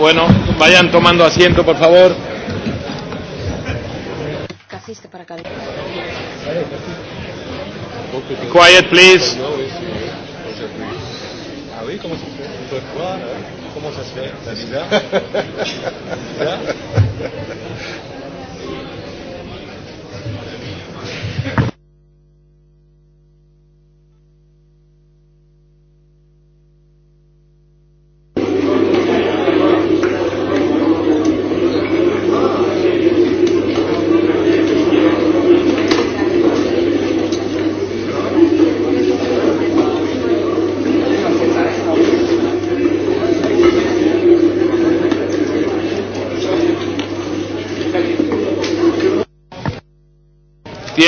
Bueno, vayan tomando asiento, por favor. Quiet, please. Ah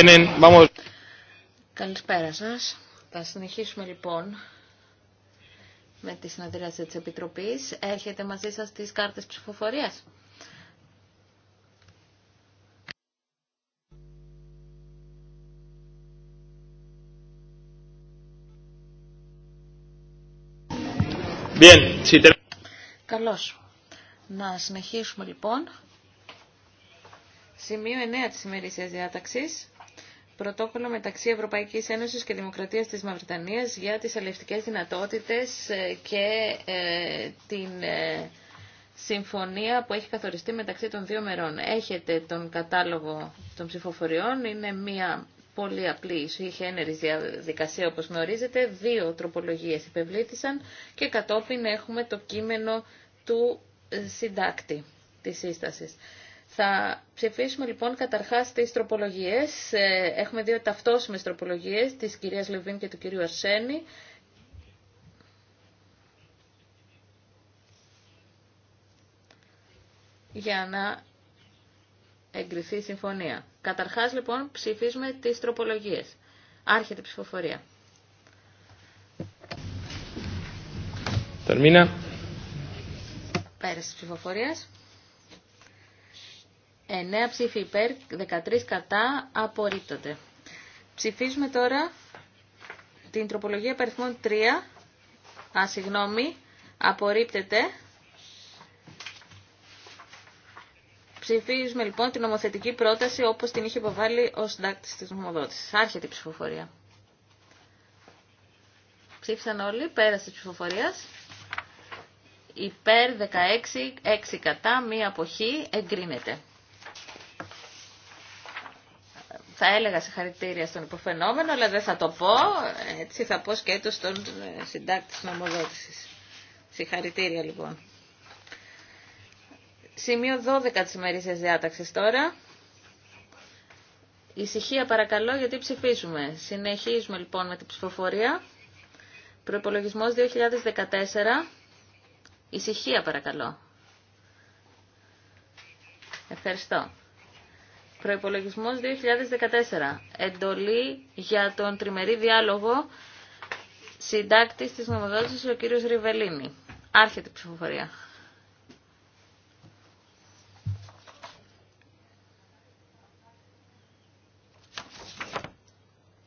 Vienen, vamos. Καλησπέρα σας. Θα συνεχίσουμε λοιπόν με τη συναντήρια της Επιτροπής. Έρχεται μαζί σας τις κάρτες ψηφοφορίας. Bien. Καλώς. Να συνεχίσουμε λοιπόν. Σημείο 9 της ημερήσιας διάταξης πρωτόκολλο μεταξύ Ευρωπαϊκής Ένωσης και Δημοκρατίας της Μαυρτανίας για τις αλληλευτικές δυνατότητες ε, και ε, την ε, συμφωνία που έχει καθοριστεί μεταξύ των δύο μερών. Έχετε τον κατάλογο των ψηφοφοριών, είναι μία πολύ απλή ένερη διαδικασία όπως γνωρίζετε, δύο τροπολογίες υπευλήθησαν και κατόπιν έχουμε το κείμενο του συντάκτη της σύστασης. Θα ψηφίσουμε λοιπόν καταρχάς τις τροπολογίες. Ε, έχουμε δύο ταυτόσιμες τροπολογίες της κυρίας Λεβίν και του κυρίου Αρσένη. για να εγκριθεί η συμφωνία. Καταρχάς λοιπόν ψηφίζουμε τις τροπολογίες. Άρχεται η ψηφοφορία. Τερμίνα. Πέρασε της ψηφοφορίας. 9 ψήφοι υπέρ, 13 κατά, απορρίπτονται. Ψηφίζουμε τώρα την τροπολογία περιθμών 3. Α, συγγνώμη, απορρίπτεται. Ψηφίζουμε λοιπόν την νομοθετική πρόταση όπως την είχε υποβάλει ο συντάκτης της νομοδότησης. Άρχεται η ψηφοφορία. Ψήφισαν όλοι, πέρασε η ψηφοφορίας. Υπέρ 16, 6 κατά, μία αποχή, εγκρίνεται. θα έλεγα συγχαρητήρια στον υποφαινόμενο, αλλά δεν θα το πω. Έτσι θα πω σκέτο στον ε, συντάκτη της νομοδότησης. Συγχαρητήρια λοιπόν. Σημείο 12 της ημερήσιας διάταξης τώρα. Ησυχία παρακαλώ γιατί ψηφίζουμε. Συνεχίζουμε λοιπόν με την ψηφοφορία. Προϋπολογισμός 2014. Ησυχία παρακαλώ. Ευχαριστώ. Προϋπολογισμός 2014. Εντολή για τον τριμερή διάλογο συντάκτης της νομοδότησης ο κύριος Ριβελίνη. Άρχεται η ψηφοφορία.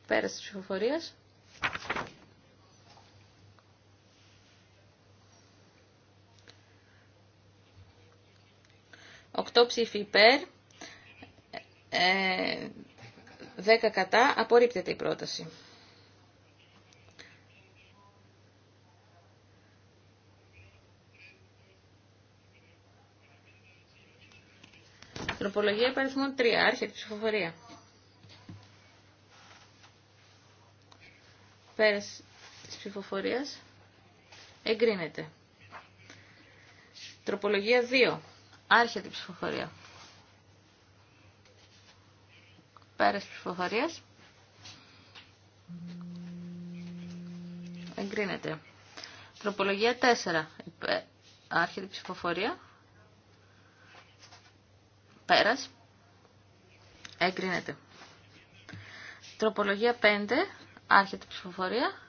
Πέρασε της ψηφοφορίας. Οκτώ ψήφοι υπέρ, ε, 10 κατά, απορρίπτεται η πρόταση. Τροπολογία υπαριθμών 3, άρχεται ψηφοφορία. Πέρας της ψηφοφορίας εγκρίνεται. Τροπολογία 2, άρχεται ψηφοφορία. Πέρας ψηφοφορίας. Εγκρίνεται. Τροπολογία 4. Άρχεται η ψηφοφορία. Πέρας. Εγκρίνεται. Τροπολογία 5. Άρχεται η ψηφοφορία.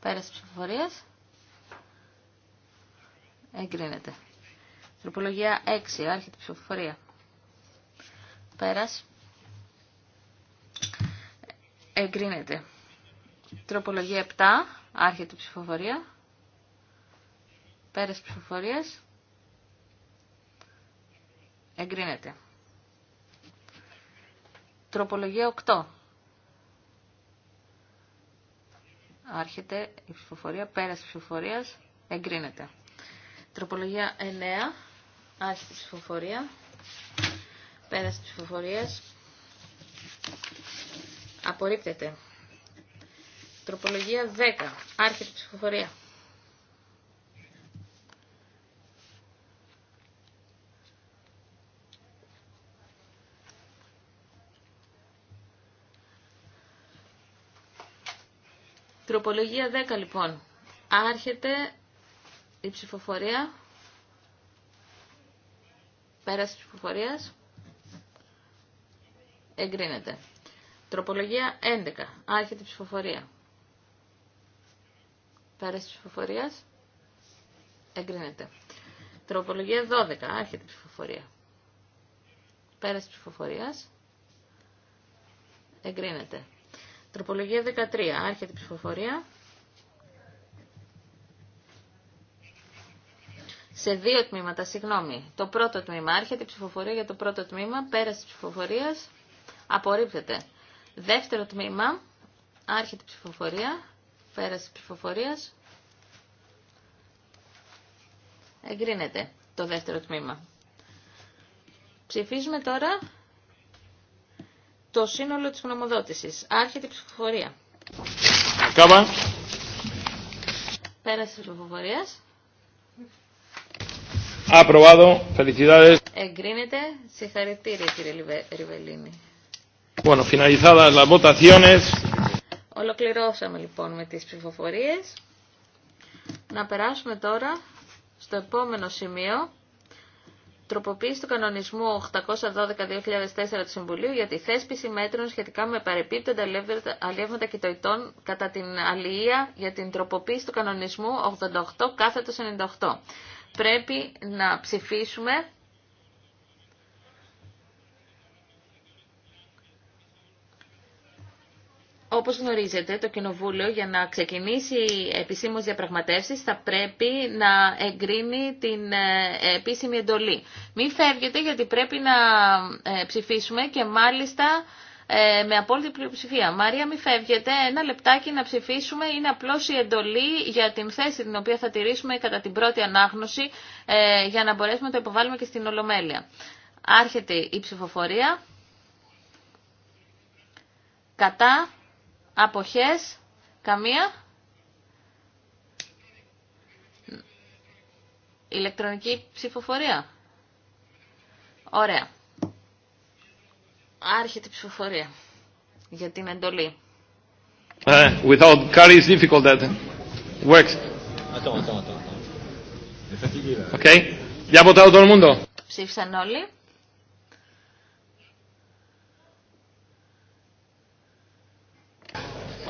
Πέρας ψηφοφορίας. Εγκρίνεται. Τροπολογία 6. Άρχεται η ψηφοφορία. Πέρας. Εγκρίνεται. Τροπολογία 7. Άρχεται η ψηφοφορία. Πέρας ψηφοφορίας. Εγκρίνεται. Τροπολογία 8. Άρχεται η ψηφοφορία. Πέρας ψηφοφορίας. Εγκρίνεται. Τροπολογία 9. Άρχεται η ψηφοφορία. Πέρας ψηφοφορίας. Απορρίπτεται. Τροπολογία 10. Άρχεται ψηφοφορία. Τροπολογία 10 λοιπόν. Άρχεται η ψηφοφορία. Πέραση ψηφοφορία. Εγκρίνεται. Τροπολογία 11. Άρχεται η ψηφοφορία. Πέραση τη ψηφοφορίας. Εγκρίνεται. Τροπολογία 12. Άρχεται η ψηφοφορία. Πέραση ψηφοφορία. ψηφοφορίας. Εγκρίνεται. Τροπολογία 13. Άρχεται η ψηφοφορία. σε δύο τμήματα, συγγνώμη. Το πρώτο τμήμα, άρχεται η ψηφοφορία για το πρώτο τμήμα, πέραση ψηφοφορία, ψηφοφορίας, απορρίπτεται. Δεύτερο τμήμα, άρχεται ψηφοφορία, πέραση ψηφοφορίας. Εγκρίνεται το δεύτερο τμήμα. Ψηφίζουμε τώρα το σύνολο της γνωμοδότησης. Άρχεται η ψηφοφορία. Κάμα. Πέραση της ψηφοφορίας. Απροβάδο. Φελικιδάδες. Εγκρίνεται. Συγχαρητήρια κύριε Ριβελίνη. Bueno, finalizadas las votaciones. Ολοκληρώσαμε λοιπόν με τις ψηφοφορίες. Να περάσουμε τώρα στο επόμενο σημείο. Τροποποίηση του κανονισμού 812-2004 του Συμβουλίου για τη θέσπιση μέτρων σχετικά με παρεπίπτοντα αλλιεύματα κοιτοϊτών κατά την αλληλεία για την τροποποίηση του κανονισμού 88 98. Πρέπει να ψηφίσουμε Όπως γνωρίζετε, το Κοινοβούλιο για να ξεκινήσει επισήμως διαπραγματεύσεις θα πρέπει να εγκρίνει την ε, επίσημη εντολή. Μην φεύγετε γιατί πρέπει να ε, ψηφίσουμε και μάλιστα ε, με απόλυτη πλειοψηφία. Μαρία, μην φεύγετε. Ένα λεπτάκι να ψηφίσουμε. Είναι απλώς η εντολή για την θέση την οποία θα τηρήσουμε κατά την πρώτη ανάγνωση για να μπορέσουμε να το υποβάλουμε και στην Ολομέλεια. Άρχεται η ψηφοφορία. Κατά. Αποχές. Καμία. Ηλεκτρονική ψηφοφορία. Ωραία. Άρχεται η ψηφοφορία για την εντολή. Uh, without Ψήφισαν όλοι.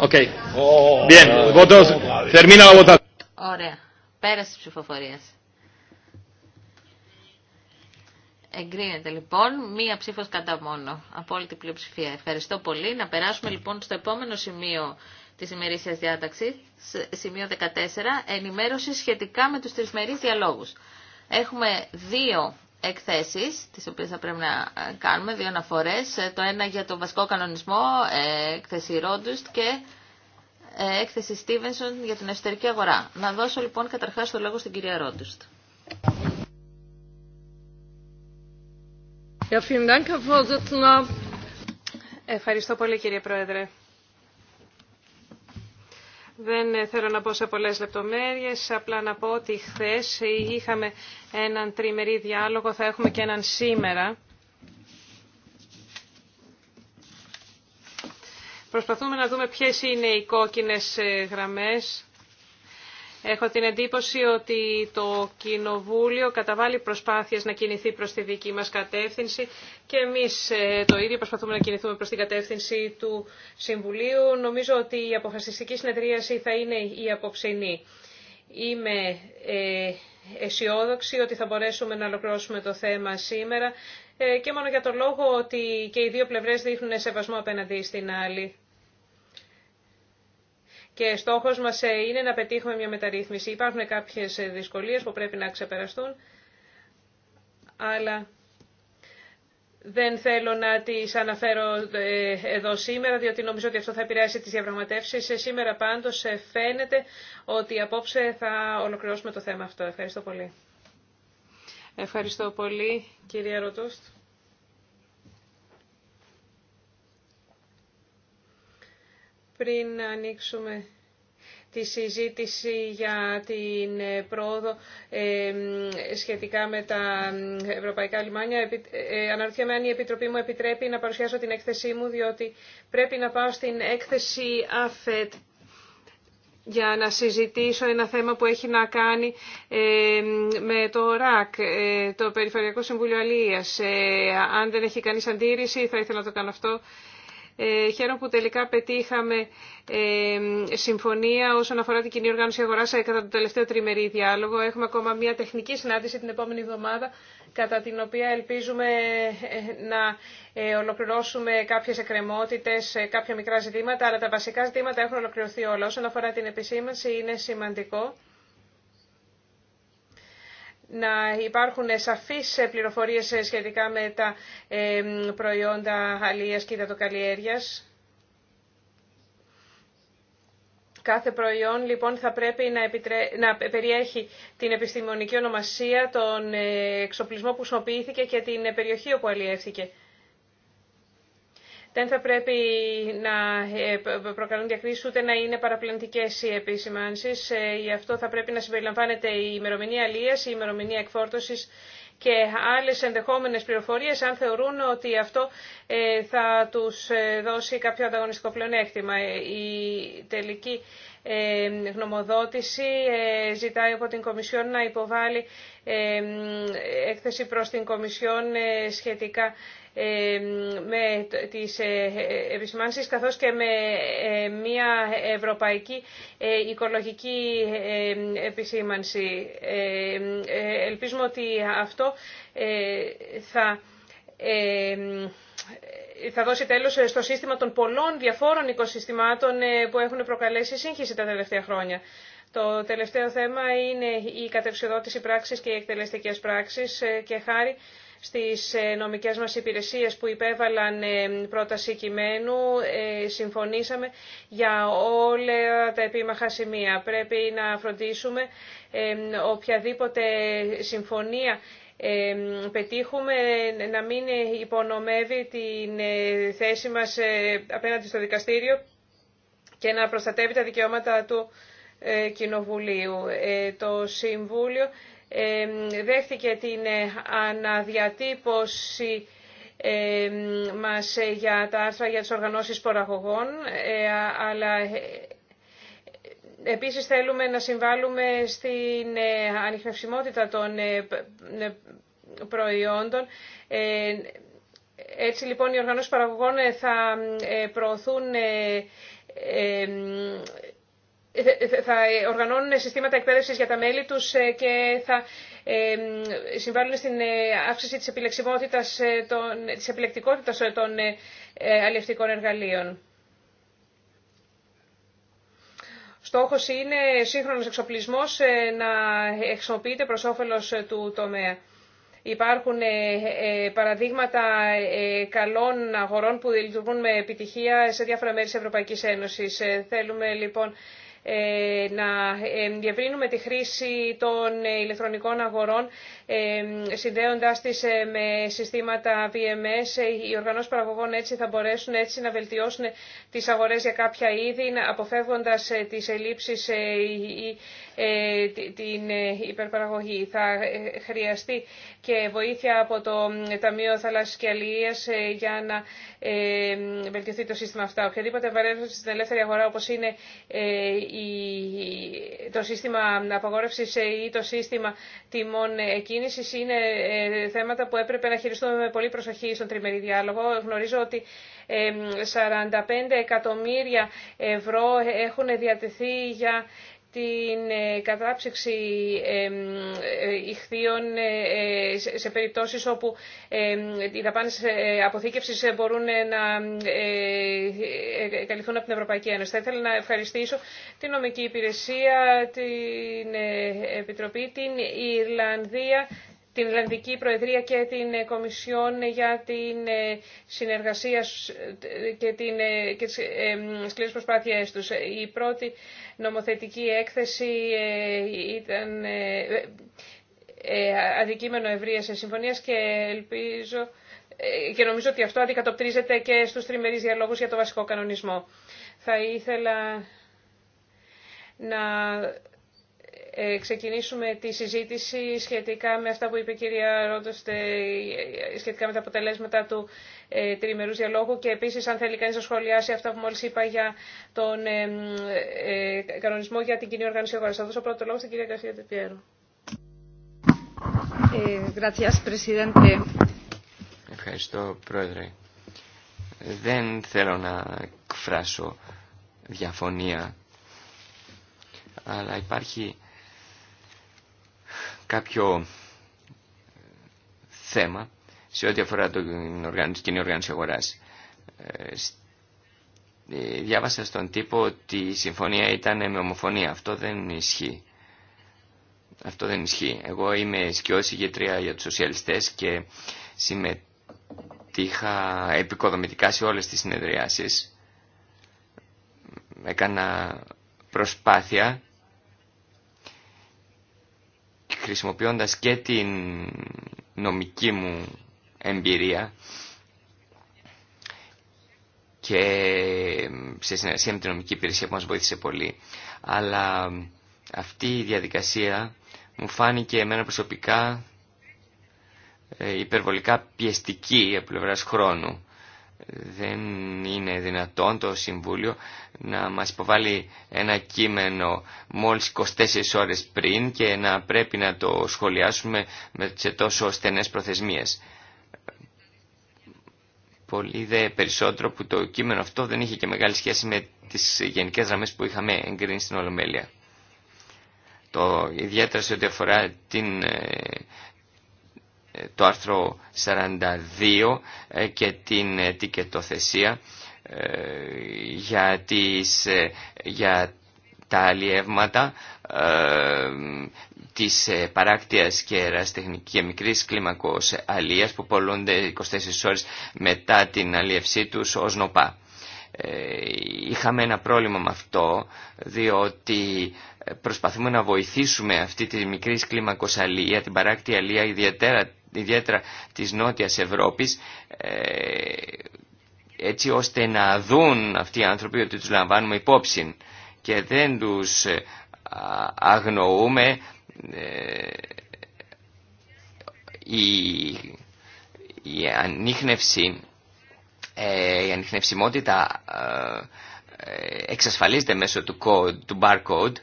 Οκ. Bien, votos. Termina la votación. Ωραία. Πέρασε η ψηφοφορία. Εγκρίνεται λοιπόν μία ψήφος κατά μόνο. Απόλυτη πλειοψηφία. Ευχαριστώ πολύ. Να περάσουμε λοιπόν στο επόμενο σημείο της ημερήσιας διάταξης, σημείο 14, ενημέρωση σχετικά με τους τρισμερείς διαλόγους. Έχουμε δύο εκθέσεις, τις οποίες θα πρέπει να ε, κάνουμε, δύο αναφορές. Ε, το ένα για το βασικό κανονισμό, ε, εκθέση Ρόντουστ και έκθεση Στίβενσον για την εσωτερική αγορά. Να δώσω λοιπόν καταρχάς το λόγο στην κυρία Ρόντουστ. Ευχαριστώ πολύ κύριε Πρόεδρε. Δεν θέλω να πω σε πολλές λεπτομέρειες, απλά να πω ότι χθες είχαμε έναν τριμερή διάλογο, θα έχουμε και έναν σήμερα Προσπαθούμε να δούμε ποιες είναι οι κόκκινες ε, γραμμές. Έχω την εντύπωση ότι το Κοινοβούλιο καταβάλει προσπάθειες να κινηθεί προς τη δική μας κατεύθυνση και εμείς ε, το ίδιο προσπαθούμε να κινηθούμε προς την κατεύθυνση του Συμβουλίου. Νομίζω ότι η αποφασιστική συνεδρίαση θα είναι η αποψινή. Είμαι ε, αισιόδοξη ότι θα μπορέσουμε να ολοκληρώσουμε το θέμα σήμερα ε, και μόνο για το λόγο ότι και οι δύο πλευρές δείχνουν σεβασμό απέναντι στην άλλη. Και στόχος μας ε, είναι να πετύχουμε μια μεταρρύθμιση. Υπάρχουν κάποιες ε, δυσκολίες που πρέπει να ξεπεραστούν, αλλά δεν θέλω να τις αναφέρω εδώ σήμερα, διότι νομίζω ότι αυτό θα επηρεάσει τις διαπραγματεύσεις. Σήμερα πάντως φαίνεται ότι απόψε θα ολοκληρώσουμε το θέμα αυτό. Ευχαριστώ πολύ. Ευχαριστώ πολύ, κυρία Ρωτούστ. Πριν ανοίξουμε τη συζήτηση για την πρόοδο σχετικά με τα ευρωπαϊκά λιμάνια. Ε, αναρωτιέμαι αν η Επιτροπή μου επιτρέπει να παρουσιάσω την έκθεσή μου, διότι πρέπει να πάω στην έκθεση ΑΦΕΤ για να συζητήσω ένα θέμα που έχει να κάνει ε, με το ΡΑΚ, ε, το Περιφερειακό Συμβούλιο Αλίας. Ε, αν δεν έχει κανείς αντίρρηση θα ήθελα να το κάνω αυτό ε, χαίρομαι που τελικά πετύχαμε ε, συμφωνία όσον αφορά την κοινή οργάνωση αγορά ε, κατά το τελευταίο τριμερή διάλογο. Έχουμε ακόμα μια τεχνική συνάντηση την επόμενη εβδομάδα, κατά την οποία ελπίζουμε να ολοκληρώσουμε κάποιε εκκρεμότητε, κάποια μικρά ζητήματα, αλλά τα βασικά ζητήματα έχουν ολοκληρωθεί όλα. Όσον αφορά την επισήμανση, είναι σημαντικό να υπάρχουν σαφείς πληροφορίες σχετικά με τα προϊόντα αλίας και υδατοκαλλιέργειας. Κάθε προϊόν λοιπόν θα πρέπει να, επιτρέ... να περιέχει την επιστημονική ονομασία, τον ε, εξοπλισμό που χρησιμοποιήθηκε και την περιοχή όπου αλλιεύθηκε δεν θα πρέπει να ε, προκαλούν διακρίσεις ούτε να είναι παραπλανητικές οι επισημάνσεις. Ε, γι' αυτό θα πρέπει να συμπεριλαμβάνεται η ημερομηνία αλίας, η ημερομηνία εκφόρτωσης και άλλες ενδεχόμενες πληροφορίες αν θεωρούν ότι αυτό ε, θα τους δώσει κάποιο ανταγωνιστικό πλεονέκτημα. Η τελική γνωμοδότηση ζητάει από την Κομισιόν να υποβάλει έκθεση προς την Κομισιόν σχετικά ε, με τις ε, επισημάνσεις καθώς και με ε, μια ευρωπαϊκή οικολογική επισήμανση. Ελπίζουμε ότι αυτό θα θα δώσει τέλος στο σύστημα των πολλών διαφόρων οικοσυστημάτων που έχουν προκαλέσει σύγχυση τα τελευταία χρόνια. Το τελευταίο θέμα είναι η κατεξοδότηση πράξης και οι εκτελεστικές πράξεις και χάρη στις ε, νομικές μας υπηρεσίες που υπέβαλαν ε, πρόταση κειμένου ε, συμφωνήσαμε για όλα τα επίμαχα σημεία. Πρέπει να φροντίσουμε οποιαδήποτε συμφωνία πετύχουμε να μην υπονομεύει την θέση μας απέναντι στο δικαστήριο και να προστατεύει τα δικαιώματα του Κοινοβουλίου. Το Συμβούλιο δέχτηκε την ε, αναδιατύπωση μας ε, για τα άρθρα για τις οργανώσεις παραγωγών, ε, αλλά επίσης θέλουμε να συμβάλλουμε στην ανιχνευσιμότητα των προϊόντων. Έτσι λοιπόν οι οργανώσεις παραγωγών θα προωθούν θα οργανώνουν συστήματα εκπαίδευσης για τα μέλη τους ε, και θα ε, συμβάλλουν στην ε, αύξηση της, επιλεξιμότητας, των, της επιλεκτικότητας των αλληλευτικών εργαλείων. Στόχος είναι σύγχρονος εξοπλισμός να χρησιμοποιείται προς όφελος του τομέα. Υπάρχουν παραδείγματα καλών αγορών που λειτουργούν με επιτυχία σε διάφορα μέρη της Ευρωπαϊκής Ένωσης. Θέλουμε λοιπόν ε, να ε, διευρύνουμε τη χρήση των ε, ηλεκτρονικών αγορών συνδέοντας τις με συστήματα VMS. Οι οργανώσεις παραγωγών έτσι θα μπορέσουν έτσι να βελτιώσουν τις αγορές για κάποια είδη, αποφεύγοντας τις ελλείψεις ή την υπερπαραγωγή. Θα χρειαστεί και βοήθεια από το Ταμείο Θαλάσσης και για να βελτιωθεί το σύστημα αυτά. Οποιαδήποτε βαρέλωση στην ελεύθερη αγορά όπως είναι το σύστημα απαγόρευση ή το σύστημα τιμών κίνησης είναι ε, θέματα που έπρεπε να χειριστούμε με πολύ προσοχή στον τριμερή διάλογο. Γνωρίζω ότι 45 εκατομμύρια ευρώ έχουν διατεθεί για την ε, κατάψυξη ε, ηχθείων ε, σε περιπτώσεις όπου οι δαπάνες αποθήκευσης μπορούν να καλυφθούν από την Ευρωπαϊκή Ένωση. Θα ήθελα να ευχαριστήσω την νομική υπηρεσία, την Επιτροπή, την Ιρλανδία την Ιρλανδική Προεδρία και την ε, Κομισιόν για την ε, συνεργασία ε, και, την, και τις σκληρές προσπάθειές τους. Η πρώτη νομοθετική έκθεση ήταν αντικείμενο ευρείας συμφωνίας και ελπίζω και νομίζω ότι αυτό αντικατοπτρίζεται και στους τριμερείς διαλόγους για το βασικό κανονισμό. Θα ήθελα να ε, ξεκινήσουμε τη συζήτηση σχετικά με αυτά που είπε η κυρία Ρόντοστε, σχετικά με τα αποτελέσματα του ε, τριμερούς διαλόγου και επίσης αν θέλει κανείς να σχολιάσει αυτά που μόλις είπα για τον ε, κανονισμό για την κοινή οργάνωση αγοράς. Θα δώσω πρώτο λόγο στην κυρία Καφία Τεπιέρο. Ευχαριστώ, Πρόεδρε. Δεν θέλω να εκφράσω διαφωνία, αλλά υπάρχει κάποιο ε, θέμα σε ό,τι αφορά την κοινή οργάνωση αγορά. Ε, ε, διάβασα στον τύπο ότι η συμφωνία ήταν με ομοφωνία. Αυτό δεν ισχύει. Αυτό δεν ισχύει. Εγώ είμαι σκιώση ηγετρία για τους σοσιαλιστές και συμμετείχα επικοδομητικά σε όλες τις συνεδριάσεις. Έκανα προσπάθεια χρησιμοποιώντας και την νομική μου εμπειρία και σε συνεργασία με την νομική υπηρεσία που μας βοήθησε πολύ. Αλλά αυτή η διαδικασία μου φάνηκε εμένα προσωπικά ε, υπερβολικά πιεστική από πλευράς χρόνου δεν είναι δυνατόν το Συμβούλιο να μας υποβάλει ένα κείμενο μόλις 24 ώρες πριν και να πρέπει να το σχολιάσουμε σε τόσο στενές προθεσμίες. Πολύ δε περισσότερο που το κείμενο αυτό δεν είχε και μεγάλη σχέση με τις γενικές γραμμές που είχαμε εγκρίνει στην Ολομέλεια. Το ιδιαίτερα σε ό,τι αφορά την ε, το άρθρο 42 ε, και την ετικετοθεσία ε, για, τις, ε, για τα αλλιεύματα της παράκτειας και εραστεχνικής και μικρής κλίμακος αλίας που πολλούνται 24 ώρες μετά την αλλιευσή τους ως νοπά. είχαμε ένα πρόβλημα με αυτό διότι προσπαθούμε να βοηθήσουμε αυτή τη μικρή κλίμακος αλία, την παράκτη αλία ιδιαίτερα ιδιαίτερα της Νότιας Ευρώπης ε, έτσι ώστε να δουν αυτοί οι άνθρωποι ότι τους λαμβάνουμε υπόψη και δεν τους ε, αγνοούμε ε, η, η ανείχνευση η ανιχνευσιμότητα εξασφαλίζεται μέσω του, του barcode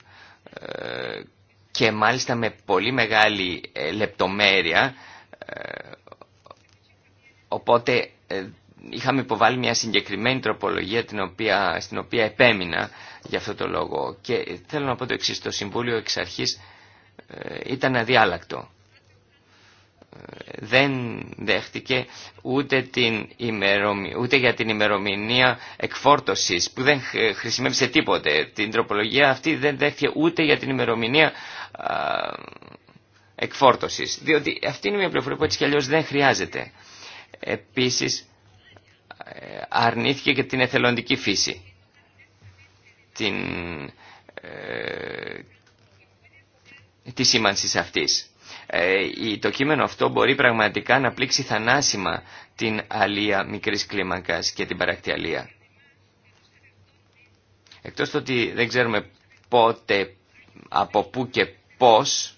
και μάλιστα με πολύ μεγάλη λεπτομέρεια ε, οπότε ε, είχαμε υποβάλει μια συγκεκριμένη τροπολογία την οποία, στην οποία επέμεινα για αυτό το λόγο. Και θέλω να πω το εξή, το Συμβούλιο εξ αρχής ε, ήταν αδιάλακτο. Δεν δέχτηκε ούτε, την ούτε για την ημερομηνία εκφόρτωσης που δεν χρησιμεύσε τίποτε. Την τροπολογία αυτή δεν δέχτηκε ούτε για την ημερομηνία εκφόρτωσης. Διότι αυτή είναι μια πληροφορία που έτσι κι δεν χρειάζεται. Επίσης ε, αρνήθηκε και την εθελοντική φύση. Την, ε, τη σήμανση αυτής. Ε, το κείμενο αυτό μπορεί πραγματικά να πλήξει θανάσιμα την αλία μικρής κλίμακας και την παρακτιαλία. Εκτός το ότι δεν ξέρουμε πότε, από πού και πώς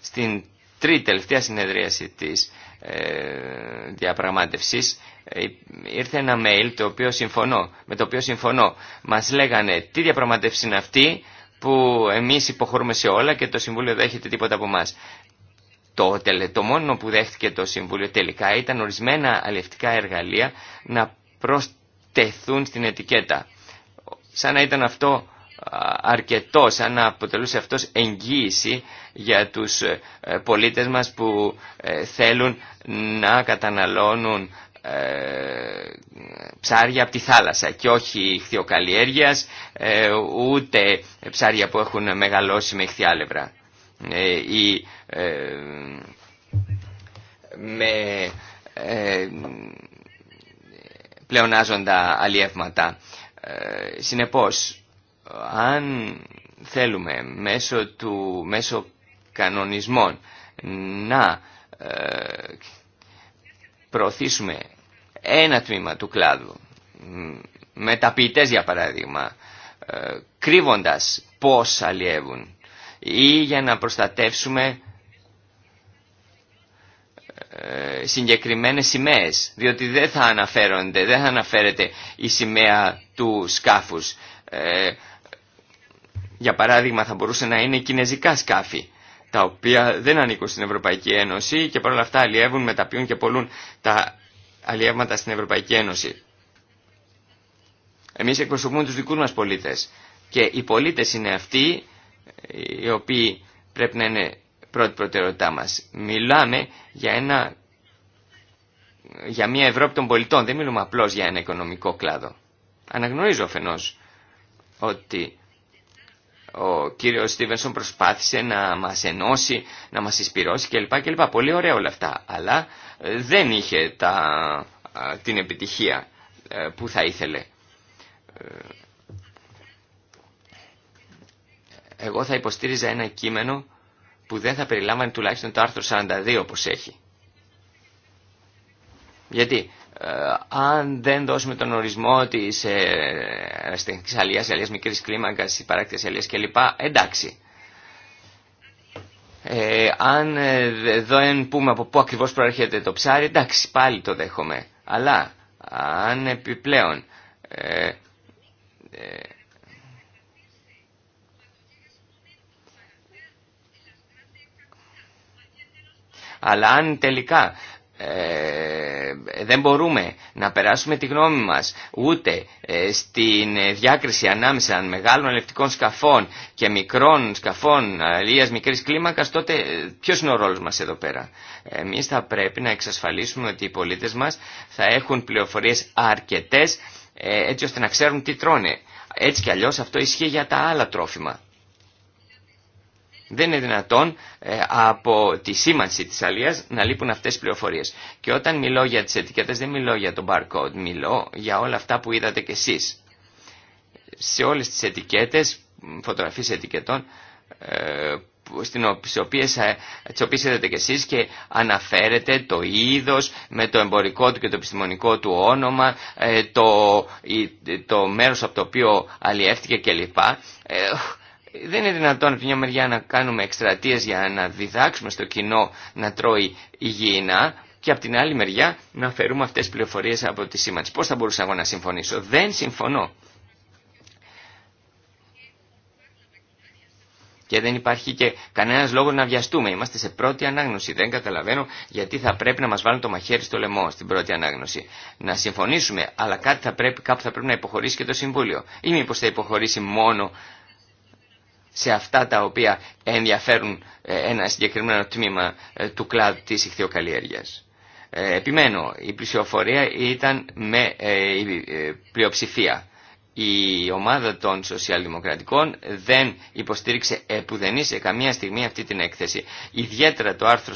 στην τρίτη τελευταία συνεδρίαση της ε, διαπραγμάτευσης ε, ήρθε ένα mail το οποίο συμφωνώ, με το οποίο συμφωνώ. Μας λέγανε τι διαπραγματεύση είναι αυτή που εμείς υποχωρούμε σε όλα και το Συμβούλιο δέχεται τίποτα από εμά. Το, το μόνο που δέχτηκε το Συμβούλιο τελικά ήταν ορισμένα αλληλευτικά εργαλεία να προστεθούν στην ετικέτα. Σαν να ήταν αυτό αρκετό, σαν να αποτελούσε αυτός εγγύηση για τους ε, πολίτες μας που ε, θέλουν να καταναλώνουν ε, ψάρια από τη θάλασσα και όχι χθιοκαλλιέργειας ούτε ψάρια που έχουν μεγαλώσει με χθιάλευρα ή με πλεονάζοντα αλλιεύματα. Συνεπώς αν θέλουμε μέσω, του, μέσω κανονισμών να ε, προωθήσουμε ένα τμήμα του κλάδου με τα ποιητές για παράδειγμα ε, κρύβοντας πώς αλλιεύουν ή για να προστατεύσουμε ε, συγκεκριμένες σημαίες διότι δεν θα αναφέρονται δεν θα αναφέρεται η σημαία του σκάφους για παράδειγμα θα μπορούσε να είναι κινέζικα σκάφη τα οποία δεν ανήκουν στην Ευρωπαϊκή Ένωση και παρόλα αυτά αλλιεύουν, μεταποιούν και πολλούν τα αλλιεύματα στην Ευρωπαϊκή Ένωση. Εμείς εκπροσωπούμε τους δικούς μας πολίτες και οι πολίτες είναι αυτοί ε, οι οποίοι πρέπει να είναι πρώτη προτεραιότητά μας. Μιλάμε για, ένα, για μια Ευρώπη των πολιτών, δεν μιλούμε απλώς για ένα οικονομικό κλάδο. Αναγνωρίζω αφενός ότι ο κύριος Στίβενσον προσπάθησε να μας ενώσει, να μας εισπυρώσει κλπ. κλπ. Πολύ ωραία όλα αυτά, αλλά ε, δεν είχε τα, την επιτυχία ε, που θα ήθελε. Ε, εγώ θα υποστήριζα ένα κείμενο που δεν θα περιλάμβανε τουλάχιστον το άρθρο 42 όπως έχει. Γιατί ε, αν δεν δώσουμε τον ορισμό της ε, ασθενικής αλίας, αλίας μικρής κλίμακας, υπαράκτης αλίας κλπ, εντάξει. Ε, αν ε, δεν πούμε από πού ακριβώς προέρχεται το ψάρι, εντάξει, πάλι το δέχομαι. Αλλά αν επιπλέον ε, ε αλλά αν τελικά ε, δεν μπορούμε να περάσουμε τη γνώμη μας ούτε ε, στην ε, διάκριση ανάμεσα μεγάλων ελευτικών σκαφών και μικρών σκαφών αλληλείας μικρής κλίμακας, τότε ε, ποιος είναι ο ρόλος μας εδώ πέρα. Εμείς θα πρέπει να εξασφαλίσουμε ότι οι πολίτες μας θα έχουν πληροφορίες αρκετές έτσι ώστε να ξέρουν τι τρώνε. Έτσι κι αλλιώς αυτό ισχύει για τα άλλα τρόφιμα. Δεν είναι δυνατόν ε, από τη σήμανση της αλίας να λείπουν αυτές τις πληροφορίες. Και όταν μιλώ για τις ετικέτες δεν μιλώ για τον barcode, μιλώ για όλα αυτά που είδατε κι εσείς. Σε όλες τις ετικέτες, φωτογραφίες ετικετών, ε, στις ε, οποίες, είδατε κι εσείς και αναφέρετε το είδος με το εμπορικό του και το επιστημονικό του όνομα, ε, το, το μέρος από το οποίο αλλιεύτηκε κλπ δεν είναι δυνατόν από μια μεριά να κάνουμε εκστρατείε για να διδάξουμε στο κοινό να τρώει υγιεινά και από την άλλη μεριά να φέρουμε αυτές τις πληροφορίες από τη σήμα της. Πώς θα μπορούσα εγώ να συμφωνήσω. Δεν συμφωνώ. Και δεν υπάρχει και κανένα λόγο να βιαστούμε. Είμαστε σε πρώτη ανάγνωση. Δεν καταλαβαίνω γιατί θα πρέπει να μα βάλουν το μαχαίρι στο λαιμό στην πρώτη ανάγνωση. Να συμφωνήσουμε, αλλά κάτι θα πρέπει, κάπου θα πρέπει να υποχωρήσει και το Συμβούλιο. Ή μήπω θα υποχωρήσει μόνο σε αυτά τα οποία ενδιαφέρουν ε, ένα συγκεκριμένο τμήμα ε, του κλάδου της ηχθειοκαλλιέργειας. Ε, επιμένω, η πλησιοφορία ήταν με πλειοψηφία. Η ομάδα των σοσιαλδημοκρατικών δεν υποστήριξε επουδενή σε καμία στιγμή αυτή την έκθεση. Ιδιαίτερα το άρθρο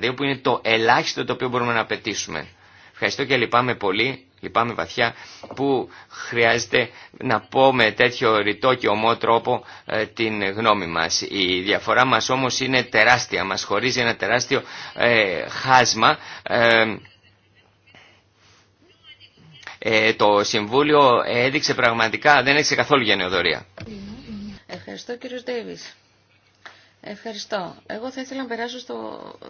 42 που είναι το ελάχιστο το οποίο μπορούμε να απαιτήσουμε. Ευχαριστώ και λυπάμαι πολύ λυπάμαι βαθιά, που χρειάζεται να πω με τέτοιο ρητό και ομό τρόπο ε, την γνώμη μας. Η διαφορά μας όμως είναι τεράστια, μας χωρίζει ένα τεράστιο ε, χάσμα. Ε, ε, το Συμβούλιο έδειξε πραγματικά, δεν έδειξε καθόλου γενναιοδορία. Ευχαριστώ κύριος Ντέιβις. Ευχαριστώ. Εγώ θα ήθελα να περάσω στο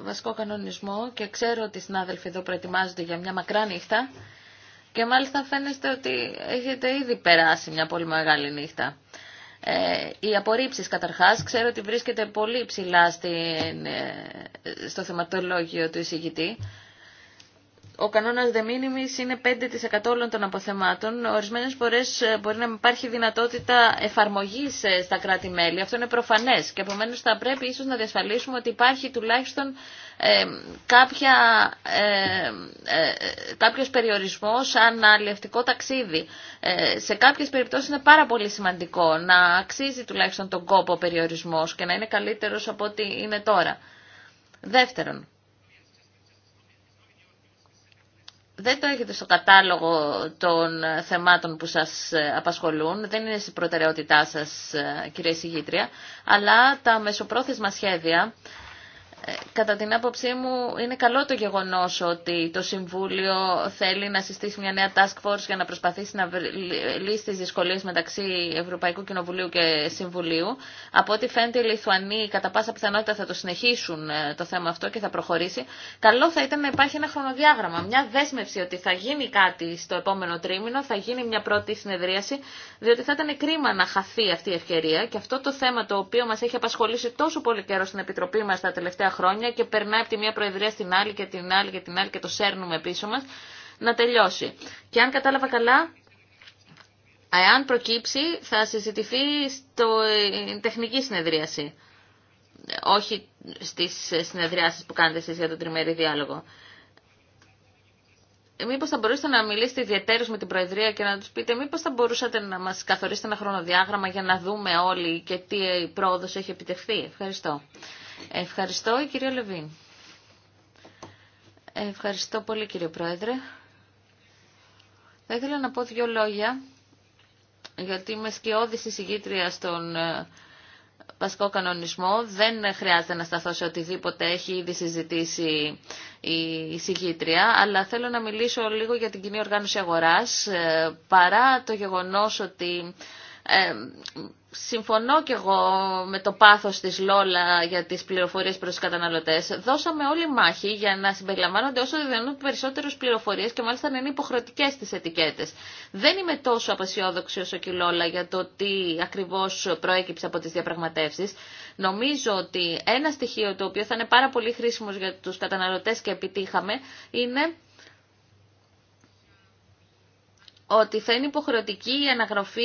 βασικό κανονισμό και ξέρω ότι οι συνάδελφοι εδώ προετοιμάζονται για μια μακρά νύχτα και μάλιστα φαίνεστε ότι έχετε ήδη περάσει μια πολύ μεγάλη νύχτα. Ε, οι απορρίψεις καταρχάς, ξέρω ότι βρίσκεται πολύ ψηλά ε, στο θεματολόγιο του εισηγητή ο κανόνας δε είναι 5% όλων των αποθεμάτων. Ορισμένες φορές ε, μπορεί να υπάρχει δυνατότητα εφαρμογής ε, στα κράτη-μέλη. Αυτό είναι προφανές και επομένως θα πρέπει ίσως να διασφαλίσουμε ότι υπάρχει τουλάχιστον ε, κάποια, ε, ε περιορισμός αλληλευτικό ταξίδι. σε κάποιες περιπτώσεις είναι πάρα πολύ σημαντικό να αξίζει τουλάχιστον τον κόπο περιορισμός και να είναι καλύτερος από ό,τι είναι τώρα. Δεύτερον, δεν το έχετε στο κατάλογο των θεμάτων που σας απασχολούν, δεν είναι στην προτεραιότητά σας ε, κυρία Συγήτρια, αλλά τα μεσοπρόθεσμα σχέδια κατά την άποψή μου είναι καλό το γεγονός ότι το Συμβούλιο θέλει να συστήσει μια νέα task force για να προσπαθήσει να λύσει τις δυσκολίες μεταξύ Ευρωπαϊκού Κοινοβουλίου και Συμβουλίου. Από ό,τι φαίνεται οι Λιθουανοί κατά πάσα πιθανότητα θα το συνεχίσουν ε, το θέμα αυτό και θα προχωρήσει. Καλό θα ήταν να υπάρχει ένα χρονοδιάγραμμα, μια δέσμευση ότι θα γίνει κάτι στο επόμενο τρίμηνο, θα γίνει μια πρώτη συνεδρίαση, διότι θα ήταν κρίμα να χαθεί αυτή η ευκαιρία και αυτό το θέμα το οποίο μας έχει απασχολήσει τόσο πολύ καιρό στην Επιτροπή μας τα τελευταία χρόνια και περνάει από τη μία προεδρία στην άλλη και την άλλη και την άλλη και το σέρνουμε πίσω μας, να τελειώσει. Και αν κατάλαβα καλά, εάν προκύψει θα συζητηθεί στο ε, τεχνική συνεδρίαση, όχι στις συνεδριάσεις που κάνετε εσείς για το τριμερή διάλογο. Μήπως θα μπορούσατε να μιλήσετε ιδιαίτερως με την Προεδρία και να τους πείτε μήπως θα μπορούσατε να μας καθορίσετε ένα χρονοδιάγραμμα για να δούμε όλοι και τι πρόοδος έχει επιτευχθεί. Ευχαριστώ. Ευχαριστώ, κύριε Λεβίν. Ευχαριστώ πολύ, κύριε Πρόεδρε. Θα ήθελα να πω δύο λόγια, γιατί είμαι σκιώδη εισηγήτρια στον ε, βασικό κανονισμό. Δεν χρειάζεται να σταθώ σε οτιδήποτε έχει ήδη συζητήσει η συγκήτρια, αλλά θέλω να μιλήσω λίγο για την κοινή οργάνωση αγοράς, ε, παρά το γεγονός ότι ε, συμφωνώ και εγώ με το πάθος της Λόλα για τις πληροφορίες προς τους καταναλωτές. Δώσαμε όλη μάχη για να συμπεριλαμβάνονται όσο δυνατόν περισσότερες πληροφορίες και μάλιστα να είναι υποχρεωτικές τις ετικέτες. Δεν είμαι τόσο απασιόδοξη όσο και η Λόλα για το τι ακριβώς προέκυψε από τις διαπραγματεύσεις. Νομίζω ότι ένα στοιχείο το οποίο θα είναι πάρα πολύ χρήσιμο για τους καταναλωτές και επιτύχαμε είναι ότι θα είναι υποχρεωτική η αναγραφή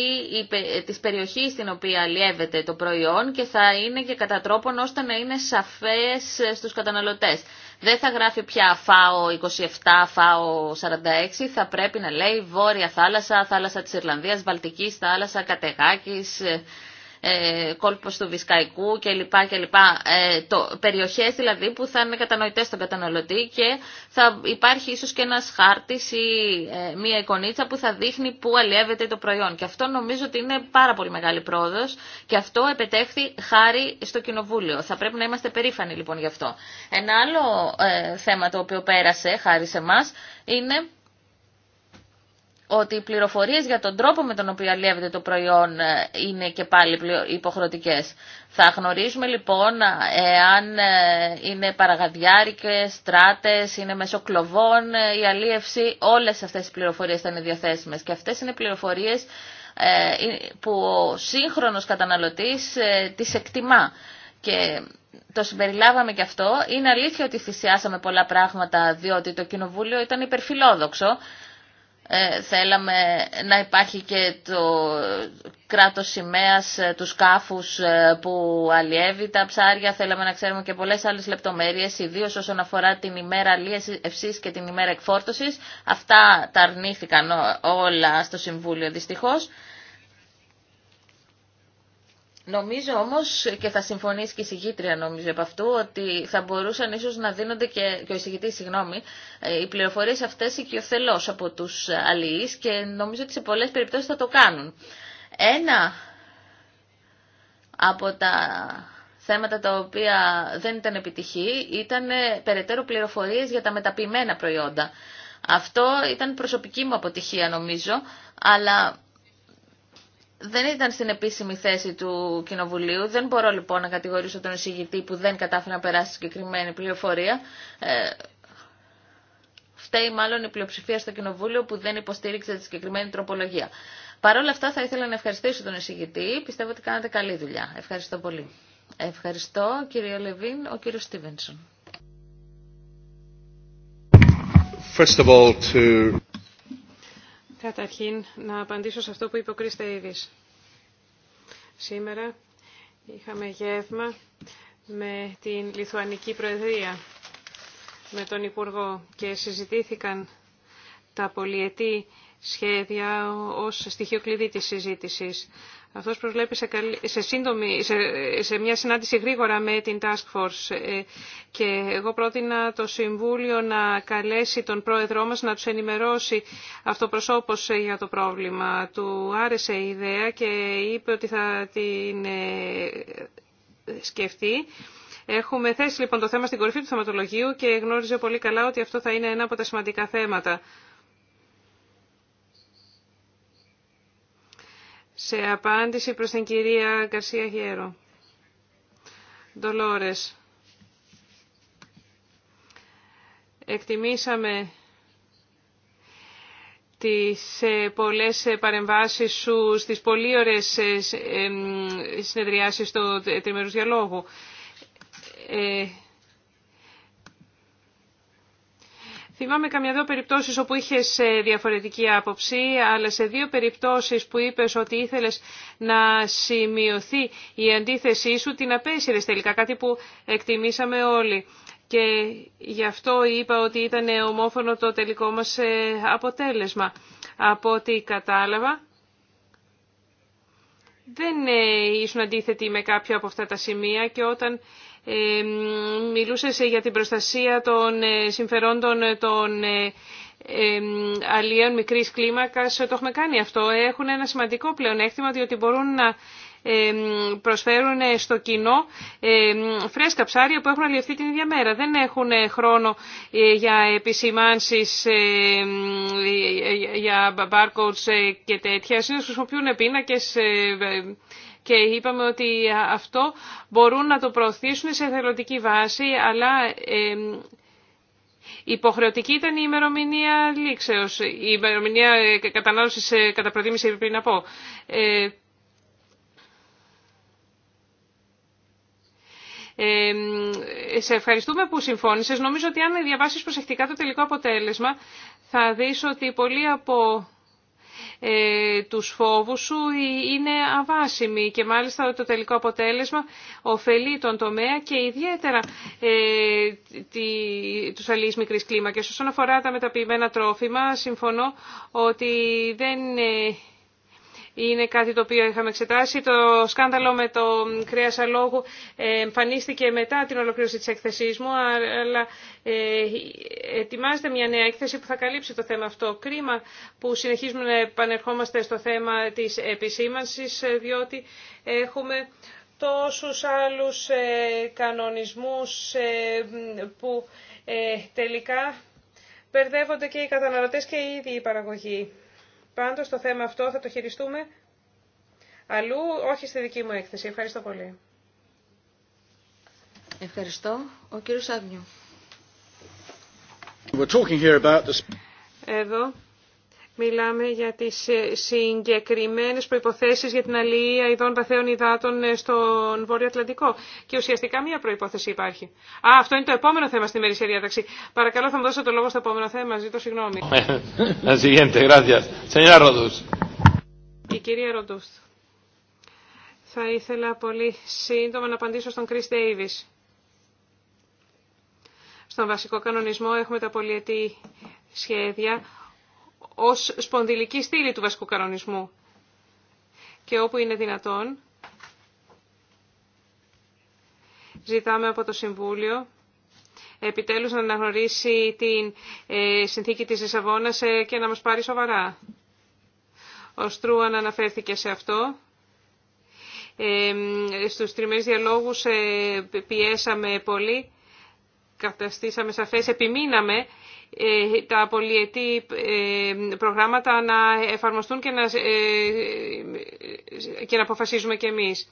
της περιοχής στην οποία αλλιεύεται το προϊόν και θα είναι και κατά τρόπον ώστε να είναι σαφές ε, στους καταναλωτές. Δεν θα γράφει πια ΦΑΟ 27, ΦΑΟ 46, θα πρέπει να λέει Βόρεια θάλασσα, θάλασσα της Ιρλανδίας, Βαλτική, θάλασσα, Κατεγάκης, ε, ε, κόλπος του Βισκαϊκού κλπ. κλπ. Ε, το, περιοχές δηλαδή που θα είναι κατανοητές στον καταναλωτή και θα υπάρχει ίσως και ένας χάρτης ή ε, μία εικονίτσα που θα δείχνει πού αλλιεύεται το προϊόν. Και αυτό νομίζω ότι είναι πάρα πολύ μεγάλη πρόοδος και αυτό επετέχθη χάρη στο Κοινοβούλιο. Θα πρέπει να είμαστε περήφανοι λοιπόν γι' αυτό. Ένα άλλο ε, θέμα το οποίο πέρασε χάρη σε εμά είναι ότι οι πληροφορίες για τον τρόπο με τον οποίο αλλιεύεται το προϊόν ε, είναι και πάλι υποχρεωτικές. Θα γνωρίζουμε λοιπόν αν ε, ε, είναι παραγαδιάρικες, στράτες, είναι κλοβών, η αλλίευση, όλες αυτές οι πληροφορίες θα είναι διαθέσιμες και αυτές είναι πληροφορίες που ο σύγχρονος καταναλωτής τις εκτιμά. Και το συμπεριλάβαμε και αυτό. Είναι αλήθεια ότι θυσιάσαμε πολλά πράγματα διότι το Κοινοβούλιο ήταν υπερφιλόδοξο, ε, θέλαμε να υπάρχει και το κράτος σημαίας ε, του σκάφους ε, που αλλιεύει τα ψάρια. Θέλαμε να ξέρουμε και πολλές άλλες λεπτομέρειες, ιδίως όσον αφορά την ημέρα αλλιεύσης και την ημέρα εκφόρτωσης. Αυτά τα αρνήθηκαν όλα στο Συμβούλιο δυστυχώς. Νομίζω όμως και θα συμφωνήσει και η συγγήτρια νομίζω από αυτού ότι θα μπορούσαν ίσως να δίνονται και, και ο εισηγητής συγγνώμη ε, οι πληροφορίες αυτές οικειοθελώς από τους αλληλείς και νομίζω ότι σε πολλές περιπτώσεις θα το κάνουν. Ένα από τα θέματα τα οποία δεν ήταν επιτυχή ήταν ε, περαιτέρω πληροφορίες για τα μεταποιημένα προϊόντα. Αυτό ήταν προσωπική μου αποτυχία νομίζω, αλλά δεν ήταν στην επίσημη θέση του Κοινοβουλίου. Δεν μπορώ λοιπόν να κατηγορήσω τον εισηγητή που δεν κατάφερε να περάσει συγκεκριμένη πληροφορία. Ε, φταίει μάλλον η πλειοψηφία στο Κοινοβούλιο που δεν υποστήριξε τη συγκεκριμένη τροπολογία. Παρ' όλα αυτά θα ήθελα να ευχαριστήσω τον εισηγητή. Πιστεύω ότι κάνατε καλή δουλειά. Ευχαριστώ πολύ. Ευχαριστώ κύριε Λεβίν, ο κύριος Στίβενσον. Καταρχήν, να απαντήσω σε αυτό που είπε ο Κρίστα Σήμερα είχαμε γεύμα με την Λιθουανική Προεδρία, με τον Υπουργό και συζητήθηκαν τα πολιετή σχέδια ως στοιχείο κλειδί της συζήτησης. Αυτός προσβλέπει σε, σε, σύντομη, σε, σε μια συνάντηση γρήγορα με την Task Force ε, και εγώ πρότεινα το Συμβούλιο να καλέσει τον πρόεδρό μας να τους ενημερώσει αυτοπροσώπως για το πρόβλημα. Του άρεσε η ιδέα και είπε ότι θα την ε, σκεφτεί. Έχουμε θέσει λοιπόν το θέμα στην κορυφή του θεματολογίου και γνώριζε πολύ καλά ότι αυτό θα είναι ένα από τα σημαντικά θέματα. σε απάντηση προς την κυρία Καρσία γιέρο Δολόρες. Εκτιμήσαμε τις ε, πολλές παρεμβάσεις σου στις πολύ ωραίες ε, ε, συνεδριάσεις του τριμερούς διαλόγου. Θυμάμαι καμιά δύο περιπτώσεις όπου είχες ε, διαφορετική άποψη, αλλά σε δύο περιπτώσεις που είπες ότι ήθελες να σημειωθεί η αντίθεσή σου, την απέσυρες τελικά, κάτι που εκτιμήσαμε όλοι. Και γι' αυτό είπα ότι ήταν ομόφωνο το τελικό μας ε, αποτέλεσμα. Από ό,τι κατάλαβα, δεν ε, ήσουν αντίθετοι με κάποιο από αυτά τα σημεία και όταν μιλούσες για την προστασία των ε, συμφερόντων των ε, αλλιών μικρής κλίμακας. Το έχουμε κάνει αυτό. Έχουν ένα σημαντικό πλεονέκτημα διότι μπορούν να προσφέρουν στο κοινό φρέσκα ψάρια που έχουν αλλιευτεί την ίδια μέρα. Δεν έχουν χρόνο ε, για επισημάνσεις, για barcodes και τέτοια. Συνήθως χρησιμοποιούν πίνακες, και είπαμε ότι αυτό μπορούν να το προωθήσουν σε εθελοντική βάση, αλλά υποχρεωτική ήταν η ημερομηνία λήξεως, η ημερομηνία ε, κατανάλωσης ε, κατά προτίμηση πριν να πω. Ε, σε ευχαριστούμε που συμφώνησες. Νομίζω ότι αν διαβάσεις προσεκτικά το τελικό αποτέλεσμα θα δεις ότι πολλοί από ε, τους φόβους σου ε, είναι αβάσιμη και μάλιστα το τελικό αποτέλεσμα ωφελεί τον τομέα και ιδιαίτερα ε, τους αλληλείς μικρής κλίμακες. Όσον αφορά τα μεταποιημένα τρόφιμα, συμφωνώ ότι δεν είναι κάτι το οποίο είχαμε εξετάσει. Το σκάνδαλο με το κρέας αλόγου ε, εμφανίστηκε μετά την ολοκλήρωση της έκθεσής μου, αλλά ε, ετοιμάζεται μια νέα έκθεση που θα καλύψει το θέμα αυτό. Κρίμα που συνεχίζουμε να επανερχόμαστε στο θέμα της επισήμανσης, ε, διότι έχουμε τόσους άλλους κανονισμούς που τελικά μπερδεύονται και οι καταναλωτές και ίδιοι η παραγωγοί. Πάντως το θέμα αυτό θα το χειριστούμε αλλού, όχι στη δική μου έκθεση. Ευχαριστώ πολύ. Ευχαριστώ. Ο κύριος Άγνιου. Εδώ Μιλάμε για τις ε, συγκεκριμένες προϋποθέσεις για την αλληλεία ειδών βαθέων υδάτων ε, στον Βόρειο Ατλαντικό. Και ουσιαστικά μία προϋπόθεση υπάρχει. Α, αυτό είναι το επόμενο θέμα στη μερίσια διάταξη. Παρακαλώ θα μου δώσετε το λόγο στο επόμενο θέμα. Ζήτω συγγνώμη. Η κυρία Ροντούστ. Θα ήθελα πολύ σύντομα να απαντήσω στον Chris Davis. Στον βασικό κανονισμό έχουμε τα πολιετή σχέδια ως σπονδυλική στήλη του βασικού κανονισμού. Και όπου είναι δυνατόν, ζητάμε από το Συμβούλιο επιτέλους να αναγνωρίσει την ε, συνθήκη της Εισαβόνα ε, και να μας πάρει σοβαρά. Ο Στρούαν αναφέρθηκε σε αυτό. Ε, στους τριμμένους διαλόγους πιέσαμε πολύ, καταστήσαμε σαφές, επιμείναμε ε, τα πολιετή ε, προγράμματα να εφαρμοστούν και να, ε, και να αποφασίζουμε κι εμείς.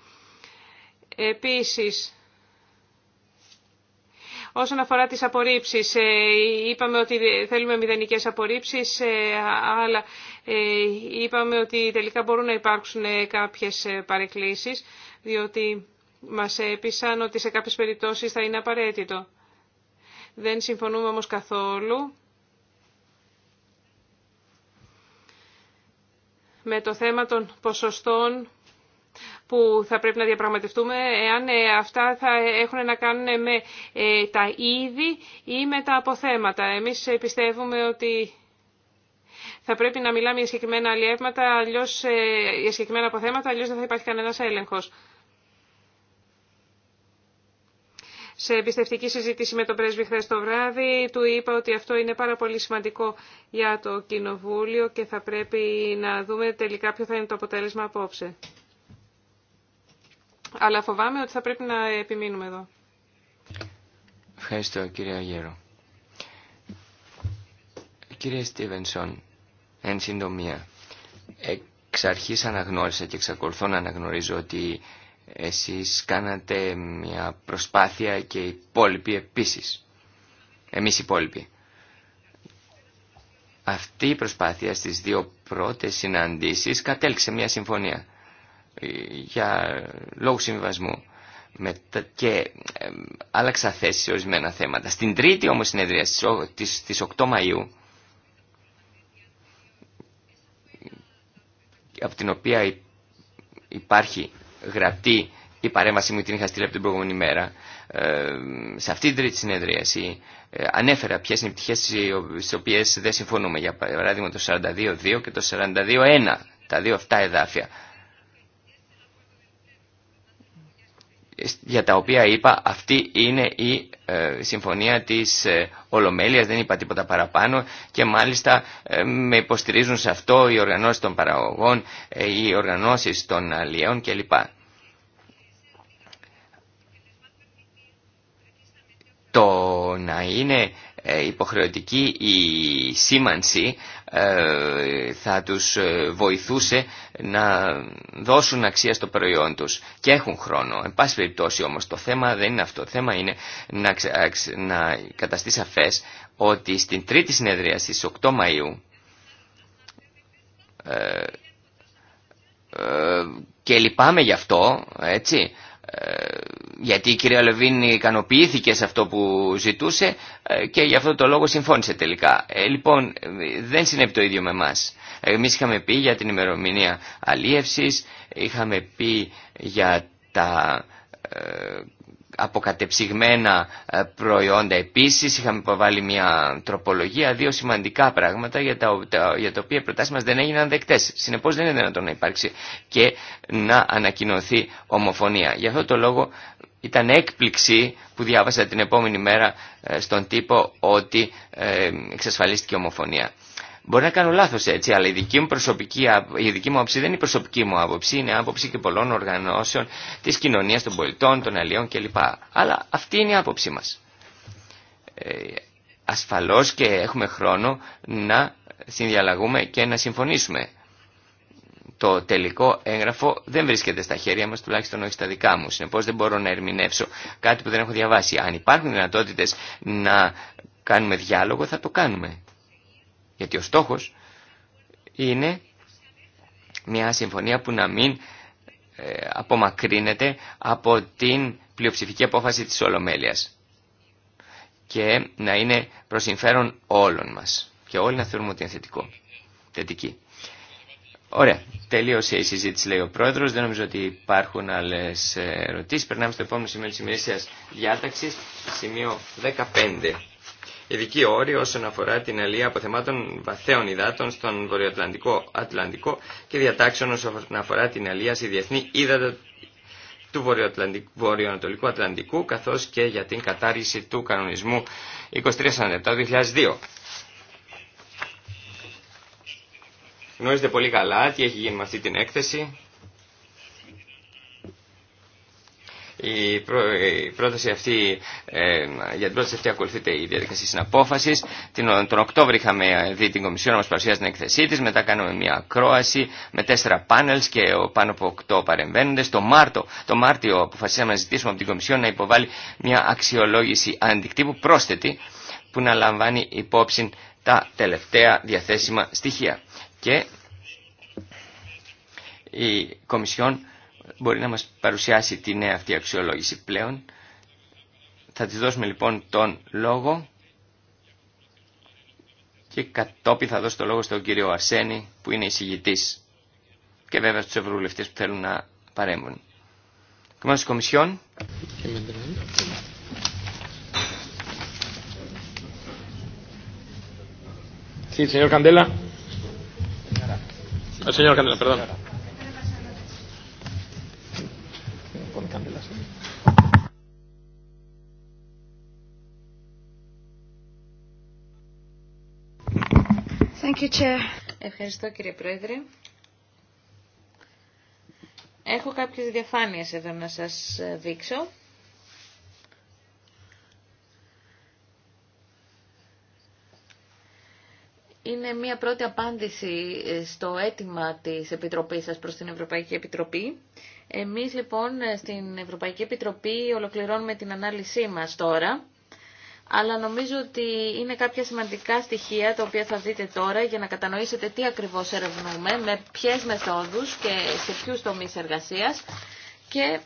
Επίσης, όσον αφορά τις απορρίψεις, είπαμε ότι θέλουμε μηδενικές απορρίψεις, αλλά είπαμε ότι τελικά μπορούν να υπάρξουν κάποιες παρεκκλήσεις, διότι μας έπεισαν ότι σε κάποιες περιπτώσεις θα είναι απαραίτητο. Δεν συμφωνούμε όμως καθόλου με το θέμα των ποσοστών που θα πρέπει να διαπραγματευτούμε εάν ε, αυτά θα έχουν να κάνουν με ε, τα είδη ή με τα αποθέματα. Εμείς ε, πιστεύουμε ότι θα πρέπει να μιλάμε για συγκεκριμένα αλλιεύματα, αλλιώς, για συγκεκριμένα αποθέματα, αλλιώς δεν θα υπάρχει κανένας έλεγχος. σε εμπιστευτική συζήτηση με τον πρέσβη χθε το βράδυ. Του είπα ότι αυτό είναι πάρα πολύ σημαντικό για το Κοινοβούλιο και θα πρέπει να δούμε τελικά ποιο θα είναι το αποτέλεσμα απόψε. Αλλά φοβάμαι ότι θα πρέπει να επιμείνουμε εδώ. Ευχαριστώ κύριε Αγέρο. Κύριε Στίβενσον, εν συντομία, εξ αρχής αναγνώρισα και εξακολουθώ να αναγνωρίζω ότι εσείς κάνατε μια προσπάθεια και οι υπόλοιποι επίσης. Εμείς οι υπόλοιποι. Αυτή η προσπάθεια στις δύο πρώτες συναντήσεις κατέληξε μια συμφωνία ε, για λόγους συμβιβασμού και ε, άλλαξα θέση σε ορισμένα θέματα. Στην τρίτη όμως συνεδρία στις 8 Μαΐου από την οποία υπάρχει γραπτή η παρέμβαση μου την είχα στείλει από την προηγούμενη μέρα. Ε, σε αυτή την τρίτη συνεδρίαση ε, ανέφερα ποιε είναι οι πτυχέ στι οποίε δεν συμφωνούμε. Για παράδειγμα το 42-2 και το 42-1, τα δύο αυτά εδάφια. Για τα οποία είπα αυτή είναι η ε, συμφωνία της ε, Ολομέλειας, δεν είπα τίποτα παραπάνω και μάλιστα με υποστηρίζουν σε αυτό οι οργανώσεις των παραγωγών, οι οργανώσεις των αλλιέων κλπ. Το να είναι ε, υποχρεωτική η σήμανση ε, θα τους ε, βοηθούσε να δώσουν αξία στο προϊόν τους και έχουν χρόνο. Εν πάση περιπτώσει όμως το θέμα δεν είναι αυτό. Το θέμα είναι να, να καταστεί σαφές ότι στην τρίτη συνεδρία στις 8 Μαΐου και λυπάμαι γι' αυτό, έτσι, γιατί η κυρία Λεβίν ικανοποιήθηκε σε αυτό που ζητούσε ε, και γι' αυτό το λόγο συμφώνησε τελικά. Ε, λοιπόν, ε, δεν συνέβη το ίδιο με εμά. Εμεί είχαμε πει για την ημερομηνία αλίευση, είχαμε πει για τα αποκατεψυγμένα προϊόντα επίσης. Είχαμε υποβάλει μια τροπολογία, δύο σημαντικά πράγματα για τα, για τα οποία οι προτάσεις μας δεν έγιναν δεκτές. Συνεπώς δεν είναι δυνατόν να υπάρξει και να ανακοινωθεί ομοφωνία. Γι' αυτό το λόγο ήταν έκπληξη που διάβασα την επόμενη μέρα ε, στον τύπο ότι ε, εξασφαλίστηκε η ομοφωνία. Μπορεί να κάνω λάθος έτσι, αλλά η δική μου, προσωπική, η μου άποψη δεν είναι η προσωπική μου άποψη, είναι άποψη και πολλών οργανώσεων της κοινωνίας των πολιτών, των αλλιών κλπ. Αλλά αυτή είναι η άποψή μας. Ε, ασφαλώς και έχουμε χρόνο να συνδιαλλαγούμε και να συμφωνήσουμε το τελικό έγγραφο δεν βρίσκεται στα χέρια μας, τουλάχιστον όχι στα δικά μου. Συνεπώς δεν μπορώ να ερμηνεύσω κάτι που δεν έχω διαβάσει. Αν υπάρχουν δυνατότητες να κάνουμε διάλογο θα το κάνουμε. Γιατί ο στόχος είναι μια συμφωνία που να μην ε, απομακρύνεται από την πλειοψηφική απόφαση της Ολομέλειας και να είναι προς συμφέρον όλων μας και όλοι να θεωρούμε ότι είναι θετικό, θετική. Ωραία. Τελείωσε η συζήτηση, λέει ο πρόεδρο. Δεν νομίζω ότι υπάρχουν άλλε ερωτήσει. Περνάμε στο επόμενο σημείο τη ημερήσια διάταξη, σημείο 15. Ειδική όρη όσον αφορά την αλία αποθεμάτων βαθέων υδάτων στον Βορειοατλαντικό Ατλαντικό και διατάξεων όσον αφορά την αλία σε διεθνή ύδατα του Βορειοανατολικού Ατλαντικού καθώς και για την κατάργηση του κανονισμού 2347-2002. Γνωρίζετε πολύ καλά τι έχει γίνει με αυτή την έκθεση. Η, πρόταση αυτή, ε, για την πρόταση αυτή ακολουθείται η διαδικασία συναπόφαση. Τον Οκτώβριο είχαμε δει την Κομισιόν να μα παρουσιάσει την έκθεσή τη. Μετά κάναμε μια ακρόαση με τέσσερα πάνελ και πάνω από οκτώ παρεμβαίνοντε. Το, το Μάρτιο αποφασίσαμε να ζητήσουμε από την Κομισιόν να υποβάλει μια αξιολόγηση αντικτύπου πρόσθετη που να λαμβάνει υπόψη τα τελευταία διαθέσιμα στοιχεία και η Κομισιόν μπορεί να μας παρουσιάσει τη νέα αυτή αξιολόγηση πλέον. Θα της δώσουμε λοιπόν τον λόγο και κατόπιν θα δώσω το λόγο στον κύριο Αρσένη που είναι εισηγητής και βέβαια στους ευρωβουλευτές που θέλουν να παρέμβουν. Κομμάτια της Κομισιόν. Sí, señor Candela. El señor Candela, perdón. Ευχαριστώ κύριε Πρόεδρε. Έχω κάποιες διαφάνειες εδώ να σας δείξω. είναι μια πρώτη απάντηση ε, στο αίτημα της Επιτροπής σας προς την Ευρωπαϊκή Επιτροπή. Εμείς λοιπόν ε, στην Ευρωπαϊκή Επιτροπή ολοκληρώνουμε την ανάλυση μας τώρα, αλλά νομίζω ότι είναι κάποια σημαντικά στοιχεία τα οποία θα δείτε τώρα για να κατανοήσετε τι ακριβώς ερευνούμε, με ποιες μεθόδους και σε ποιους τομείς εργασίας και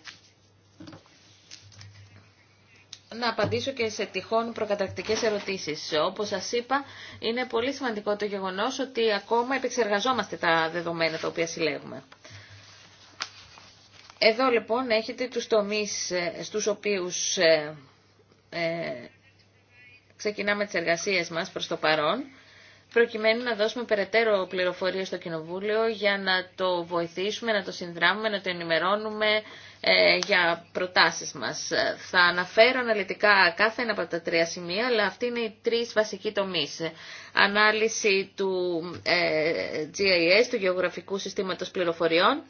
να απαντήσω και σε τυχόν προκαταρκτικές ερωτήσεις. Όπως σας είπα, είναι πολύ σημαντικό το γεγονός ότι ακόμα επεξεργαζόμαστε τα δεδομένα τα οποία συλλέγουμε. Εδώ λοιπόν έχετε τους τομείς ε, στους οποίους ε, ε, ξεκινάμε τις εργασίες μας προς το παρόν προκειμένου να δώσουμε περαιτέρω πληροφορίες στο Κοινοβούλιο για να το βοηθήσουμε, να το συνδράμουμε, να το ενημερώνουμε ε, για προτάσεις μας. Θα αναφέρω αναλυτικά κάθε ένα από τα τρία σημεία, αλλά αυτοί είναι οι τρεις βασικοί τομείς. Ανάλυση του ε, GIS, του Γεωγραφικού Συστήματος Πληροφοριών,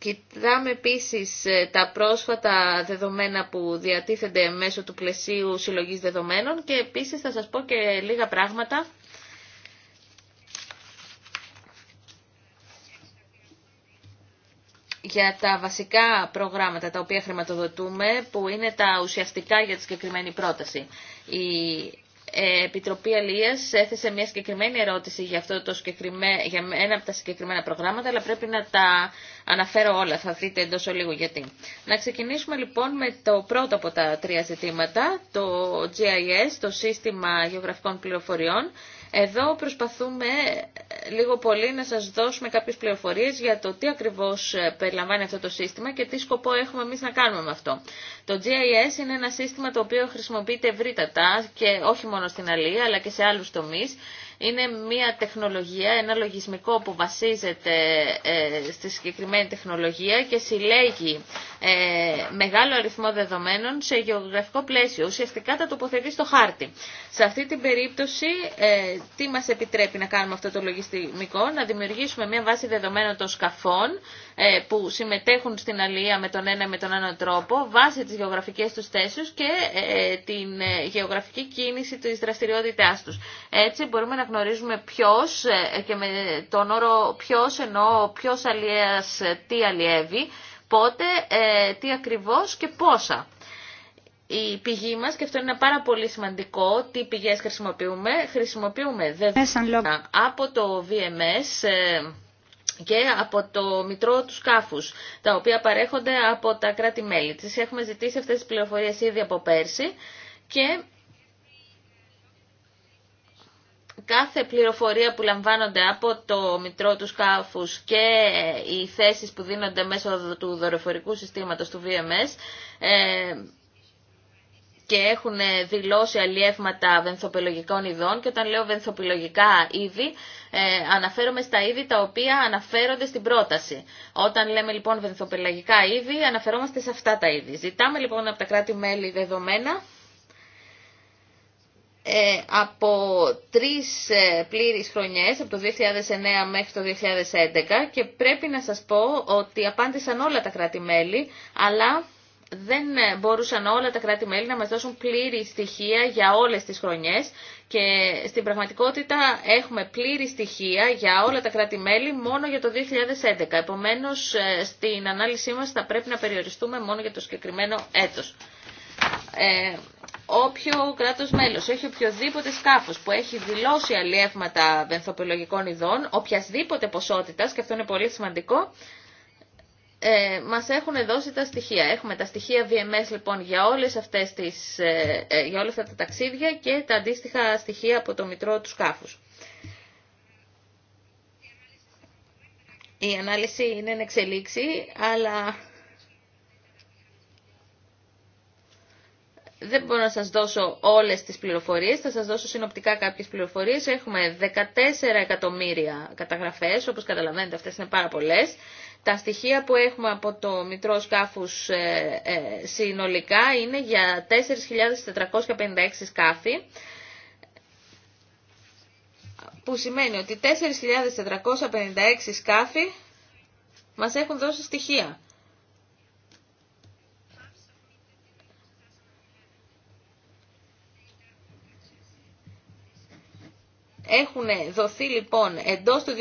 Κοιτάμε επίσης ε, τα πρόσφατα δεδομένα που διατίθενται μέσω του πλαισίου συλλογής δεδομένων και επίσης θα σας πω και λίγα πράγματα για τα βασικά προγράμματα τα οποία χρηματοδοτούμε που είναι τα ουσιαστικά για τη συγκεκριμένη πρόταση. Ε, Επιτροπή Αλίας έθεσε μια συγκεκριμένη ερώτηση για, αυτό το συγκεκριμέ... για ένα από τα συγκεκριμένα προγράμματα, αλλά πρέπει να τα αναφέρω όλα, θα δείτε εντός λίγο γιατί. Να ξεκινήσουμε λοιπόν με το πρώτο από τα τρία ζητήματα, το GIS, το Σύστημα Γεωγραφικών Πληροφοριών, εδώ προσπαθούμε ε, λίγο πολύ να σας δώσουμε κάποιες πληροφορίες για το τι ακριβώς ε, περιλαμβάνει αυτό το σύστημα και τι σκοπό έχουμε εμείς να κάνουμε με αυτό. Το GIS είναι ένα σύστημα το οποίο χρησιμοποιείται ευρύτατα και όχι μόνο στην Αλία αλλά και σε άλλους τομείς είναι μια τεχνολογία, ένα λογισμικό που βασίζεται ε, στη συγκεκριμένη τεχνολογία και συλλέγει ε, μεγάλο αριθμό δεδομένων σε γεωγραφικό πλαίσιο. Ουσιαστικά τα τοποθετεί στο χάρτη. Σε αυτή την περίπτωση ε, τι μας επιτρέπει να κάνουμε αυτό το λογισμικό, να δημιουργήσουμε μια βάση δεδομένων των σκαφών που συμμετέχουν στην αλληλεία με τον ένα με τον άλλο τρόπο, βάσει τις γεωγραφικές τους θέσεις και την γεωγραφική κίνηση τη δραστηριότητά τους. Έτσι μπορούμε να γνωρίζουμε ποιος ε, και με τον όρο ποιος εννοώ ποιος αλλιέας ε, τι αλλιεύει, πότε, ε, τι ακριβώς και πόσα. Η πηγή μας, και αυτό είναι πάρα πολύ σημαντικό, τι πηγές χρησιμοποιούμε, χρησιμοποιούμε δεδομένα από το VMS και από το μητρό του σκάφους, τα οποία παρέχονται από τα κράτη-μέλη. Τις έχουμε ζητήσει αυτές τις πληροφορίες ήδη από πέρσι και κάθε πληροφορία που λαμβάνονται από το μητρό του σκάφου και οι θέσει που δίνονται μέσω του δορυφορικού συστήματο του VMS ε, και έχουν δηλώσει αλλιεύματα βενθοπελογικών ειδών και όταν λέω βενθοπελογικά είδη ε, αναφέρομαι στα είδη τα οποία αναφέρονται στην πρόταση. Όταν λέμε λοιπόν βενθοπελαγικά είδη αναφερόμαστε σε αυτά τα είδη. Ζητάμε λοιπόν από τα κράτη-μέλη δεδομένα ε, από τρεις ε, πλήρεις χρονιές, από το 2009 μέχρι το 2011 και πρέπει να σας πω ότι απάντησαν όλα τα κράτη-μέλη, αλλά δεν ε, μπορούσαν όλα τα κράτη-μέλη να μας δώσουν πλήρη στοιχεία για όλες τις χρονιές και στην πραγματικότητα έχουμε πλήρη στοιχεία για όλα τα κράτη-μέλη μόνο για το 2011. Επομένως, στην ανάλυση μας θα πρέπει να περιοριστούμε μόνο για το συγκεκριμένο έτος. Ε, όποιο κράτος μέλος, έχει οποιοδήποτε σκάφος που έχει δηλώσει αλλιεύματα βενθοπελογικών ειδών, οποιασδήποτε ποσότητας, και αυτό είναι πολύ σημαντικό, ε, μας έχουν δώσει τα στοιχεία. Έχουμε τα στοιχεία VMS λοιπόν για, όλες αυτές τις, ε, ε, για όλα αυτά τα ταξίδια και τα αντίστοιχα στοιχεία από το μητρό του σκάφους. Η ανάλυση είναι εν εξελίξη, αλλά δεν μπορώ να σας δώσω όλες τις πληροφορίες, θα σας δώσω συνοπτικά κάποιες πληροφορίες. Έχουμε 14 εκατομμύρια καταγραφές, όπως καταλαβαίνετε αυτές είναι πάρα πολλές. Τα στοιχεία που έχουμε από το Μητρό Σκάφους ε, ε, συνολικά είναι για 4.456 σκάφη, που σημαίνει ότι 4.456 σκάφη μας έχουν δώσει στοιχεία. Έχουν δοθεί λοιπόν εντός του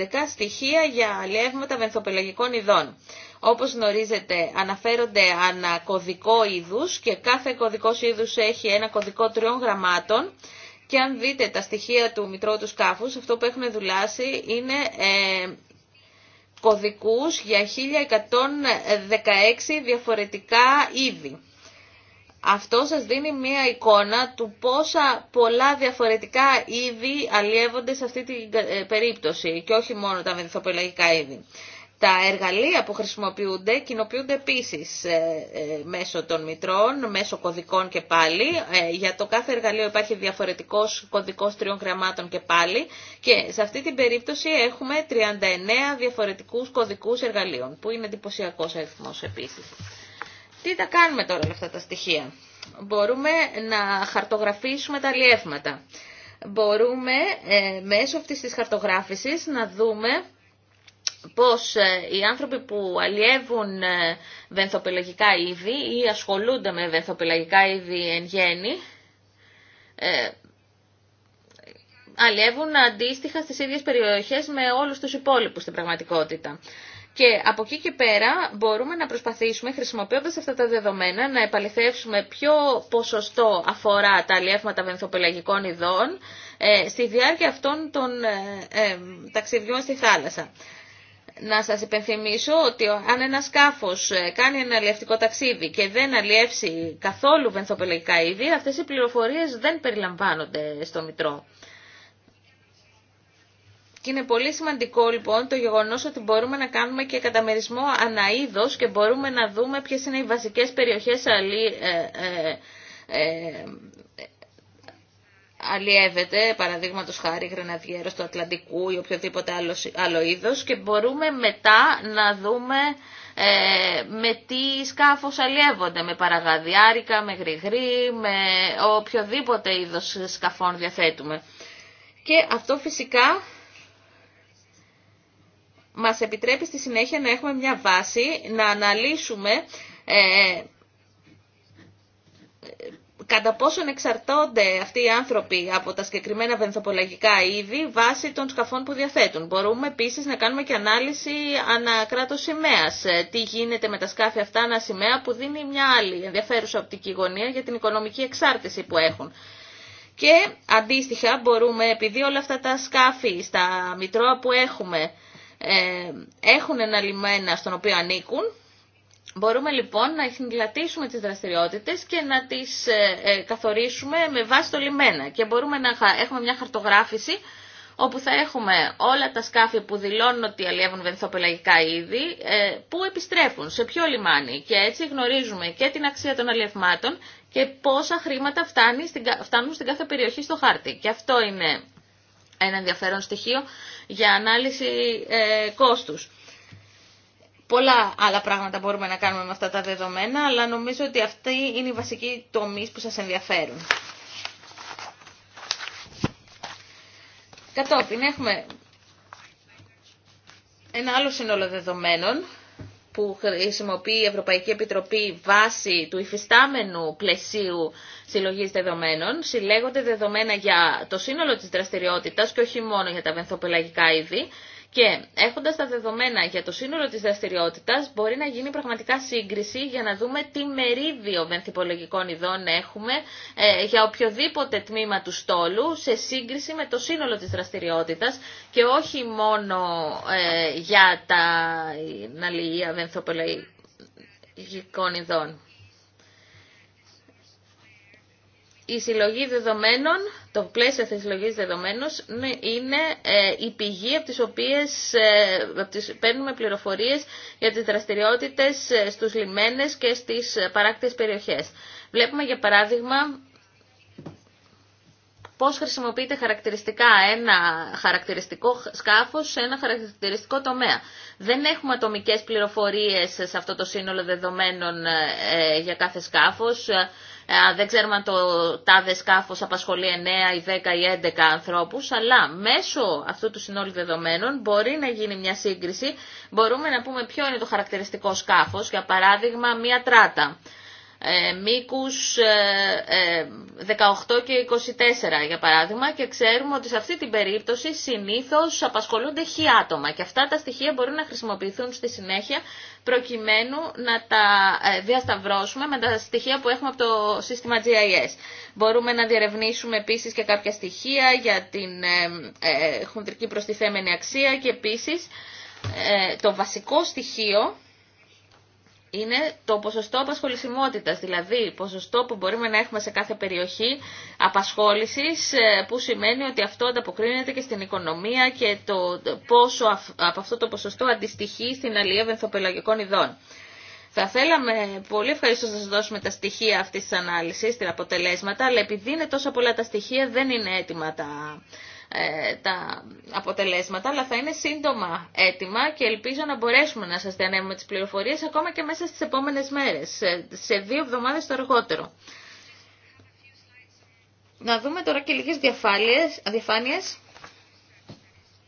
2011 στοιχεία για αλλιεύματα βενθοπελαγικών ειδών. Όπως γνωρίζετε αναφέρονται ανα κωδικό είδους και κάθε κωδικός είδους έχει ένα κωδικό τριών γραμμάτων και αν δείτε τα στοιχεία του μητρώου του σκάφους, αυτό που έχουν δουλάσει είναι ε, κωδικούς για 1116 διαφορετικά είδη. Αυτό σας δίνει μία εικόνα του πόσα πολλά διαφορετικά είδη αλλιεύονται σε αυτή την ε, περίπτωση και όχι μόνο τα μεθοπολογικά είδη. Τα εργαλεία που χρησιμοποιούνται κοινοποιούνται επίσης ε, ε, μέσω των μητρών, μέσω κωδικών και πάλι. Για το κάθε εργαλείο υπάρχει διαφορετικός κωδικός τριών γραμμάτων και πάλι και σε αυτή την περίπτωση έχουμε 39 διαφορετικούς κωδικούς εργαλείων που είναι εντυπωσιακό αριθμό επίσης. Τι θα κάνουμε τώρα με αυτά τα στοιχεία. Μπορούμε να χαρτογραφήσουμε τα λιεύματα. Μπορούμε ε, μέσω αυτής της χαρτογράφησης να δούμε πως ε, οι άνθρωποι που αλλιεύουν ε, βενθοπελαγικά είδη ή ασχολούνται με βενθοπελαγικά είδη εν γέννη, αλλιεύουν αντίστοιχα στις ίδιες περιοχές με όλους τους υπόλοιπους στην πραγματικότητα. Και από εκεί και πέρα μπορούμε να προσπαθήσουμε χρησιμοποιώντας αυτά τα δεδομένα να επαληθεύσουμε ποιο ποσοστό αφορά τα αλλιεύματα βενθοπελαγικών ειδών ε, στη διάρκεια αυτών των ε, ε, ταξιδιών στη θάλασσα. Να σας υπενθυμίσω ότι αν ένα σκάφος ε, κάνει ένα αλλιευτικό ταξίδι και δεν αλλιεύσει καθόλου βενθοπελαγικά είδη, αυτές οι πληροφορίες δεν περιλαμβάνονται στο Μητρό. Και είναι πολύ σημαντικό λοιπόν το γεγονό ότι μπορούμε να κάνουμε και καταμερισμό αναείδο και μπορούμε να δούμε ποιε είναι οι βασικέ περιοχέ αλλή, ε, ε, ε, αλλιεύεται, παραδείγματος χάρη γρεναδιέρος του Ατλαντικού ή οποιοδήποτε άλλο, άλλο είδος και μπορούμε μετά να δούμε ε, με τι σκάφος αλλιεύονται, με παραγαδιάρικα, με γρηγρή, με οποιοδήποτε είδος σκαφών διαθέτουμε. Και αυτό φυσικά μας επιτρέπει στη συνέχεια να έχουμε μια βάση, να αναλύσουμε ε, κατά πόσον εξαρτώνται αυτοί οι άνθρωποι από τα συγκεκριμένα βενθοπολαγικά είδη βάσει των σκαφών που διαθέτουν. Μπορούμε επίσης να κάνουμε και ανάλυση ανακράτω σημαίας. Ε, τι γίνεται με τα σκάφη αυτά ένα σημαία που δίνει μια άλλη ενδιαφέρουσα οπτική γωνία για την οικονομική εξάρτηση που έχουν. Και αντίστοιχα μπορούμε, επειδή όλα αυτά τα σκάφη στα μητρώα που έχουμε ε, έχουν ένα λιμένα στον οποίο ανήκουν. Μπορούμε λοιπόν να συγκρατήσουμε τις δραστηριότητες και να τις ε, ε, καθορίσουμε με βάση το λιμένα και μπορούμε να έχουμε μια χαρτογράφηση όπου θα έχουμε όλα τα σκάφη που δηλώνουν ότι αλλιεύουν βενθοπελαγικά είδη, που επιστρέφουν, σε ποιο λιμάνι. Και έτσι γνωρίζουμε και την αξία των αλλιευμάτων και πόσα χρήματα φτάνουν στην κάθε περιοχή στο χάρτη. Και αυτό είναι ένα ενδιαφέρον στοιχείο για ανάλυση ε, κόστους. Πολλά άλλα πράγματα μπορούμε να κάνουμε με αυτά τα δεδομένα, αλλά νομίζω ότι αυτοί είναι οι βασικοί τομείς που σας ενδιαφέρουν. Κατόπιν έχουμε ένα άλλο σύνολο δεδομένων που χρησιμοποιεί η Ευρωπαϊκή Επιτροπή βάση του υφιστάμενου πλαισίου συλλογή δεδομένων. Συλλέγονται δεδομένα για το σύνολο της δραστηριότητας και όχι μόνο για τα βενθοπελαγικά είδη. Και έχοντας τα δεδομένα για το σύνολο της δραστηριότητα, μπορεί να γίνει πραγματικά σύγκριση για να δούμε τι μερίδιο βενθυπολογικών ειδών έχουμε ε, για οποιοδήποτε τμήμα του στόλου σε σύγκριση με το σύνολο της δραστηριότητας και όχι μόνο ε, για τα αλληλεία μεθυπολογικών ειδών. η συλλογή δεδομένων, το πλαίσιο της συλλογής δεδομένων ναι, είναι ε, η πηγή από τις οποίες ε, τις, παίρνουμε πληροφορίες για τις δραστηριότητες ε, στους λιμένες και στις παράκτες περιοχές. Βλέπουμε για παράδειγμα πώς χρησιμοποιείται χαρακτηριστικά ένα χαρακτηριστικό σκάφος σε ένα χαρακτηριστικό τομέα. Δεν έχουμε ατομικές πληροφορίες σε αυτό το σύνολο δεδομένων για κάθε σκάφος. Ε, δεν ξέρουμε αν το τάδε σκάφο απασχολεί 9 ή 10 ή 11 ανθρώπους, αλλά μέσω αυτού του συνόλου δεδομένων μπορεί να γίνει μια σύγκριση, μπορούμε να πούμε ποιο είναι το χαρακτηριστικό σκάφο, για παράδειγμα μια τράτα ε, μήκους 18 ε, ε, και 24 για παράδειγμα και ξέρουμε ότι σε αυτή την περίπτωση συνήθως απασχολούνται χι άτομα και αυτά τα στοιχεία μπορούν να χρησιμοποιηθούν στη συνέχεια προκειμένου να τα ε, διασταυρώσουμε με τα στοιχεία που έχουμε από το σύστημα GIS. Μπορούμε να διερευνήσουμε επίσης και κάποια στοιχεία για την ε, χοντρική προστιθέμενη αξία και επίσης το βασικό στοιχείο είναι το ποσοστό απασχολησιμότητας, δηλαδή ποσοστό που μπορούμε να έχουμε σε κάθε περιοχή απασχόλησης, ε, που σημαίνει ότι αυτό ανταποκρίνεται και στην οικονομία και το πόσο από αυτό το ποσοστό αντιστοιχεί στην αλληλεία βενθοπελαγικών ειδών. Θα θέλαμε πολύ ευχαριστώ να σας δώσουμε τα στοιχεία αυτής της ανάλυσης, τα αποτελέσματα, αλλά επειδή είναι τόσα πολλά τα στοιχεία δεν είναι έτοιμα τα ε, τα αποτελέσματα, αλλά θα είναι σύντομα έτοιμα και ελπίζω να μπορέσουμε να σας διανέμουμε τις πληροφορίες ακόμα και μέσα στις επόμενες μέρες, σε δύο εβδομάδες το αργότερο. Να δούμε τώρα και λίγες διαφάνειες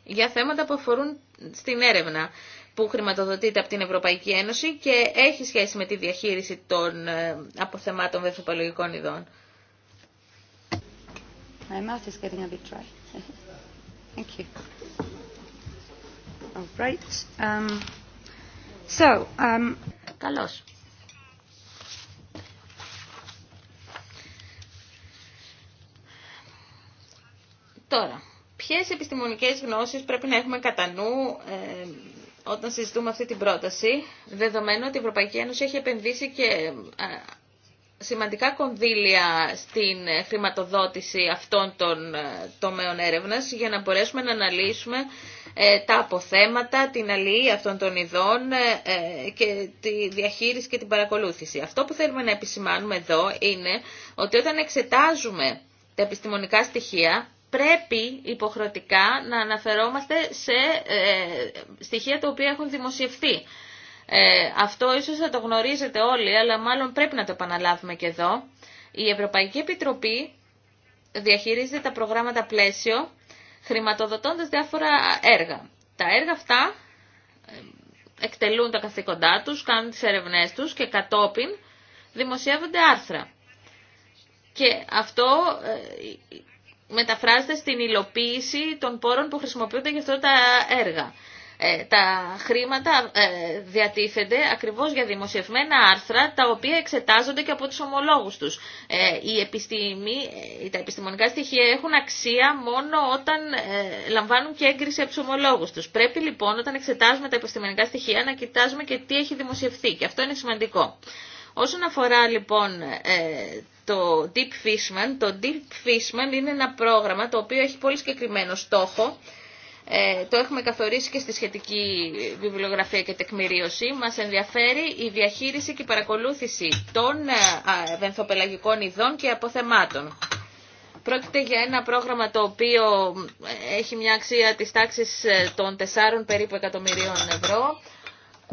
για θέματα που αφορούν στην έρευνα που χρηματοδοτείται από την Ευρωπαϊκή Ένωση και έχει σχέση με τη διαχείριση των ε, αποθεμάτων βεβαιοπαλογικών ειδών. Τώρα, ποιες επιστημονικές γνώσεις πρέπει να έχουμε κατά νου ε, όταν συζητούμε αυτή την πρόταση, δεδομένου ότι η Ευρωπαϊκή Ένωση έχει επενδύσει και ε, σημαντικά κονδύλια στην χρηματοδότηση αυτών των ε, τομέων έρευνας για να μπορέσουμε να αναλύσουμε ε, τα αποθέματα, την αλληλεία αυτών των ειδών ε, και τη διαχείριση και την παρακολούθηση. Αυτό που θέλουμε να επισημάνουμε εδώ είναι ότι όταν εξετάζουμε τα επιστημονικά στοιχεία πρέπει υποχρεωτικά να αναφερόμαστε σε στοιχεία τα οποία έχουν δημοσιευθεί. Ε, αυτό ίσως θα το γνωρίζετε όλοι, αλλά μάλλον πρέπει να το επαναλάβουμε και εδώ. Η Ευρωπαϊκή Επιτροπή διαχειρίζεται τα προγράμματα πλαίσιο, χρηματοδοτώντας διάφορα έργα. Τα έργα αυτά ε, εκτελούν τα καθήκοντά τους, κάνουν τις ερευνές τους και κατόπιν δημοσιεύονται άρθρα. Και αυτό ε, μεταφράζεται στην υλοποίηση των πόρων που χρησιμοποιούνται για αυτά τα έργα. Ε, τα χρήματα ε, διατίθενται ακριβώς για δημοσιευμένα άρθρα τα οποία εξετάζονται και από τους ομολόγους τους. Ε, η επιστήμη, τα επιστημονικά στοιχεία έχουν αξία μόνο όταν λαμβάνουν και έγκριση από τους ομολόγους τους. Πρέπει λοιπόν όταν εξετάζουμε τα επιστημονικά στοιχεία να κοιτάζουμε και τι έχει δημοσιευθεί και αυτό είναι σημαντικό. Όσον αφορά λοιπόν το Deep Fishman, το Deep Fishman είναι ένα πρόγραμμα το οποίο έχει πολύ συγκεκριμένο στόχο ε, το έχουμε καθορίσει και στη σχετική βιβλιογραφία και τεκμηρίωση. Μας ενδιαφέρει η διαχείριση και η παρακολούθηση των ε, βενθοπελαγικών ειδών και αποθεμάτων. Πρόκειται για ένα πρόγραμμα το οποίο ε, έχει μια αξία της τάξης των 4 περίπου εκατομμυρίων ευρώ. 3.765.139 ε,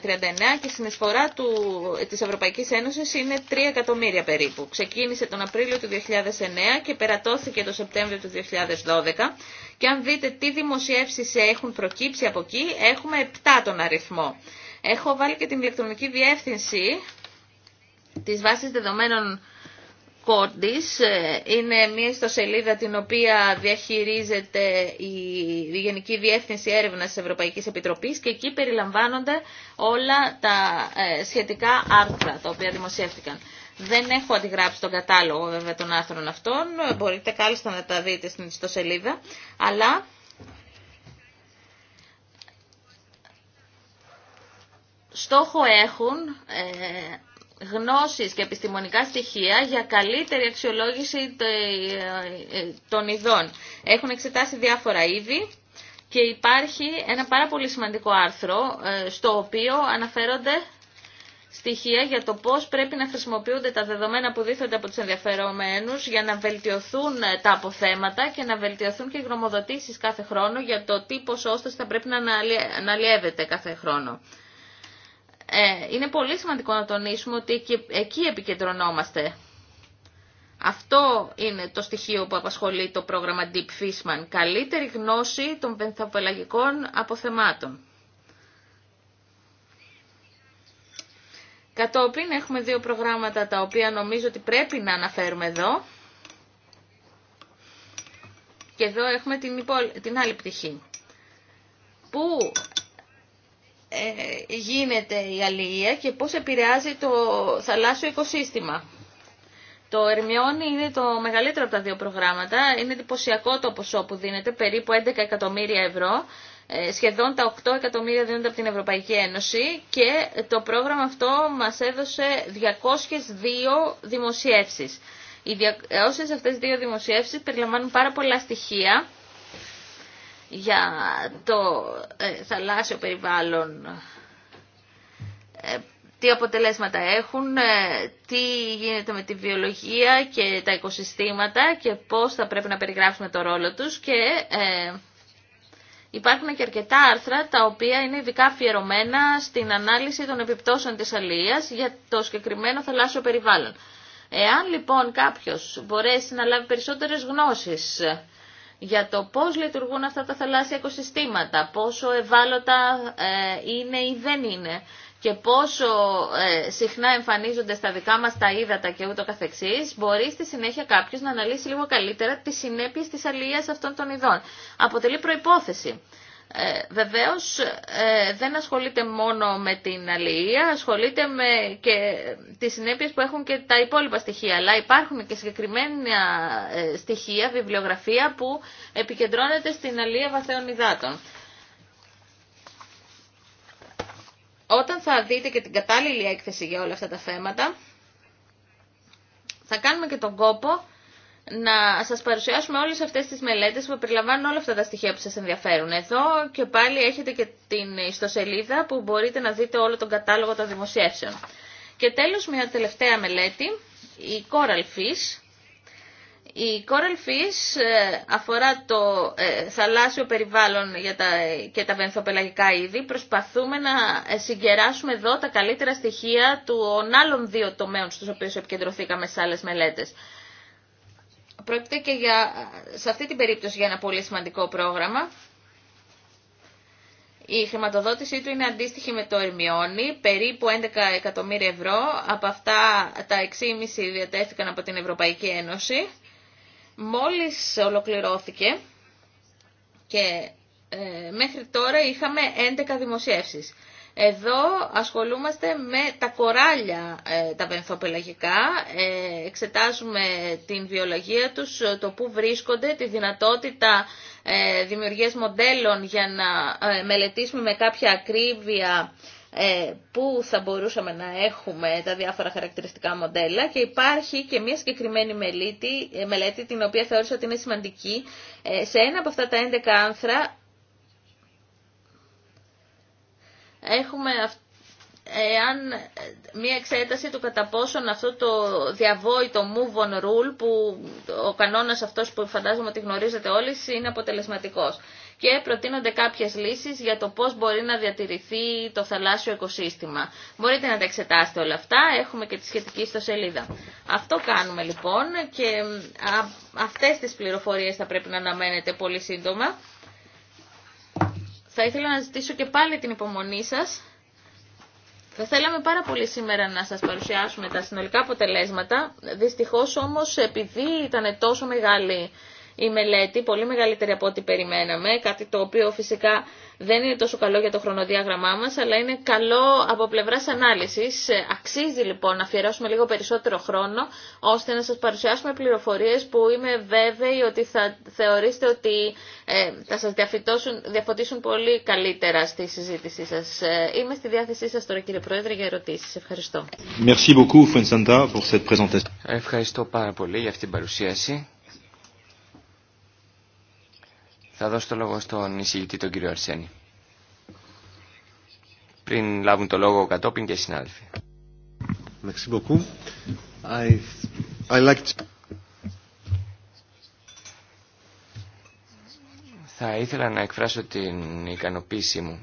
και η συνεισφορά του, της Ευρωπαϊκής Ένωσης είναι 3 εκατομμύρια περίπου. Ξεκίνησε τον Απρίλιο του 2009 και περατώθηκε το Σεπτέμβριο του 2012 και αν δείτε τι δημοσιεύσεις έχουν προκύψει από εκεί έχουμε 7 τον αριθμό. Έχω βάλει και την ηλεκτρονική διεύθυνση της βάσης δεδομένων Κόρντις ε, είναι μια ιστοσελίδα την οποία διαχειρίζεται η Γενική Διεύθυνση Έρευνας της Ευρωπαϊκής Επιτροπής και εκεί περιλαμβάνονται όλα τα ε, σχετικά άρθρα τα οποία δημοσιεύτηκαν. Δεν έχω αντιγράψει τον κατάλογο βέβαια των άρθρων αυτών, μπορείτε κάλλιστα να τα δείτε στην ιστοσελίδα, αλλά στόχο έχουν ε, γνώσεις και επιστημονικά στοιχεία για καλύτερη αξιολόγηση ε, των ειδών. Έχουν εξετάσει διάφορα είδη και υπάρχει ένα πάρα πολύ σημαντικό άρθρο ε, στο οποίο αναφέρονται στοιχεία για το πώς πρέπει να χρησιμοποιούνται τα δεδομένα που δίθονται από τους ενδιαφερομένους για να βελτιωθούν τα αποθέματα και να βελτιωθούν και οι γνωμοδοτήσεις κάθε χρόνο για το τι ποσόστος θα πρέπει να αναλυεύεται κάθε χρόνο. Ε, είναι πολύ σημαντικό να τονίσουμε ότι εκεί επικεντρωνόμαστε. Αυτό είναι το στοιχείο που απασχολεί το πρόγραμμα Deep Fishman, καλύτερη γνώση των πενθαπελαγικών αποθεμάτων. Κατόπιν έχουμε δύο προγράμματα τα οποία νομίζω ότι πρέπει να αναφέρουμε εδώ. Και εδώ έχουμε την, άλλη πτυχή. Πού ε, γίνεται η αλληλεία και πώς επηρεάζει το θαλάσσιο οικοσύστημα. Το Ερμιόνι είναι το μεγαλύτερο από τα δύο προγράμματα. Είναι εντυπωσιακό το ποσό που δίνεται, περίπου 11 εκατομμύρια ευρώ. Ε, σχεδόν τα 8 εκατομμύρια δίνονται από την Ευρωπαϊκή Ένωση και το πρόγραμμα αυτό μας έδωσε 202 δημοσιεύσεις. Οι ε, όσες αυτές δύο δημοσιεύσεις περιλαμβάνουν πάρα πολλά στοιχεία για το ε, θαλάσσιο περιβάλλον, ε, τι αποτελέσματα έχουν, ε, τι γίνεται με τη βιολογία και τα οικοσυστήματα και πώς θα πρέπει να περιγράψουμε το ρόλο τους και Υπάρχουν και αρκετά άρθρα τα οποία είναι ειδικά αφιερωμένα στην ανάλυση των επιπτώσεων της αλίας για το συγκεκριμένο θαλάσσιο περιβάλλον. Εάν λοιπόν κάποιος μπορέσει να λάβει περισσότερες γνώσεις για το πώς λειτουργούν αυτά τα θαλάσσια οικοσυστήματα, πόσο ευάλωτα ε, είναι ή δεν είναι και πόσο ε, συχνά εμφανίζονται στα δικά μας τα ύδατα και ούτω καθεξής, μπορεί στη συνέχεια κάποιος να αναλύσει λίγο καλύτερα τις συνέπειες της αλληλείας αυτών των ειδών. Αποτελεί προϋπόθεση. Ε, βεβαίως ε, δεν ασχολείται μόνο με την αλληλεία, ασχολείται με και τις συνέπειες που έχουν και τα υπόλοιπα στοιχεία. Αλλά υπάρχουν και συγκεκριμένα ε, στοιχεία, βιβλιογραφία που επικεντρώνεται στην αλληλεία βαθέων υδάτων. Όταν θα δείτε και την κατάλληλη έκθεση για όλα αυτά τα θέματα, θα κάνουμε και τον κόπο να σας παρουσιάσουμε όλες αυτές τις μελέτες που περιλαμβάνουν όλα αυτά τα στοιχεία που σας ενδιαφέρουν. Εδώ και πάλι έχετε και την ιστοσελίδα που μπορείτε να δείτε όλο τον κατάλογο των δημοσιεύσεων. Και τέλος μια τελευταία μελέτη, η Coral Fish. Η Coral Fish ε, αφορά το ε, θαλάσσιο περιβάλλον για τα, και τα βενθοπελαγικά είδη. Προσπαθούμε να ε, συγκεράσουμε εδώ τα καλύτερα στοιχεία των άλλων δύο τομέων στους οποίους επικεντρωθήκαμε σε άλλες μελέτες. Πρόκειται και για, σε αυτή την περίπτωση για ένα πολύ σημαντικό πρόγραμμα. Η χρηματοδότησή του είναι αντίστοιχη με το Ερμιόνι, περίπου 11 εκατομμύρια ευρώ. Από αυτά τα 6,5 διατέθηκαν από την Ευρωπαϊκή Ένωση. Μόλις ολοκληρώθηκε και ε, μέχρι τώρα είχαμε 11 δημοσιεύσεις. Εδώ ασχολούμαστε με τα κοράλια ε, τα βενθοπελαγικά, ε, εξετάζουμε την βιολογία τους, ε, το πού βρίσκονται, τη δυνατότητα δημιουργίας μοντέλων για να μελετήσουμε με κάποια ακρίβεια πού θα μπορούσαμε να έχουμε τα διάφορα χαρακτηριστικά μοντέλα και υπάρχει και μια συγκεκριμένη μελέτη, μελέτη την οποία θεώρησα ότι είναι σημαντική σε ένα από αυτά τα 11 άνθρα έχουμε εάν ε, μια εξέταση του κατά πόσον αυτό το διαβόητο move on rule που ο κανόνας αυτός που φαντάζομαι ότι γνωρίζετε όλοι είναι αποτελεσματικός και προτείνονται κάποιες λύσεις για το πώς μπορεί να διατηρηθεί το θαλάσσιο οικοσύστημα. Μπορείτε να τα εξετάσετε όλα αυτά, έχουμε και τη σχετική στο σελίδα. Αυτό κάνουμε λοιπόν και αυτές τις πληροφορίες θα πρέπει να αναμένετε πολύ σύντομα θα ήθελα να ζητήσω και πάλι την υπομονή σας. Θα θέλαμε πάρα πολύ σήμερα να σας παρουσιάσουμε τα συνολικά αποτελέσματα. Δυστυχώς όμως επειδή ήταν τόσο μεγάλη η μελέτη, πολύ μεγαλύτερη από ό,τι περιμέναμε, κάτι το οποίο φυσικά δεν είναι τόσο καλό για το χρονοδιάγραμμά μας, αλλά είναι καλό από πλευράς ανάλυσης. Ε, αξίζει λοιπόν να αφιερώσουμε λίγο περισσότερο χρόνο, ώστε να σας παρουσιάσουμε πληροφορίες που είμαι βέβαιη ότι θα θεωρήσετε ότι ε, θα σας διαφωτίσουν πολύ καλύτερα στη συζήτησή σας. Ε, είμαι στη διάθεσή σας τώρα κύριε Πρόεδρε για ερωτήσεις. Ευχαριστώ. Ευχαριστώ πάρα πολύ για αυτή την παρουσίαση. Θα δώσω το λόγο στον εισηγητή τον κύριο Αρσένη. Πριν λάβουν το λόγο κατόπιν και οι συνάδελφοι. Θα ήθελα να εκφράσω την ικανοποίησή μου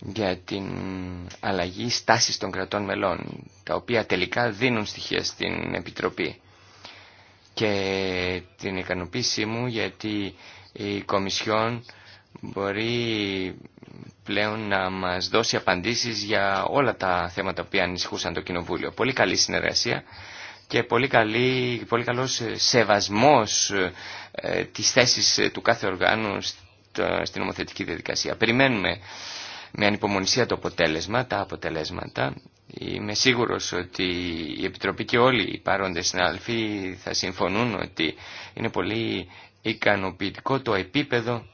για την αλλαγή στάσης των κρατών μελών, τα οποία τελικά δίνουν στοιχεία στην Επιτροπή και την ικανοποίησή μου γιατί η Κομισιόν μπορεί πλέον να μας δώσει απαντήσεις για όλα τα θέματα που ανησυχούσαν το Κοινοβούλιο. Πολύ καλή συνεργασία και πολύ, καλή, πολύ καλός σεβασμός ε, της θέσης του κάθε οργάνου στην νομοθετική διαδικασία. Περιμένουμε με ανυπομονησία το αποτέλεσμα, τα αποτελέσματα. Είμαι σίγουρος ότι η Επιτροπή και όλοι οι παρόντες συνάδελφοι θα συμφωνούν ότι είναι πολύ ικανοποιητικό το επίπεδο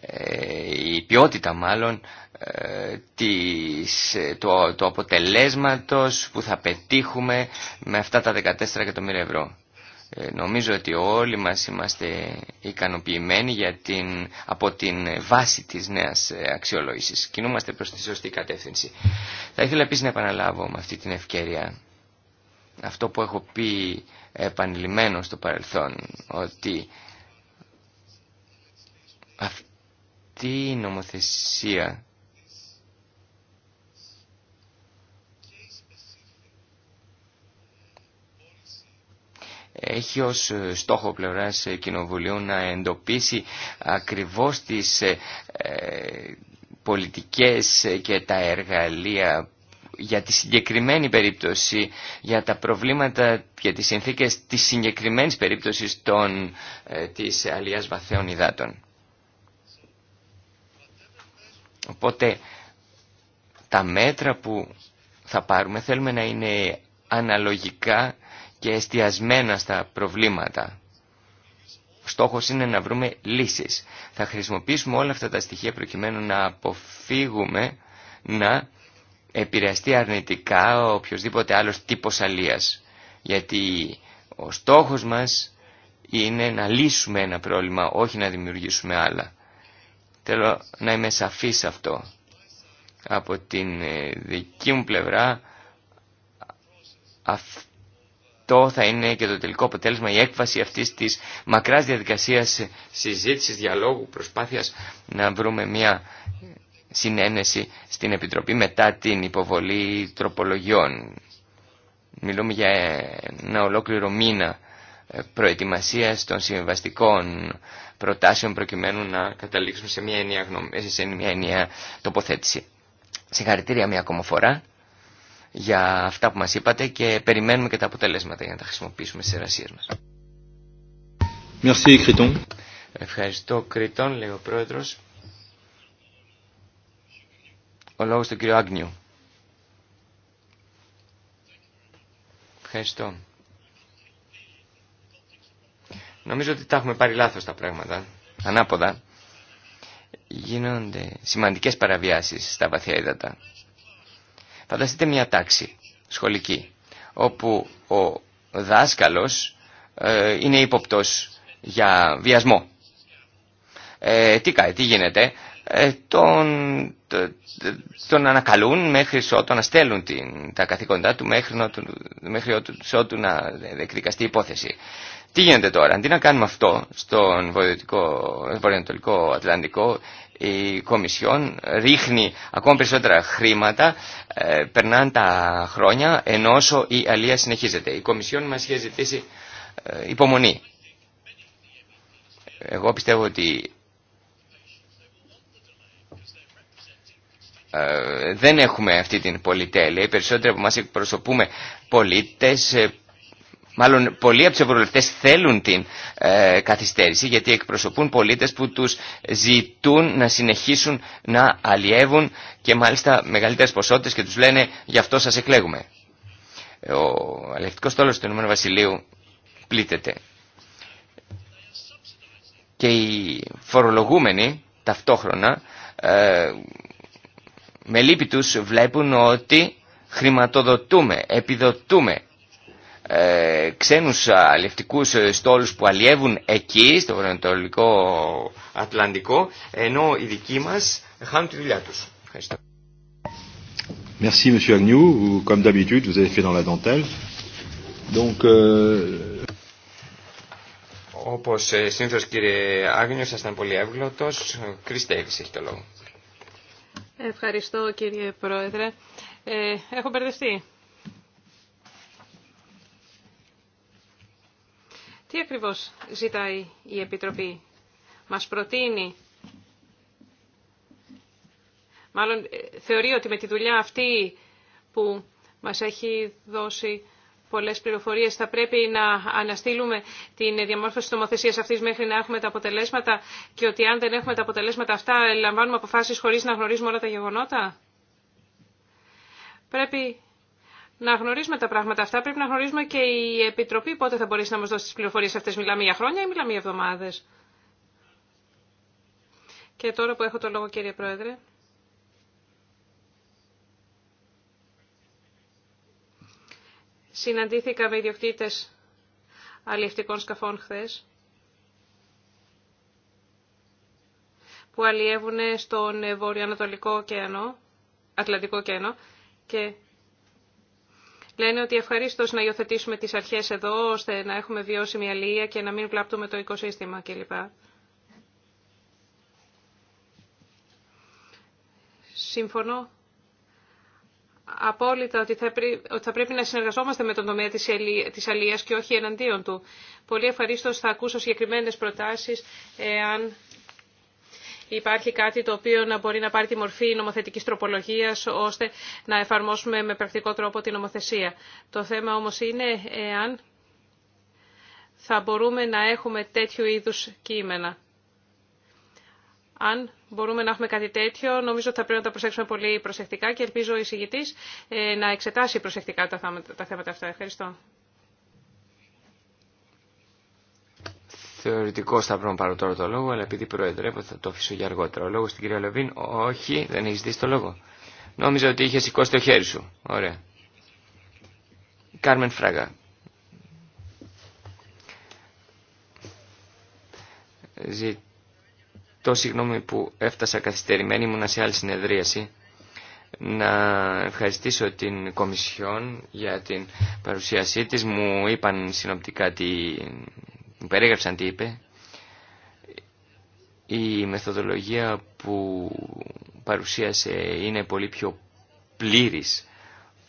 ε, η ποιότητα μάλλον ε, της, το, αποτελέσματος που θα πετύχουμε με αυτά τα 14 εκατομμύρια ευρώ. Ε, νομίζω ότι όλοι μας είμαστε ικανοποιημένοι για την, από την βάση της νέας ε, αξιολόγησης. Κινούμαστε προς τη σωστή κατεύθυνση. Θα ήθελα επίσης να επαναλάβω με αυτή την ευκαιρία αυτό που έχω πει επανειλημμένο στο παρελθόν, ότι αυτή η νομοθεσία έχει ως ε, στόχο πλευράς ε, Κοινοβουλίου να εντοπίσει ακριβώς τις ε, πολιτικές και τα εργαλεία για τη συγκεκριμένη περίπτωση, για τα προβλήματα και τις συνθήκες της συγκεκριμένης περίπτωσης των, της αλλιάς βαθαίων υδάτων. Οπότε τα μέτρα που θα πάρουμε θέλουμε να είναι αναλογικά και εστιασμένα στα προβλήματα. Στόχος είναι να βρούμε λύσεις. Θα χρησιμοποιήσουμε όλα αυτά τα στοιχεία προκειμένου να αποφύγουμε να επηρεαστεί αρνητικά ο οποιοδήποτε άλλος τύπος αλίας. Γιατί ο στόχος μας είναι να λύσουμε ένα πρόβλημα, όχι να δημιουργήσουμε άλλα. Θέλω να είμαι σαφής αυτό. Από την ε, δική μου πλευρά, αυτό το θα είναι και το τελικό αποτέλεσμα, η έκβαση αυτής της μακράς διαδικασίας συζήτησης, διαλόγου, προσπάθειας να βρούμε μια συνένεση στην Επιτροπή μετά την υποβολή τροπολογιών. Μιλούμε για ένα ολόκληρο μήνα ε, προετοιμασίας των συμβαστικών προτάσεων προκειμένου να καταλήξουμε σε μια ενιαία, σε μια τοποθέτηση. Συγχαρητήρια μια ακόμα φορά για αυτά που μας είπατε και περιμένουμε και τα αποτελέσματα για να τα χρησιμοποιήσουμε στις εργασίες μας. Merci, Ευχαριστώ, Κριτών, λέει ο Πρόεδρος. Ο λόγος του κύριου Άγνιου. Ευχαριστώ. Νομίζω ότι τα έχουμε πάρει λάθος τα πράγματα. Ανάποδα. Γίνονται σημαντικές παραβιάσεις στα βαθιά ύδατα. Φανταστείτε μια τάξη σχολική, όπου ο δάσκαλος ε, είναι ύποπτος για βιασμό. Ε, τι τι γίνεται. Ε, τον, τον ανακαλούν μέχρι ότου να στέλνουν την, τα καθήκοντά του μέχρι, να, μέχρι ότου να εκδικαστεί η υπόθεση. Τι γίνεται τώρα, αντί να κάνουμε αυτό στον βορειοανατολικό Ατλαντικό η Κομισιόν ρίχνει ακόμα περισσότερα χρήματα, ε, περνάνε τα χρόνια, ενώ όσο η αλία συνεχίζεται. Η Κομισιόν μας είχε ζητήσει ε, υπομονή. Εγώ πιστεύω ότι ε, δεν έχουμε αυτή την πολυτέλεια. Οι περισσότεροι από εμάς εκπροσωπούμε πολίτες ε, Μάλλον πολλοί από του ευρωβουλευτέ θέλουν την ε, καθυστέρηση γιατί εκπροσωπούν πολίτε που του ζητούν να συνεχίσουν να αλλιεύουν και μάλιστα μεγαλύτερε ποσότητε και του λένε γι' αυτό σα εκλέγουμε. Ε, ο αλλιευτικό στόλο του Ηνωμένου Βασιλείου πλήττεται. Και οι φορολογούμενοι ταυτόχρονα ε, με λύπη τους βλέπουν ότι χρηματοδοτούμε, επιδοτούμε ε, ξένους αλλιευτικούς στόλους που αλλιεύουν εκεί, στο βορειοανατολικό Ατλαντικό, ενώ οι δικοί μας χάνουν τη δουλειά τους. Ευχαριστώ. Merci Monsieur Agnew. vous, Comme d'habitude, vous avez fait dans la dentelle. Donc, euh... Όπως ε, συνήθως κύριε Άγνιος, ήσασταν πολύ εύγλωτος. Chris Davis έχει το λόγο. Ευχαριστώ κύριε Πρόεδρε. Ε, έχω μπερδευτεί. Τι ακριβώς ζητάει η Επιτροπή. Μας προτείνει. Μάλλον ε, θεωρεί ότι με τη δουλειά αυτή που μας έχει δώσει πολλές πληροφορίες θα πρέπει να αναστείλουμε την διαμόρφωση της νομοθεσίας αυτής μέχρι να έχουμε τα αποτελέσματα και ότι αν δεν έχουμε τα αποτελέσματα αυτά λαμβάνουμε αποφάσεις χωρίς να γνωρίζουμε όλα τα γεγονότα. Πρέπει να γνωρίζουμε τα πράγματα αυτά. Πρέπει να γνωρίζουμε και η Επιτροπή πότε θα μπορέσει να μα δώσει τι πληροφορίε αυτέ Μιλάμε για χρόνια ή μιλάμε για εβδομάδες. Και τώρα που έχω το λόγο κύριε Πρόεδρε. Συναντήθηκα με ιδιοκτήτε αλλιευτικών σκαφών χθε. που αλλιεύουν στον Βορειοανατολικό ωκεανό, Ατλαντικό ωκεανό και λένε ότι ευχαρίστω να υιοθετήσουμε τις αρχές εδώ, ώστε να έχουμε βιώσιμη αλληλεία και να μην βλάπτουμε το οικοσύστημα κλπ. Συμφωνώ απόλυτα ότι θα, θα πρέπει να συνεργαζόμαστε με τον τομέα της, αλλη... της αλληλείας και όχι εναντίον του. Πολύ ευχαρίστω θα ακούσω συγκεκριμένες προτάσεις εάν υπάρχει κάτι το οποίο να μπορεί να πάρει τη μορφή νομοθετική τροπολογία, ώστε να εφαρμόσουμε με πρακτικό τρόπο την νομοθεσία. Το θέμα όμω είναι εάν θα μπορούμε να έχουμε τέτοιου είδους κείμενα. Αν μπορούμε να έχουμε κάτι τέτοιο, νομίζω ότι θα πρέπει να τα προσέξουμε πολύ προσεκτικά και ελπίζω ο εισηγητής ε, να εξετάσει προσεκτικά τα θέματα αυτά. Ευχαριστώ. θεωρητικό θα πρέπει να πάρω τώρα το λόγο, αλλά επειδή προεδρεύω θα το αφήσω για αργότερα. Ο λόγο στην κυρία Λεβίν, όχι, δεν έχει δει το λόγο. Νόμιζα ότι είχε σηκώσει το χέρι σου. Ωραία. Κάρμεν Φράγα. Ζητώ συγγνώμη που έφτασα καθυστερημένη, ήμουνα σε άλλη συνεδρίαση. Να ευχαριστήσω την Κομισιόν για την παρουσίασή της. Μου είπαν συνοπτικά τι μου περίγραψαν τι είπε, η μεθοδολογία που παρουσίασε είναι πολύ πιο πλήρης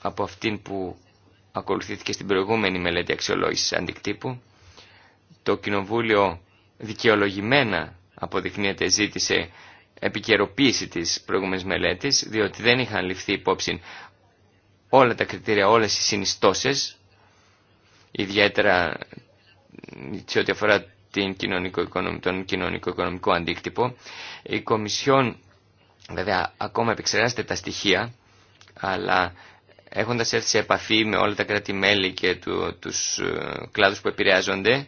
από αυτήν που ακολουθήθηκε στην προηγούμενη μελέτη αξιολόγησης αντικτύπου. Το Κοινοβούλιο δικαιολογημένα αποδεικνύεται ζήτησε επικαιροποίηση της προηγούμενης μελέτης, διότι δεν είχαν ληφθεί υπόψη όλα τα κριτήρια, όλες οι συνιστώσεις, ιδιαίτερα σε ό,τι αφορά την κοινωνικο τον κοινωνικο-οικονομικό αντίκτυπο. Η Κομισιόν βέβαια ακόμα επεξεργάζεται τα στοιχεία, αλλά έχοντας έρθει σε επαφή με όλα τα κράτη-μέλη και του, τους ε, κλάδους που επηρεάζονται,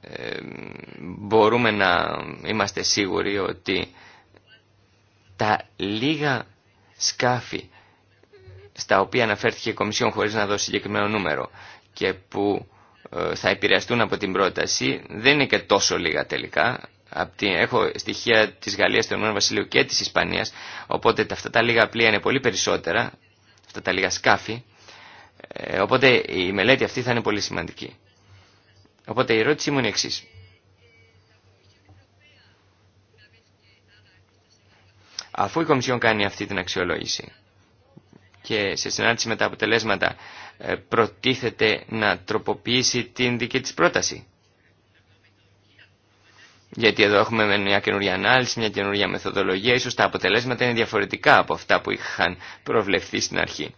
ε, μπορούμε να είμαστε σίγουροι ότι τα λίγα σκάφη στα οποία αναφέρθηκε η Κομισιόν χωρίς να δώσει συγκεκριμένο νούμερο και που θα επηρεαστούν από την πρόταση δεν είναι και τόσο λίγα τελικά. Έχω στοιχεία τη Γαλλία του Ηνωμένου Βασιλείου και τη Ισπανία, οπότε αυτά τα λίγα πλοία είναι πολύ περισσότερα, αυτά τα λίγα σκάφη, ε, οπότε η μελέτη αυτή θα είναι πολύ σημαντική. Οπότε η ερώτησή μου είναι εξή. Αφού η Κομισιόν κάνει αυτή την αξιολόγηση και σε συνάντηση με τα αποτελέσματα ε, προτίθεται να τροποποιήσει την δική της πρόταση. Γιατί εδώ έχουμε μια καινούργια ανάλυση, μια καινούργια μεθοδολογία, ίσως τα αποτελέσματα είναι διαφορετικά από αυτά που είχαν προβλεφθεί στην αρχή.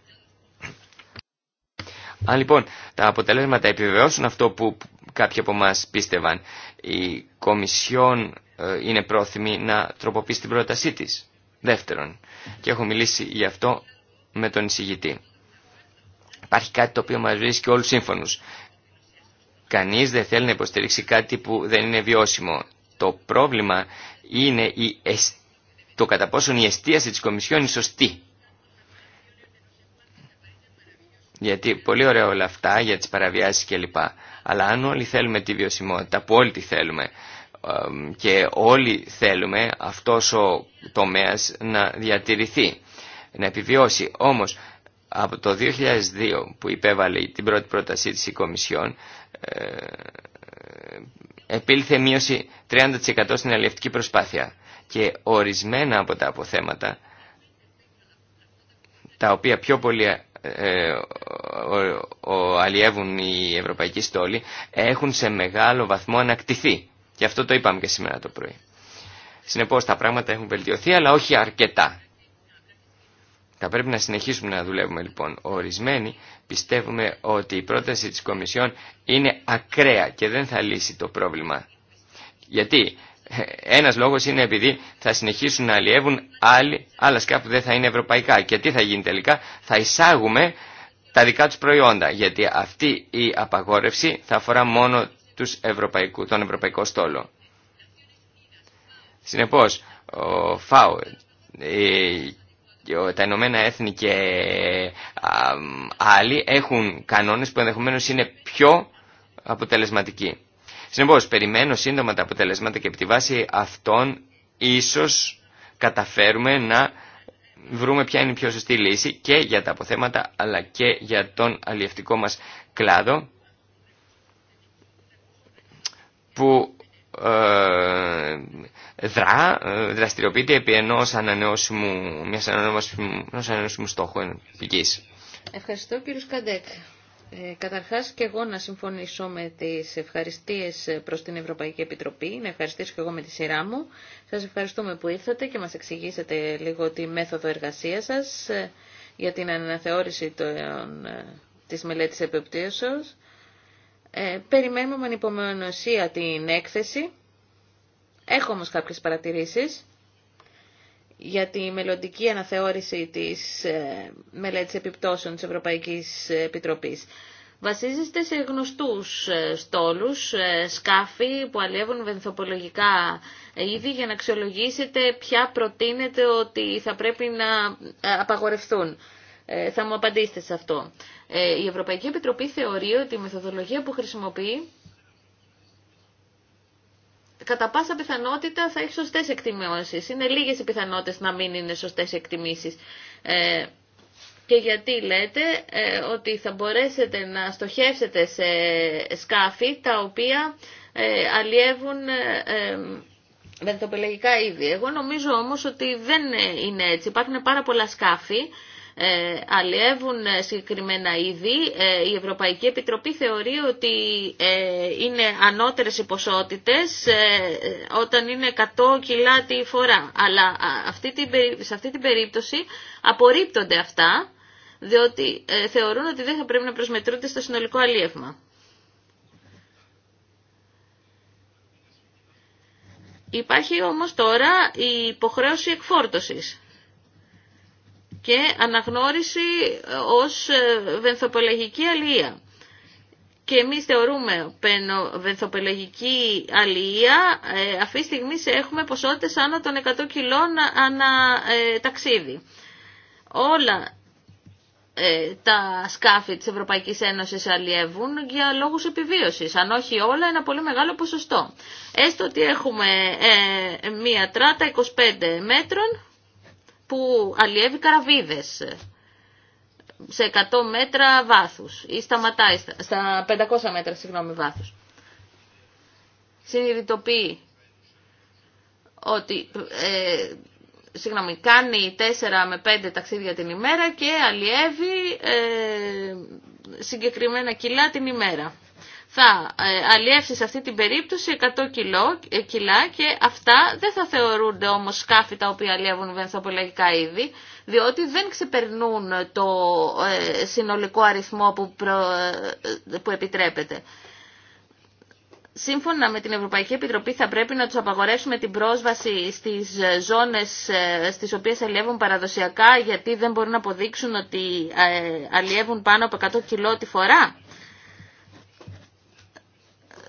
Αν λοιπόν τα αποτελέσματα επιβεβαιώσουν αυτό που κάποιοι από εμά πίστευαν, η Κομισιόν ε, είναι πρόθυμη να τροποποιήσει την πρότασή της. Δεύτερον, και έχω μιλήσει γι' αυτό με τον εισηγητή. Υπάρχει κάτι το οποίο μας βρίσκει όλους σύμφωνους. Κανείς δεν θέλει να υποστηρίξει κάτι που δεν είναι βιώσιμο. Το πρόβλημα είναι η το κατά πόσον η εστίαση της Κομισιόν είναι σωστή. Γιατί πολύ ωραία όλα αυτά για τις παραβιάσεις κλπ. Αλλά αν όλοι θέλουμε τη βιωσιμότητα που όλοι τη θέλουμε και όλοι θέλουμε αυτός ο τομέας να διατηρηθεί, να επιβιώσει. Όμως από το 2002 που υπέβαλε την πρώτη πρότασή της η Κομισιόν ε, επήλθε μείωση 30% στην αλληλευτική προσπάθεια και ορισμένα από τα αποθέματα τα οποία πιο πολύ ε, αλλιεύουν οι ευρωπαϊκοί στόλοι έχουν σε μεγάλο βαθμό ανακτηθεί και αυτό το είπαμε και σήμερα το πρωί. Συνεπώς τα πράγματα έχουν βελτιωθεί αλλά όχι αρκετά. Θα πρέπει να συνεχίσουμε να δουλεύουμε λοιπόν. Ορισμένοι πιστεύουμε ότι η πρόταση της Κομισιόν είναι ακραία και δεν θα λύσει το πρόβλημα. Γιατί ένας λόγος είναι επειδή θα συνεχίσουν να αλλιεύουν άλλοι, άλλα σκάφη δεν θα είναι ευρωπαϊκά. Και τι θα γίνει τελικά, θα εισάγουμε τα δικά τους προϊόντα. Γιατί αυτή η απαγόρευση θα αφορά μόνο τους ευρωπαϊκού, τον ευρωπαϊκό στόλο. Συνεπώς, ο ΦΑΟ, τα Ηνωμένα Έθνη και άλλοι έχουν κανόνες που ενδεχομένως είναι πιο αποτελεσματικοί. Συνεπώς, περιμένω σύντομα τα αποτελέσματα και από τη βάση αυτών ίσως καταφέρουμε να βρούμε ποια είναι η πιο σωστή λύση και για τα αποθέματα αλλά και για τον αλλιευτικό μας κλάδο που ε, δρά, ε, δραστηριοποιείται επί ενός ανανεώσιμου, ανανεώσιμου, στόχου Ευχαριστώ κύριο Σκαντέκ Ε, καταρχάς και εγώ να συμφωνήσω με τις ευχαριστίες προς την Ευρωπαϊκή Επιτροπή, να ευχαριστήσω και εγώ με τη σειρά μου. Σας ευχαριστούμε που ήρθατε και μας εξηγήσατε λίγο τη μέθοδο εργασίας σας ε, για την αναθεώρηση των, ε, της μελέτης Ε, περιμένουμε με ανυπομονωσία την έκθεση. Έχω όμως κάποιες παρατηρήσεις για τη μελλοντική αναθεώρηση της ε, μελέτης επιπτώσεων της Ευρωπαϊκής Επιτροπής. Βασίζεστε σε γνωστούς ε, στόλους, ε, σκάφη που αλλιεύουν βενθοπολογικά είδη για να αξιολογήσετε ποια προτείνετε ότι θα πρέπει να απαγορευτούν. Θα μου απαντήσετε σε αυτό. Η Ευρωπαϊκή Επιτροπή θεωρεί ότι η μεθοδολογία που χρησιμοποιεί κατά πάσα πιθανότητα θα έχει σωστέ εκτιμήσεις. Είναι λίγες οι πιθανότητες να μην είναι σωστές εκτιμήσεις. Ε, και γιατί λέτε ε, ότι θα μπορέσετε να στοχεύσετε σε σκάφη τα οποία ε, αλλιεύουν ε, ε βενθοπελαγικά είδη. Εγώ νομίζω όμως ότι δεν είναι έτσι. Υπάρχουν πάρα πολλά σκάφη ε, αλλιεύουν ε, συγκεκριμένα είδη. Ε, η Ευρωπαϊκή Επιτροπή θεωρεί ότι είναι ανώτερες οι ποσότητες όταν είναι 100 κιλά τη φορά. Αλλά σε αυτή την περίπτωση απορρίπτονται αυτά διότι θεωρούν ότι δεν θα πρέπει να προσμετρούνται στο συνολικό αλλιεύμα. Υπάρχει όμως τώρα η υποχρέωση εκφόρτωσης και αναγνώριση ως ε, βενθοπελαγική αλληλεία. Και εμείς θεωρούμε βενθοπελαγική αλληλεία, ε, αυτή τη στιγμή έχουμε ποσότητες άνω των 100 κιλών ανά ε, ταξίδι. Όλα τα σκάφη της Ευρωπαϊκής Ένωσης αλλιεύουν για λόγους επιβίωσης. Αν όχι όλα, ένα πολύ μεγάλο ποσοστό. Έστω ότι έχουμε μία τράτα 25 μέτρων, που αλλιεύει καραβίδες σε 100 μέτρα βάθους ή σταματάει στα 500 μέτρα συγγνώμη, βάθους. Συνειδητοποιεί ότι ε, συγγνώμη, κάνει 4 με 5 ταξίδια την ημέρα και αλλιεύει ε, συγκεκριμένα κιλά την ημέρα θα ε, αλλιεύσει σε αυτή την περίπτωση 100 κιλό, ε, κιλά και αυτά δεν θα θεωρούνται όμως σκάφη τα οποία αλλιεύουν βενθοπολαγικά είδη, διότι δεν ξεπερνούν το ε, συνολικό αριθμό που, που επιτρέπεται. Σύμφωνα με την Ευρωπαϊκή Επιτροπή θα πρέπει να τους απαγορεύσουμε την πρόσβαση στις ζώνες στις οποίες αλλιεύουν παραδοσιακά γιατί δεν μπορούν να αποδείξουν ότι αλλιεύουν πάνω από 100 κιλό τη φορά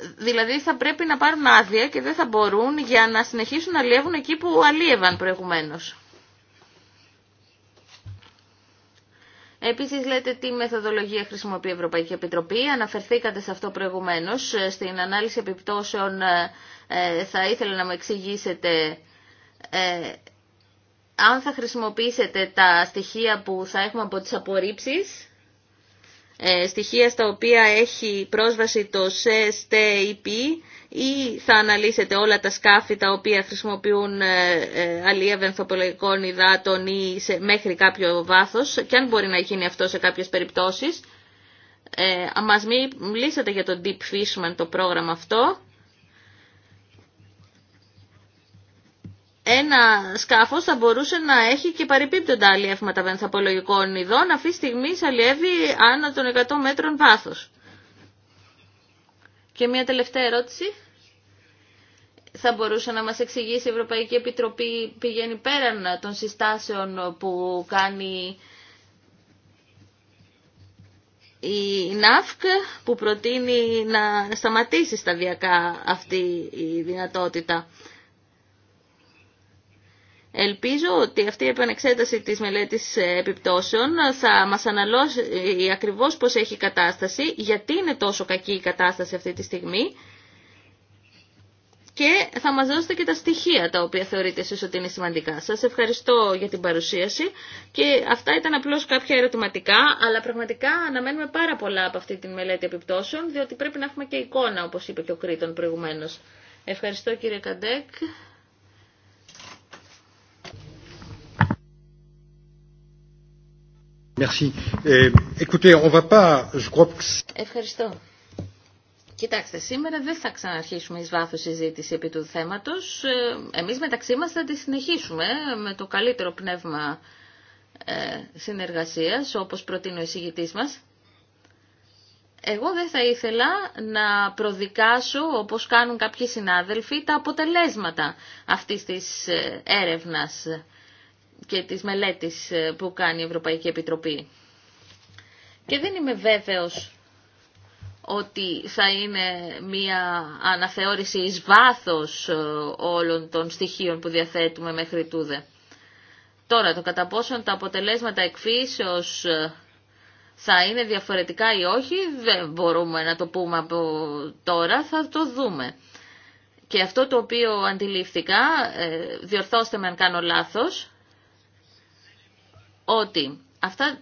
δηλαδή θα πρέπει να πάρουν άδεια και δεν θα μπορούν για να συνεχίσουν να αλλιεύουν εκεί που αλλίευαν προηγουμένως. Επίσης λέτε τι μεθοδολογία χρησιμοποιεί η Ευρωπαϊκή Επιτροπή. Αναφερθήκατε σε αυτό προηγουμένως. Ε, στην ανάλυση επιπτώσεων ε, ε, θα ήθελα να μου εξηγήσετε αν θα χρησιμοποιήσετε τα στοιχεία που θα έχουμε από τις απορρίψεις ε, στοιχεία στα οποία έχει πρόσβαση το CSTIP e ή θα αναλύσετε όλα τα σκάφη τα οποία χρησιμοποιούν ε, ε, αλία βενθοπολογικών υδάτων ή μέχρι κάποιο βάθος και αν μπορεί να γίνει αυτό σε κάποιες περιπτώσεις. Ε, μας μιλήσατε για το Deep Fishman το πρόγραμμα αυτό ένα σκάφος θα μπορούσε να έχει και παρεπίπτοντα αλλιεύματα βενθαπολογικών ειδών, αυτή τη στιγμή αλλιεύει άνω των 100 μέτρων βάθος. Και μια τελευταία ερώτηση. Θα μπορούσε να μας εξηγήσει η Ευρωπαϊκή Επιτροπή πηγαίνει πέραν των συστάσεων που κάνει η ΝΑΦΚ που προτείνει να σταματήσει σταδιακά αυτή η δυνατότητα. Ελπίζω ότι αυτή η επανεξέταση της μελέτης επιπτώσεων θα μας αναλώσει ακριβώς πώς έχει η κατάσταση, γιατί είναι τόσο κακή η κατάσταση αυτή τη στιγμή και θα μας δώσετε και τα στοιχεία τα οποία θεωρείτε εσείς ότι είναι σημαντικά. Σας ευχαριστώ για την παρουσίαση και αυτά ήταν απλώς κάποια ερωτηματικά, αλλά πραγματικά αναμένουμε πάρα πολλά από αυτή τη μελέτη επιπτώσεων, διότι πρέπει να έχουμε και εικόνα, όπως είπε και ο Κρήτον προηγουμένως. Ευχαριστώ κύριε Καντέκ. Euh, Ευχαριστώ. Κοιτάξτε, σήμερα δεν θα ξαναρχίσουμε εις βάθος συζήτηση επί του θέματος. Ε, εμείς μεταξύ μας θα τη συνεχίσουμε με το καλύτερο πνεύμα ε, συνεργασίας, όπως προτείνει ο εισηγητής μας. Εγώ δεν θα ήθελα να προδικάσω, όπως κάνουν κάποιοι συνάδελφοι, τα αποτελέσματα αυτής της ε, έρευνας και της μελέτης ε, που κάνει η Ευρωπαϊκή Επιτροπή. Και δεν είμαι βέβαιος ότι θα είναι μία αναθεώρηση εις βάθος ε, όλων των στοιχείων που διαθέτουμε μέχρι τούδε. Τώρα, το κατά πόσον τα αποτελέσματα εκφύσεως ε, θα είναι διαφορετικά ή όχι, δεν μπορούμε να το πούμε από τώρα, θα το δούμε. Και αυτό το οποίο αντιλήφθηκα, διορθώστε με αν κάνω λάθος, ότι αυτά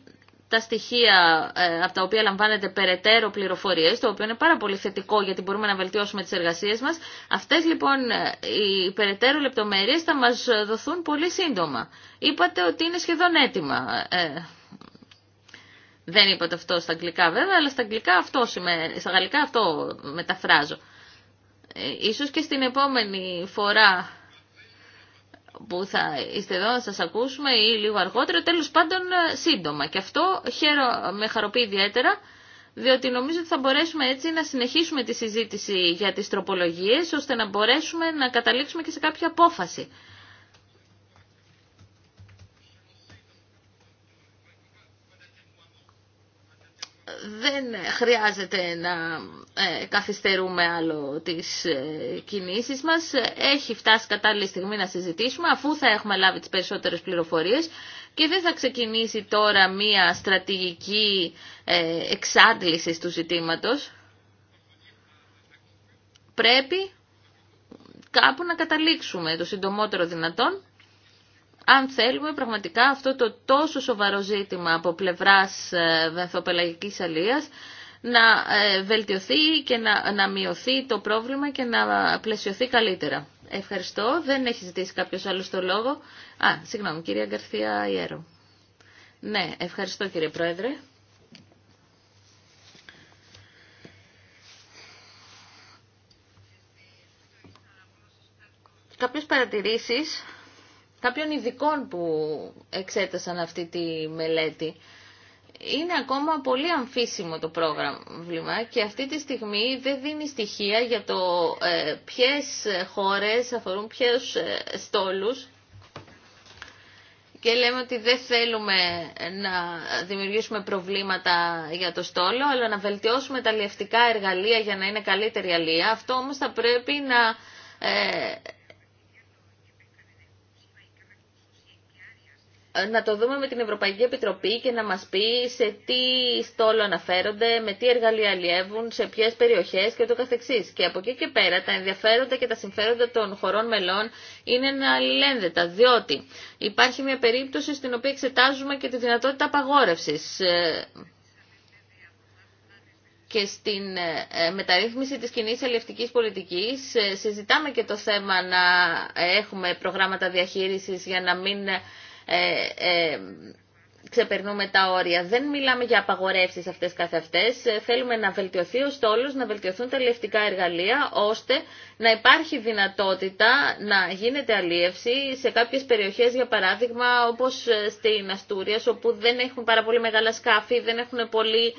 τα στοιχεία ε, από τα οποία λαμβάνεται περαιτέρω πληροφορίε, το οποίο είναι πάρα πολύ θετικό γιατί μπορούμε να βελτιώσουμε τι εργασίε μα. Αυτέ λοιπόν ε, οι περαιτέρω λεπτομέρειε θα μα δοθούν πολύ σύντομα. Είπατε ότι είναι σχεδόν έτοιμα. Ε, δεν είπατε αυτό στα αγγλικά βέβαια, αλλά στα, αγγλικά αυτό, στα γαλλικά αυτό μεταφράζω. Ε, ίσως και στην επόμενη φορά που θα είστε εδώ να σας ακούσουμε ή λίγο αργότερα, τέλος πάντων ε, σύντομα. Και αυτό με χαροποιεί ιδιαίτερα, διότι νομίζω ότι θα μπορέσουμε έτσι να συνεχίσουμε τη συζήτηση για τις τροπολογίες, ώστε να μπορέσουμε να καταλήξουμε και σε κάποια απόφαση. δεν χρειάζεται να ε, καθυστερούμε άλλο τις ε, κινήσεις μας. Έχει φτάσει κατάλληλη στιγμή να συζητήσουμε αφού θα έχουμε λάβει τις περισσότερες πληροφορίες και δεν θα ξεκινήσει τώρα μία στρατηγική ε, εξάντληση του ζητήματος. Πρέπει κάπου να καταλήξουμε το συντομότερο δυνατόν αν θέλουμε πραγματικά αυτό το τόσο σοβαρό ζήτημα από πλευράς ε, βενθοπελαγικής αλίας να ε, βελτιωθεί και να, να μειωθεί το πρόβλημα και να πλαισιωθεί καλύτερα. Ευχαριστώ. Δεν έχει ζητήσει κάποιος άλλος το λόγο. Α, συγγνώμη, κυρία Γκαρθία Ιέρο. Ναι, ευχαριστώ κύριε Πρόεδρε. Κάποιες παρατηρήσεις κάποιων ειδικών που εξέτασαν αυτή τη μελέτη. Είναι ακόμα πολύ αμφίσιμο το πρόγραμμα και αυτή τη στιγμή δεν δίνει στοιχεία για το ε, ποιες χώρες αφορούν ποιους ε, στόλους και λέμε ότι δεν θέλουμε να δημιουργήσουμε προβλήματα για το στόλο, αλλά να βελτιώσουμε τα λιευτικά εργαλεία για να είναι καλύτερη αλία. Αυτό όμως θα πρέπει να ε, να το δούμε με την Ευρωπαϊκή Επιτροπή και να μας πει σε τι στόλο αναφέρονται, με τι εργαλεία αλλιεύουν, σε ποιες περιοχές και το καθεξής. Και από εκεί και πέρα τα ενδιαφέροντα και τα συμφέροντα των χωρών μελών είναι αλληλένδετα, διότι υπάρχει μια περίπτωση στην οποία εξετάζουμε και τη δυνατότητα απαγόρευσης ε, και στην ε, μεταρρύθμιση της κοινή αλληλευτικής πολιτικής ε, συζητάμε και το θέμα να έχουμε προγράμματα διαχείρισης για να μην ε, ε, ξεπερνούμε τα όρια. Δεν μιλάμε για απαγορεύσει αυτέ καθ' αυτέ. Ε, θέλουμε να βελτιωθεί ο στόλο, να βελτιωθούν τα λεφτικά εργαλεία, ώστε να υπάρχει δυνατότητα να γίνεται αλίευση σε κάποιε περιοχέ, για παράδειγμα, όπω στην Αστούρια, όπου δεν έχουν πάρα πολύ μεγάλα σκάφη, δεν έχουν πολύ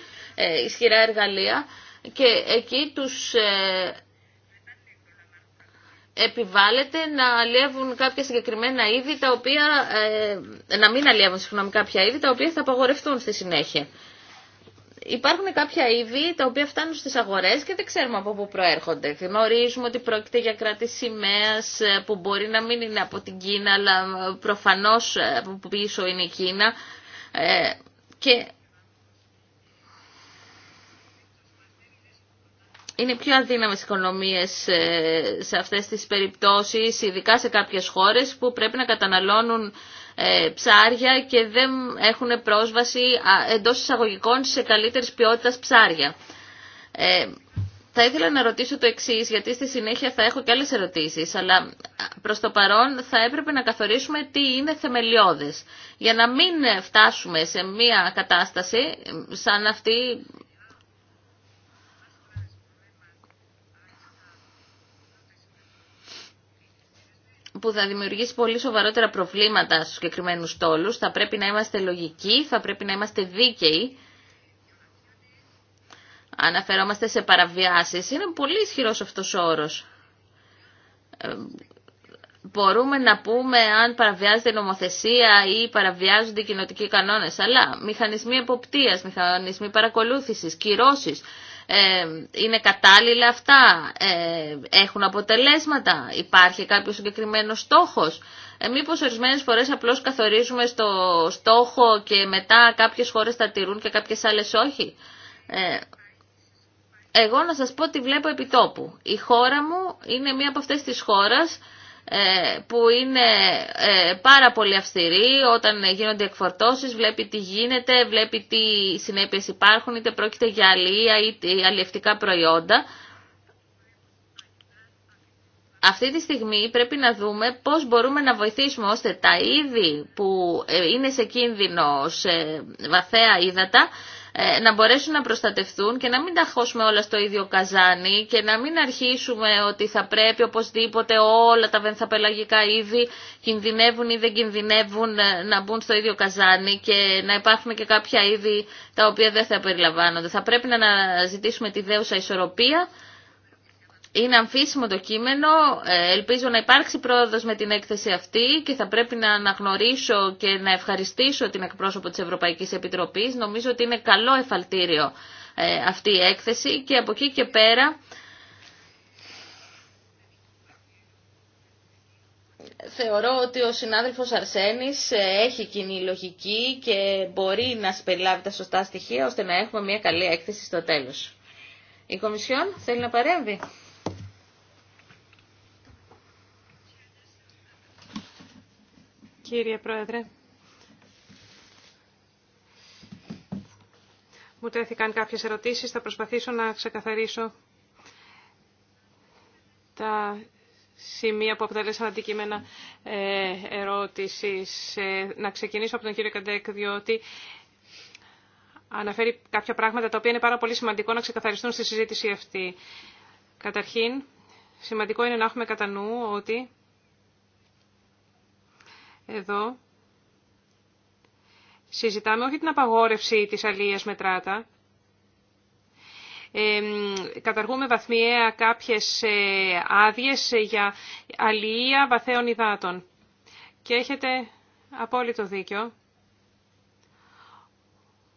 ισχυρά εργαλεία. Και εκεί τους επιβάλλεται να αλλιεύουν κάποια συγκεκριμένα είδη τα οποία, ε, να μην αλλιεύουν συγγνώμη κάποια είδη τα οποία θα απαγορευτούν στη συνέχεια. Υπάρχουν κάποια είδη τα οποία φτάνουν στις αγορές και δεν ξέρουμε από πού προέρχονται. Γνωρίζουμε ότι πρόκειται για κράτη σημαία ε, που μπορεί να μην είναι από την Κίνα αλλά ε, προφανώς ε, από πίσω είναι η Κίνα. Ε, και είναι πιο αδύναμες οικονομίες ε, σε αυτές τις περιπτώσεις, ειδικά σε κάποιες χώρες που πρέπει να καταναλώνουν ε, ψάρια και δεν έχουν πρόσβαση εντός εισαγωγικών σε καλύτερης ποιότητας ψάρια. Ε, θα ήθελα να ρωτήσω το εξή, γιατί στη συνέχεια θα έχω και άλλες ερωτήσεις, αλλά προς το παρόν θα έπρεπε να καθορίσουμε τι είναι θεμελιώδες. Για να μην φτάσουμε σε μια κατάσταση σαν αυτή που θα δημιουργήσει πολύ σοβαρότερα προβλήματα στους συγκεκριμένους τόλους. Θα πρέπει να είμαστε λογικοί, θα πρέπει να είμαστε δίκαιοι. Αναφερόμαστε σε παραβιάσεις. Είναι πολύ ισχυρός αυτός ο όρος. Ε, μπορούμε να πούμε αν παραβιάζεται η νομοθεσία ή παραβιάζονται οι κοινοτικοί κανόνες, αλλά μηχανισμοί εποπτείας, μηχανισμοί παρακολούθησης, κυρώσεις, ε, είναι κατάλληλα αυτά, ε, έχουν αποτελέσματα, υπάρχει κάποιος συγκεκριμένο στόχος. Ε, μήπως ορισμένες φορές απλώς καθορίζουμε στο στόχο και μετά κάποιες χώρες τα τηρούν και κάποιες άλλες όχι. Ε, εγώ να σας πω τι βλέπω επιτόπου. Η χώρα μου είναι μία από αυτές τις χώρες ε, που είναι ε, πάρα πολύ αυστηρή όταν γίνονται εκφορτώσεις, βλέπει τι γίνεται, βλέπει τι συνέπειες υπάρχουν, είτε πρόκειται για αλληλεία ή αλληλευτικά προϊόντα. Αυτή τη στιγμή πρέπει να δούμε πώς μπορούμε να βοηθήσουμε ώστε τα είδη που ε, είναι σε κίνδυνο σε βαθαία ύδατα ε, να μπορέσουν να προστατευτούν και να μην τα χώσουμε όλα στο ίδιο καζάνι και να μην αρχίσουμε ότι θα πρέπει οπωσδήποτε όλα τα βενθαπελαγικά είδη κινδυνεύουν ή δεν κινδυνεύουν ε, να μπουν στο ίδιο καζάνι και να υπάρχουν και κάποια είδη τα οποία δεν θα περιλαμβάνονται. Θα πρέπει να αναζητήσουμε τη δέουσα ισορροπία είναι αμφίσιμο το κείμενο, ε, ελπίζω να υπάρξει πρόοδος με την έκθεση αυτή και θα πρέπει να αναγνωρίσω και να ευχαριστήσω την εκπρόσωπο της Ευρωπαϊκής Επιτροπής. Νομίζω ότι είναι καλό εφαλτήριο ε, αυτή η έκθεση και από εκεί και πέρα θεωρώ ότι ο συνάδελφος Αρσένης ε, έχει κοινή λογική και μπορεί να συμπεριλάβει τα σωστά στοιχεία ώστε να έχουμε μια καλή έκθεση στο τέλος. Η Κομισιόν θέλει να παρέμβει. Κύριε Πρόεδρε, μου τέθηκαν κάποιες ερωτήσεις. Θα προσπαθήσω να ξεκαθαρίσω τα σημεία που αποτελέσαν αντικείμενα ε, ερώτησης. Ε, να ξεκινήσω από τον κύριο Καντέκ, διότι αναφέρει κάποια πράγματα τα οποία είναι πάρα πολύ σημαντικό να ξεκαθαριστούν στη συζήτηση αυτή. Καταρχήν, σημαντικό είναι να έχουμε κατά νου ότι εδώ συζητάμε όχι την απαγόρευση της αλίας μετράτα. καταργούμε βαθμιαία κάποιες ε, άδειες για αλία βαθέων υδάτων. Και έχετε απόλυτο δίκιο.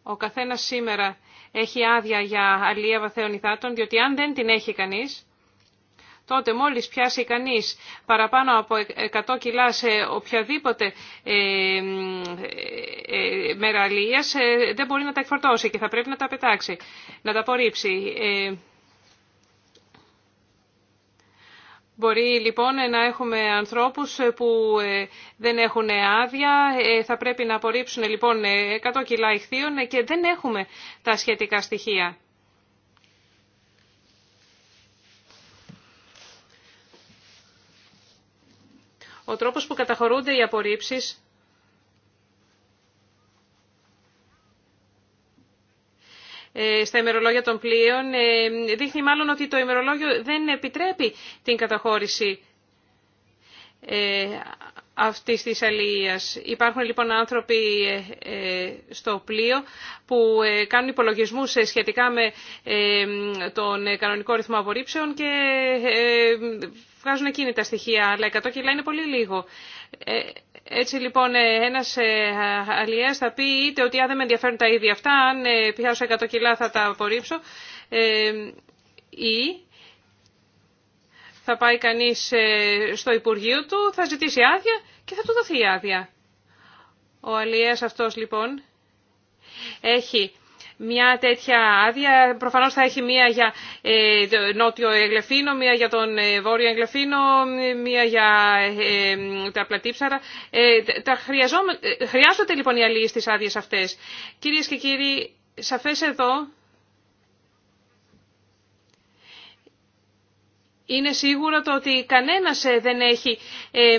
Ο καθένας σήμερα έχει άδεια για αλία βαθαίων υδάτων, διότι αν δεν την έχει κανείς, τότε μόλις πιάσει κανείς παραπάνω από 100 κιλά σε οποιαδήποτε ε, ε, ε, μέρα δεν μπορεί να τα εκφορτώσει και θα πρέπει να τα πετάξει, να τα απορρίψει. Μπορεί λοιπόν να έχουμε ανθρώπους που δεν έχουν άδεια, θα πρέπει να απορρίψουν λοιπόν 100 κιλά ηχθείων και δεν έχουμε τα σχετικά στοιχεία. ο τρόπος που καταχωρούνται οι απορρίψεις ε, στα ημερολόγια των πλοίων ε, δείχνει μάλλον ότι το ημερολόγιο δεν επιτρέπει την καταχώρηση ε, αυτής της αλληλείας. Υπάρχουν λοιπόν άνθρωποι ε, ε, στο πλοίο που κάνουν υπολογισμούς σχετικά με τον κανονικό ρυθμό απορρίψεων και βγάζουν εκείνη τα στοιχεία, αλλά 100 κιλά είναι πολύ λίγο. Έτσι λοιπόν ένας αλληλείας θα πει είτε ότι αν δεν με ενδιαφέρουν τα ίδια αυτά, αν πιάσω 100 κιλά θα τα απορρίψω ή θα πάει κανείς ε, στο Υπουργείο του, θα ζητήσει άδεια και θα του δοθεί η άδεια. Ο Αλίες αυτός λοιπόν έχει μια τέτοια άδεια. Προφανώς θα έχει μία για ε, νότιο εγκλεφίνο, μία για τον ε, βόρειο εγκλεφίνο, μία για τα πλατήψαρα. τα χρειάζονται λοιπόν οι αλλοί τις άδειες αυτές. Κυρίες και κύριοι, σαφές εδώ είναι σίγουρο το ότι κανένας ε, δεν έχει ε,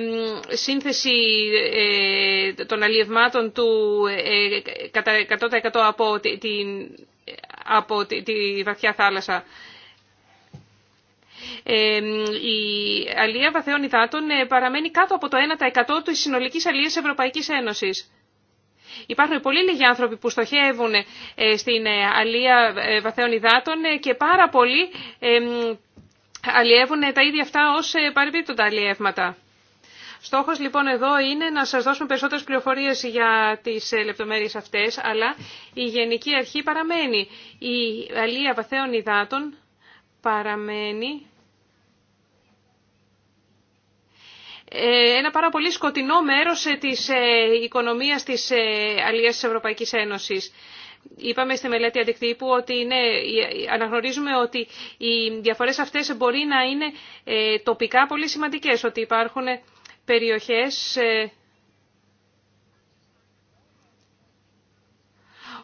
σύνθεση ε, των αλλιευμάτων του 100% από τη βαθιά θάλασσα. Η αλία βαθαίων υδάτων παραμένει κάτω από το 1% της συνολικής αλίας Ευρωπαϊκής Ένωσης. Υπάρχουν πολύ λίγοι άνθρωποι που στοχεύουν στην αλία βαθαίων υδάτων και πάρα πολλοί αλλιεύουν τα ίδια αυτά ω ε, τα αλλιεύματα. Στόχος λοιπόν εδώ είναι να σας δώσουμε περισσότερες πληροφορίες για τις ε, λεπτομέρειες αυτές, αλλά η Γενική Αρχή παραμένει. Η αλία βαθέων υδάτων παραμένει ε, ένα πάρα πολύ σκοτεινό μέρος της οικονομίας της αλίας της Ευρωπαϊκής Ένωσης. Είπαμε στη μελέτη αντικτύπου ότι ναι, αναγνωρίζουμε ότι οι διαφορές αυτές μπορεί να είναι ε, τοπικά πολύ σημαντικές, ότι υπάρχουν ε, περιοχές ε,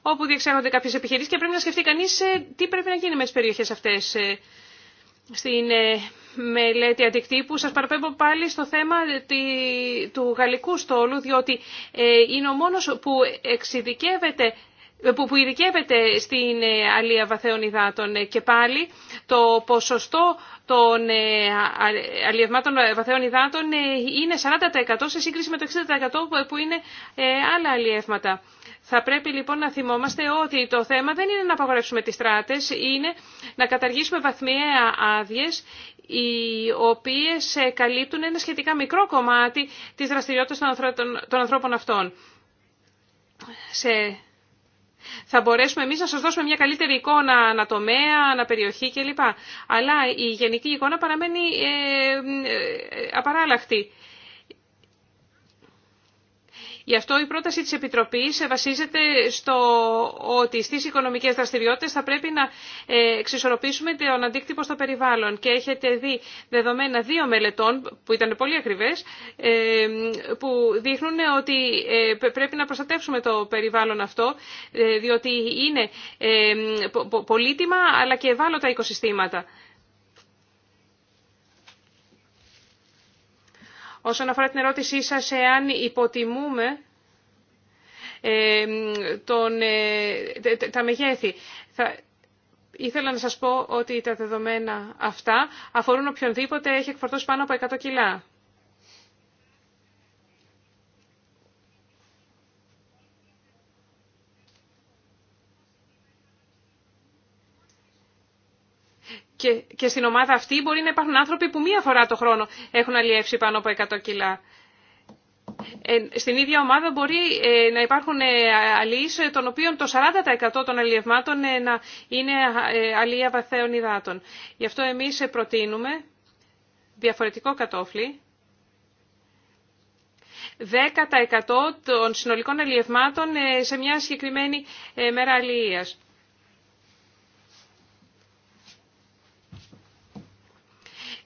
όπου διεξάγονται κάποιες επιχειρήσεις και πρέπει να σκεφτεί κανείς τι πρέπει να γίνει με τις περιοχές αυτές. Στην μελέτη αντικτύπου σας παραπέμπω πάλι στο θέμα του γαλλικού στόλου, διότι είναι ο μόνος που εξειδικεύεται που ειδικεύεται στην ε, αλία βαθαίων υδάτων ε, και πάλι το ποσοστό των ε, αλλιευμάτων βαθέων υδάτων είναι 40% σε σύγκριση με το 60% που είναι άλλα αλιεύματα. Θα πρέπει λοιπόν να θυμόμαστε ότι το θέμα δεν είναι να απαγορεύσουμε τις στράτες, είναι να καταργήσουμε βαθμιαία άδειε οι οποίες καλύπτουν ένα σχετικά μικρό κομμάτι της δραστηριότητας των ανθρώπων αυτών. Σε θα μπορέσουμε εμείς να σας δώσουμε μια καλύτερη εικόνα ανατομέα, αναπεριοχή κλπ. Αλλά η γενική εικόνα παραμένει ε, ε απαράλλαχτη. Γι' αυτό η πρόταση της Επιτροπής βασίζεται στο ότι στις οικονομικές δραστηριότητες θα πρέπει να ε, εξισορροπήσουμε τον αντίκτυπο στο περιβάλλον. Και έχετε δει δεδομένα δύο μελετών, που ήταν πολύ ακριβές, ε, που δείχνουν ότι ε, πρέπει να προστατεύσουμε το περιβάλλον αυτό, διότι είναι πολύτιμα αλλά και ευάλωτα οικοσυστήματα. Όσον αφορά την ερώτησή σας, εάν υποτιμούμε ε, τον, ε, τα μεγέθη. Θα, ήθελα να σας πω ότι τα δεδομένα αυτά αφορούν οποιονδήποτε έχει εκφορτώσει πάνω από 100 κιλά. Και, στην ομάδα αυτή μπορεί να υπάρχουν άνθρωποι που μία φορά το χρόνο έχουν αλλιεύσει πάνω από 100 κιλά. Ε, στην ίδια ομάδα μπορεί ε, να υπάρχουν ε, ε, των οποίων το 40% των αλλιευμάτων να είναι αλλιεία βαθαίων υδάτων. Γι' αυτό εμείς προτείνουμε διαφορετικό κατόφλι 10% των συνολικών αλλιευμάτων σε μια συγκεκριμένη μέρα αλλιείας.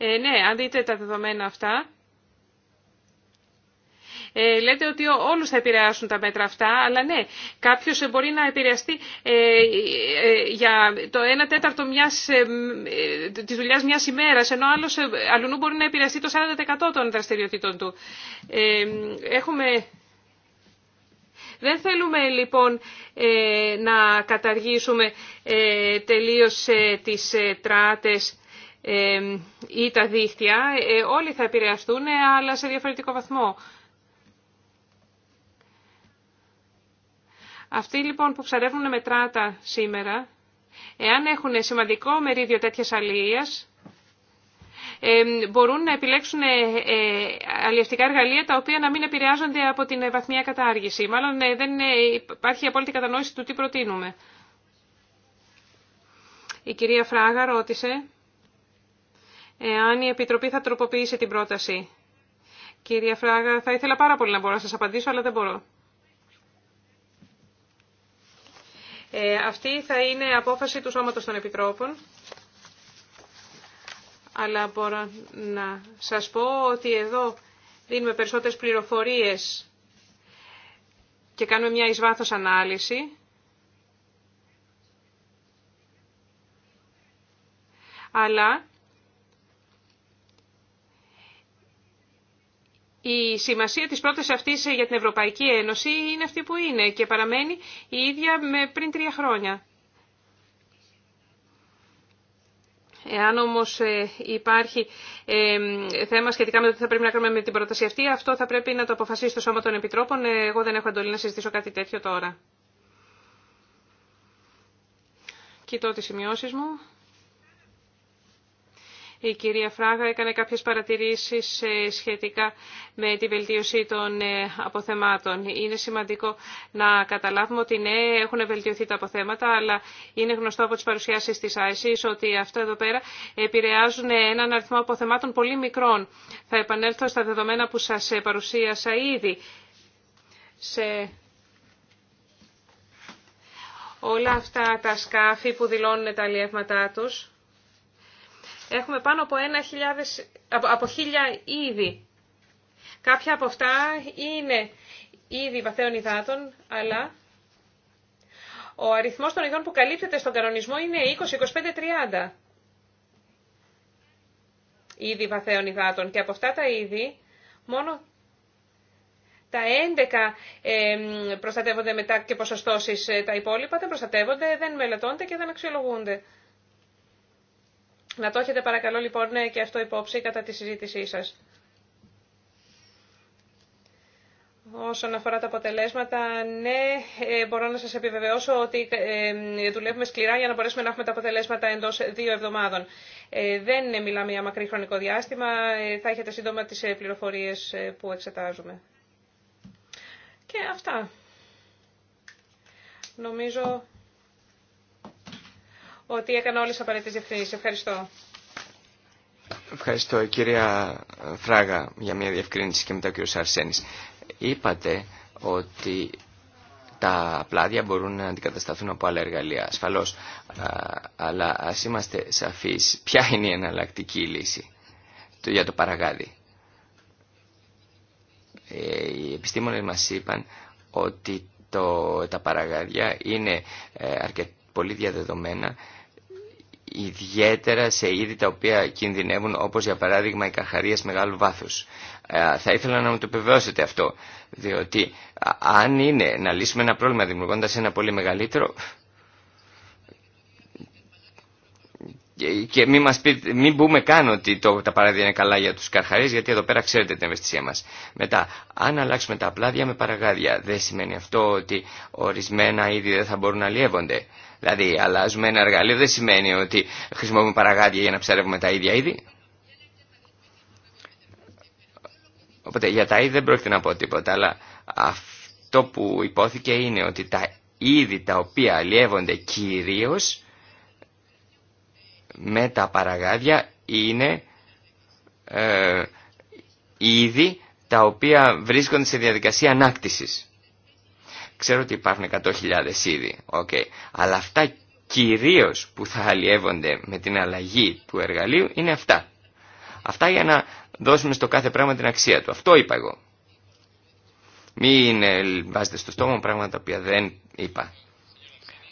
Ε, ναι, αν δείτε τα δεδομένα αυτά, ε, λέτε ότι όλους θα επηρεάσουν τα μέτρα αυτά, αλλά ναι, κάποιος μπορεί να επηρεαστεί ε, για το 1 τέταρτο μιας, της δουλειάς μιας ημέρας, ενώ άλλος αλλού μπορεί να επηρεαστεί το 40% των δραστηριοτήτων του. έχουμε... Δεν θέλουμε λοιπόν να καταργήσουμε τελείως τις τράτες ή τα δίχτυα, ε, όλοι θα επηρεαστούν, ε, αλλά σε διαφορετικό βαθμό. Αυτοί λοιπόν που ψαρεύουν με τράτα σήμερα, εάν έχουν σημαντικό μερίδιο τέτοιας αλληλείας, μπορούν να επιλέξουν ε, αλληλευτικά εργαλεία τα οποία να μην επηρεάζονται από την βαθμία κατάργηση. Μάλλον δεν υπάρχει απόλυτη κατανόηση του τι προτείνουμε. Η κυρία Φράγα ρώτησε εάν η Επιτροπή θα τροποποιήσει την πρόταση. Κυρία Φράγα, θα ήθελα πάρα πολύ να μπορώ να σας απαντήσω, αλλά δεν μπορώ. Ε, αυτή θα είναι απόφαση του Σώματος των Επιτρόπων. Αλλά μπορώ να σας πω ότι εδώ δίνουμε περισσότερες πληροφορίες και κάνουμε μια εις ανάλυση. Αλλά Η σημασία της πρόταση αυτής για την Ευρωπαϊκή Ένωση είναι αυτή που είναι και παραμένει η ίδια με πριν τρία χρόνια. Εάν όμως ε, υπάρχει ε, θέμα σχετικά με το τι θα πρέπει να κάνουμε με την πρόταση αυτή, αυτό θα πρέπει να το αποφασίσει το Σώμα των Επιτρόπων. Ε, εγώ δεν έχω εντολή να συζητήσω κάτι τέτοιο τώρα. Κοιτώ τις σημειώσεις μου. Η κυρία Φράγα έκανε κάποιες παρατηρήσεις ε, σχετικά με τη βελτίωση των ε, αποθεμάτων. Είναι σημαντικό να καταλάβουμε ότι ναι, έχουν βελτιωθεί τα αποθέματα, αλλά είναι γνωστό από τις παρουσιάσεις της ΆΕΣΗΣ ότι αυτά εδώ πέρα επηρεάζουν ε, έναν αριθμό αποθεμάτων πολύ μικρών. Θα επανέλθω στα δεδομένα που σας παρουσίασα ήδη. Σε όλα αυτά τα σκάφη που δηλώνουν τα αλλιεύματά τους. Έχουμε πάνω από, 1.000, από, είδη. Κάποια από αυτά είναι είδη βαθαίων υδάτων, αλλά ο αριθμός των ειδών που καλύπτεται στον κανονισμό είναι 20, 25, 30 είδη βαθαίων υδάτων και από αυτά τα είδη μόνο τα 11 προστατεύονται μετά και ποσοστώσεις. Ε, τα υπόλοιπα δεν προστατεύονται, δεν μελετώνται και δεν αξιολογούνται. Να το έχετε παρακαλώ λοιπόν ε, και αυτό υπόψη κατά τη συζήτησή σας. Όσον αφορά τα αποτελέσματα, ναι, ε, μπορώ να σας επιβεβαιώσω ότι ε, δουλεύουμε σκληρά για να μπορέσουμε να έχουμε τα αποτελέσματα εντός δύο εβδομάδων. Δεν μιλάμε για μακρύ χρονικό διάστημα, θα έχετε σύντομα τις πληροφορίες που εξετάζουμε. Και αυτά. Νομίζω ότι έκανα όλες τις απαραίτητες διευθύνσεις. Ευχαριστώ. Ευχαριστώ κυρία Φράγα για μια διευκρίνηση και μετά ο κύριος Αρσένης. Είπατε ότι τα πλάδια μπορούν να αντικατασταθούν από άλλα εργαλεία, ασφαλώς. αλλά ας είμαστε σαφείς, ποια είναι η εναλλακτική λύση για το παραγάδι. Ε, οι επιστήμονες μας είπαν ότι το, τα παραγάδια είναι ε, αρκετά πολύ διαδεδομένα ιδιαίτερα σε είδη τα οποία κινδυνεύουν όπως για παράδειγμα οι καρχαρίες μεγάλου βάθους. Ε, θα ήθελα να μου το επιβεβαιώσετε αυτό, διότι αν είναι να λύσουμε ένα πρόβλημα δημιουργώντας ένα πολύ μεγαλύτερο, Ε, και μην, μας πει, μην καν ότι το, τα παράδια είναι καλά για τους καρχαρίες γιατί εδώ πέρα ξέρετε την ευαισθησία μας. Μετά, αν αλλάξουμε τα πλάδια με παραγάδια δεν σημαίνει αυτό ότι ορισμένα είδη δεν θα μπορούν να αλλιεύονται. Δηλαδή αλλάζουμε ένα εργαλείο δεν σημαίνει ότι χρησιμοποιούμε παραγάδια για να ψαρεύουμε τα ίδια είδη. Οπότε για τα είδη δεν πρόκειται να πω τίποτα αλλά αυτό που υπόθηκε είναι ότι τα είδη τα οποία αλλιεύονται κυρίως με τα παραγάδια είναι ε, είδη τα οποία βρίσκονται σε διαδικασία ανάκτησης. Ξέρω ότι υπάρχουν 100.000 είδη, okay. αλλά αυτά κυρίως που θα αλλιεύονται με την αλλαγή του εργαλείου είναι αυτά. Αυτά για να δώσουμε στο κάθε πράγμα την αξία του. Αυτό είπα εγώ. Μην ε, βάζετε στο στόμα πράγματα τα οποία δεν είπα.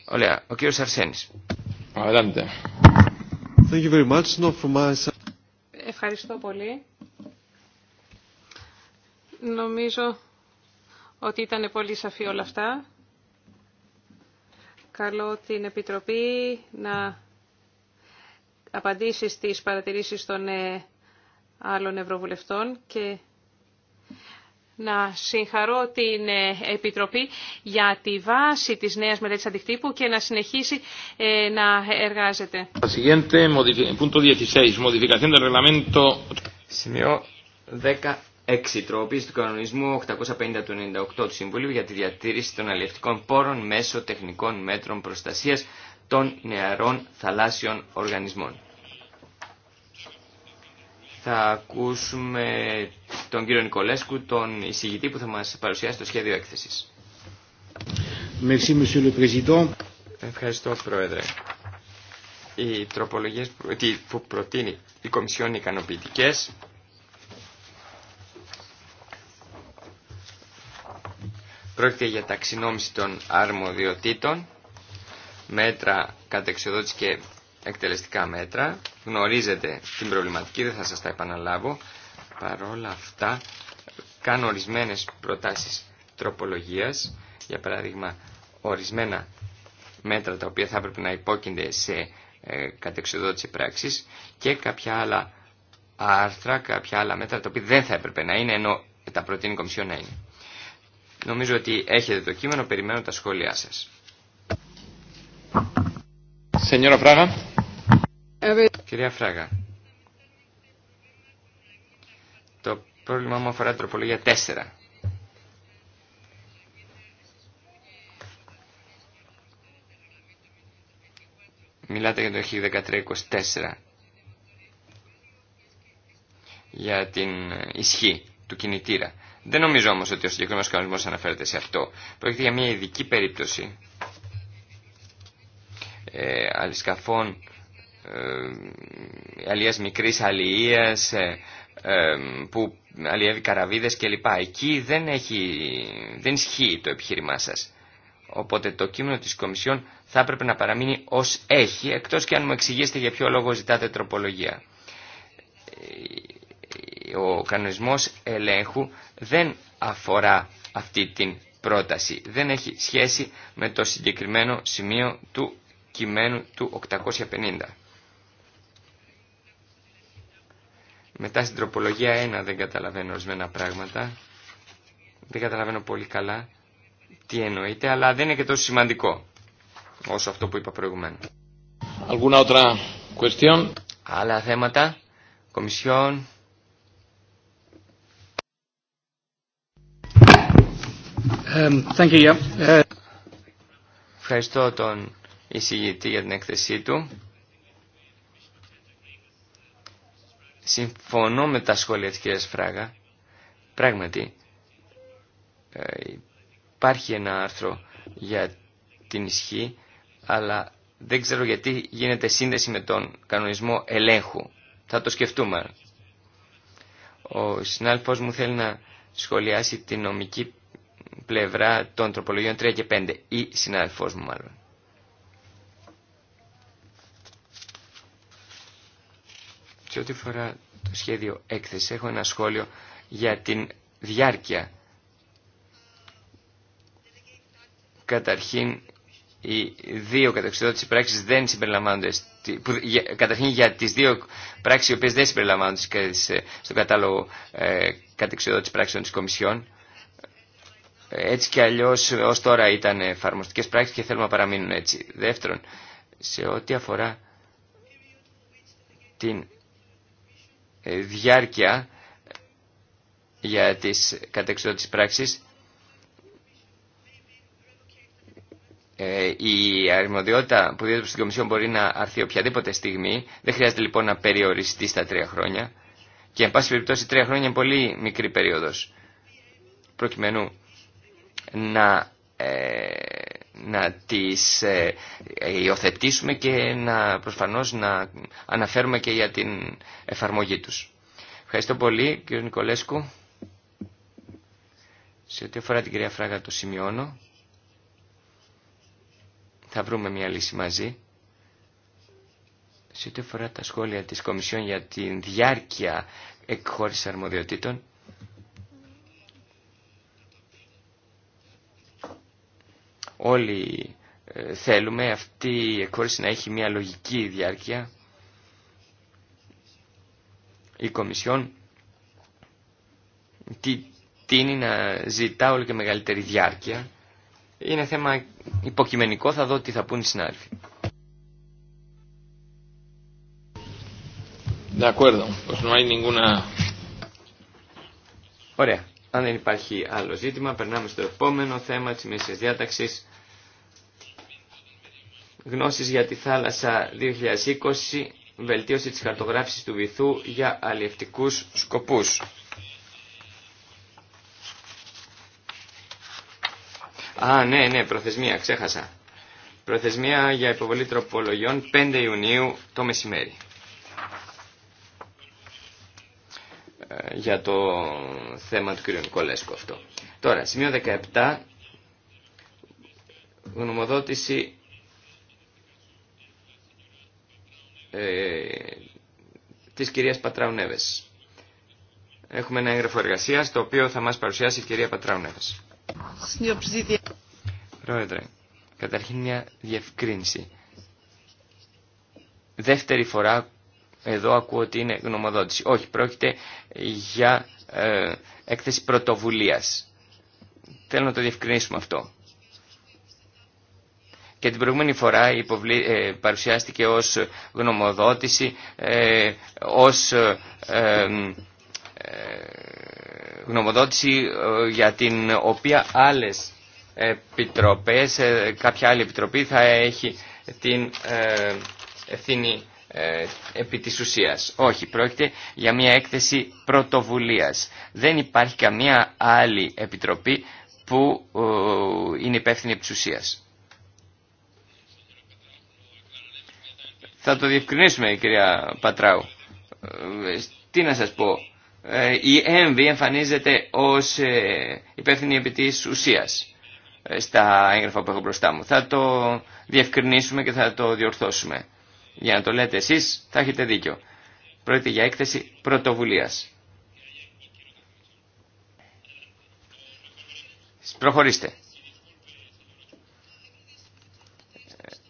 Ωραία. Ο κύριος Αρσένης. Thank you very much. Ευχαριστώ πολύ. Νομίζω ότι ήταν πολύ σαφή όλα αυτά. Καλώ την Επιτροπή να απαντήσει στις παρατηρήσεις των ε, άλλων Ευρωβουλευτών και να συγχαρώ την ε, Επιτροπή για τη βάση της νέας μελέτης αντικτύπου και να συνεχίσει ε, να εργάζεται. Σημείο 16. Τροποποίηση του κανονισμού 850 του 98 του Συμβουλίου για τη διατήρηση των αλληλευτικών πόρων μέσω τεχνικών μέτρων προστασίας των νεαρών θαλάσσιων οργανισμών θα ακούσουμε τον κύριο Νικολέσκου, τον εισηγητή που θα μας παρουσιάσει το σχέδιο έκθεσης. Ευχαριστώ, Πρόεδρε. Οι τροπολογίες που προτείνει η Κομισιόν είναι ικανοποιητικές. Πρόκειται για ταξινόμηση των αρμοδιοτήτων, μέτρα κατεξοδότηση και εκτελεστικά μέτρα. Γνωρίζετε την προβληματική, δεν θα σας τα επαναλάβω. Παρόλα αυτά, κάνω ορισμένες προτάσεις τροπολογίας. Για παράδειγμα, ορισμένα μέτρα τα οποία θα έπρεπε να υπόκεινται σε ε, κατεξοδότηση πράξης και κάποια άλλα άρθρα, κάποια άλλα μέτρα τα οποία δεν θα έπρεπε να είναι ενώ τα προτείνει η Κομισιόν να είναι. Νομίζω ότι έχετε το κείμενο, περιμένω τα σχόλιά σας. Κυρία Φράγα, το πρόβλημά μου αφορά τροπολογία 4. Μιλάτε για το 1324 για την ισχύ του κινητήρα. Δεν νομίζω όμως ότι ο συγκεκριμένος κανονισμός αναφέρεται σε αυτό. Πρόκειται για μια ειδική περίπτωση ε, ε, αλλιές μικρής ε, ε, που αλλιεύει καραβίδες κλπ. Εκεί δεν, έχει, δεν ισχύει το επιχείρημά σας. Οπότε το κείμενο της Κομισιόν θα έπρεπε να παραμείνει ως έχει, εκτός και αν μου εξηγήσετε για ποιο λόγο ζητάτε τροπολογία. Ο κανονισμός ελέγχου δεν αφορά αυτή την πρόταση. Δεν έχει σχέση με το συγκεκριμένο σημείο του κειμένου του 850. Μετά στην τροπολογία 1 δεν καταλαβαίνω ορισμένα πράγματα. Δεν καταλαβαίνω πολύ καλά τι εννοείται, αλλά δεν είναι και τόσο σημαντικό όσο αυτό που είπα προηγουμένως. Άλλα θέματα, κομισιόν. Ε, Ευχαριστώ τον εισηγητή για την έκθεσή του. Συμφωνώ με τα σχόλια της κυρίας Φράγα. Πράγματι, ε, υπάρχει ένα άρθρο για την ισχύ, αλλά δεν ξέρω γιατί γίνεται σύνδεση με τον κανονισμό ελέγχου. Θα το σκεφτούμε. Ο συνάλφος μου θέλει να σχολιάσει την νομική πλευρά των τροπολογιών 3 και 5, ή συνάδελφός μου μάλλον. Σε ό,τι φορά το σχέδιο έκθεση έχω ένα σχόλιο για την διάρκεια. Καταρχήν, οι δύο καταξιδότητες πράξεις δεν συμπεριλαμβάνονται, καταρχήν για τις δύο πράξεις οι οποίες δεν συμπεριλαμβάνονται ε, στο κατάλογο ε, καταξιδότητες πράξεων της Κομισιόν. Έτσι και αλλιώς ως τώρα ήταν εφαρμοστικές πράξεις και θέλουμε να παραμείνουν έτσι. Δεύτερον, σε ό,τι αφορά την ε, διάρκεια για τις κατεξοδότης πράξεις ε, η αρμοδιότητα που δίδεται στην Κομισιόν μπορεί να αρθεί οποιαδήποτε στιγμή. Δεν χρειάζεται λοιπόν να περιοριστεί στα τρία χρόνια. Και εν πάση περιπτώσει τρία χρόνια είναι πολύ μικρή περίοδος. Προκειμένου να ε, να τις ε, ε, υιοθετήσουμε και να προφανώς να αναφέρουμε και για την εφαρμογή τους. Ευχαριστώ πολύ κύριο Νικολέσκου. Σε ό,τι αφορά την κυρία Φράγα το σημειώνω. Θα βρούμε μια λύση μαζί. Σε ό,τι αφορά τα σχόλια της Κομισιόν για την διάρκεια εκχώρησης αρμοδιοτήτων, όλοι ε, θέλουμε αυτή η εκχώρηση να έχει μια λογική διάρκεια. Η Κομισιόν τι, τίνει να ζητά όλο και μεγαλύτερη διάρκεια. Είναι θέμα υποκειμενικό, θα δω τι θα πούν οι συνάδελφοι. Ωραία. Αν δεν υπάρχει άλλο ζήτημα, περνάμε στο επόμενο θέμα της μέσης διάταξης γνώσεις για τη θάλασσα 2020, βελτίωση της χαρτογράφησης του βυθού για αλλιευτικούς σκοπούς. Α, ναι, ναι, προθεσμία, ξέχασα. Προθεσμία για υποβολή τροπολογιών 5 Ιουνίου το μεσημέρι. Ε, για το θέμα του κ. Νικολέσκου αυτό. Τώρα, σημείο 17, γνωμοδότηση ε, της κυρίας Νέβες Έχουμε ένα έγγραφο εργασίας το οποίο θα μας παρουσιάσει η κυρία Νέβες Πρόεδρε, καταρχήν μια διευκρίνηση. Δεύτερη φορά εδώ ακούω ότι είναι γνωμοδότηση. Όχι, πρόκειται για ε, έκθεση πρωτοβουλίας. Θέλω να το διευκρινίσουμε αυτό και την προηγούμενη φορά υποβλή, ε, παρουσιάστηκε ως γνωμοδότηση, ε, ως ε, για την οποία άλλες επιτροπές, κάποια άλλη επιτροπή θα έχει την ευθύνη επί της ουσίας. Όχι, πρόκειται για μια έκθεση πρωτοβουλίας. Δεν υπάρχει καμία άλλη επιτροπή που είναι υπεύθυνη επί της ουσίας. Θα το διευκρινίσουμε κυρία Πατράου. Ε, τι να σας πω. Ε, η ΕΜΒΗ εμφανίζεται ως ε, υπεύθυνη επί της ουσίας στα έγγραφα που έχω μπροστά μου. Θα το διευκρινίσουμε και θα το διορθώσουμε. Για να το λέτε εσείς θα έχετε δίκιο. Πρόκειται για έκθεση πρωτοβουλίας. Προχωρήστε.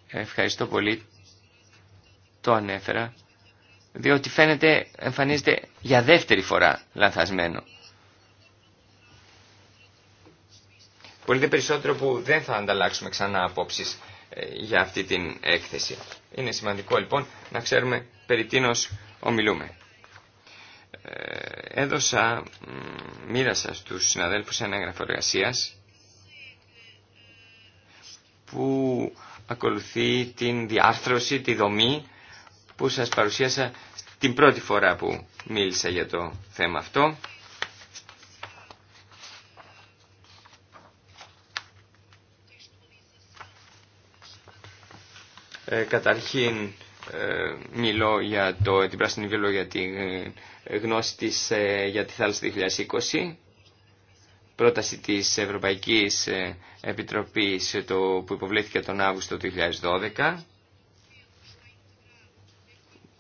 Ευχαριστώ πολύ το ανέφερα, διότι φαίνεται, εμφανίζεται για δεύτερη φορά λανθασμένο. Πολύ περισσότερο που δεν θα ανταλλάξουμε ξανά απόψεις ε, για αυτή την έκθεση. Είναι σημαντικό λοιπόν να ξέρουμε περί τίνος ομιλούμε. Ε, έδωσα, μοίρασα στους συναδέλφους ένα έγγραφο που ακολουθεί την διάρθρωση, τη δομή που σας παρουσίασα την πρώτη φορά που μίλησα για το θέμα αυτό. Ε, καταρχήν ε, μιλώ για το, την πράσινη βίβλο για τη ε, γνώση της ε, για τη θάλασσα 2020 πρόταση της Ευρωπαϊκής Επιτροπής το, που υποβλήθηκε τον Αύγουστο του 2012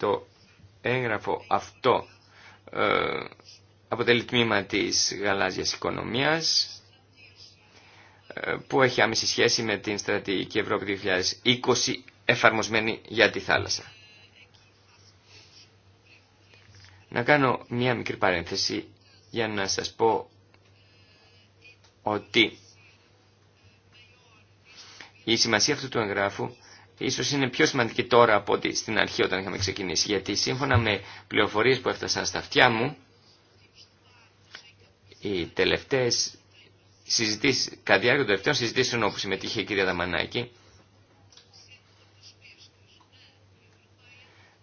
το έγγραφο αυτό ε, αποτελεί τμήμα της γαλάζιας οικονομίας ε, που έχει άμεση σχέση με την στρατηγική Ευρώπη 2020 εφαρμοσμένη για τη θάλασσα. Να κάνω μία μικρή παρένθεση για να σας πω ότι η σημασία αυτού του εγγράφου ίσως είναι πιο σημαντική τώρα από ότι στην αρχή όταν είχαμε ξεκινήσει. Γιατί σύμφωνα με πληροφορίες που έφτασαν στα αυτιά μου, οι τελευταίες συζητήσεις, κατά διάρκεια των τελευταίων συζητήσεων όπου συμμετείχε η κυρία Δαμανάκη,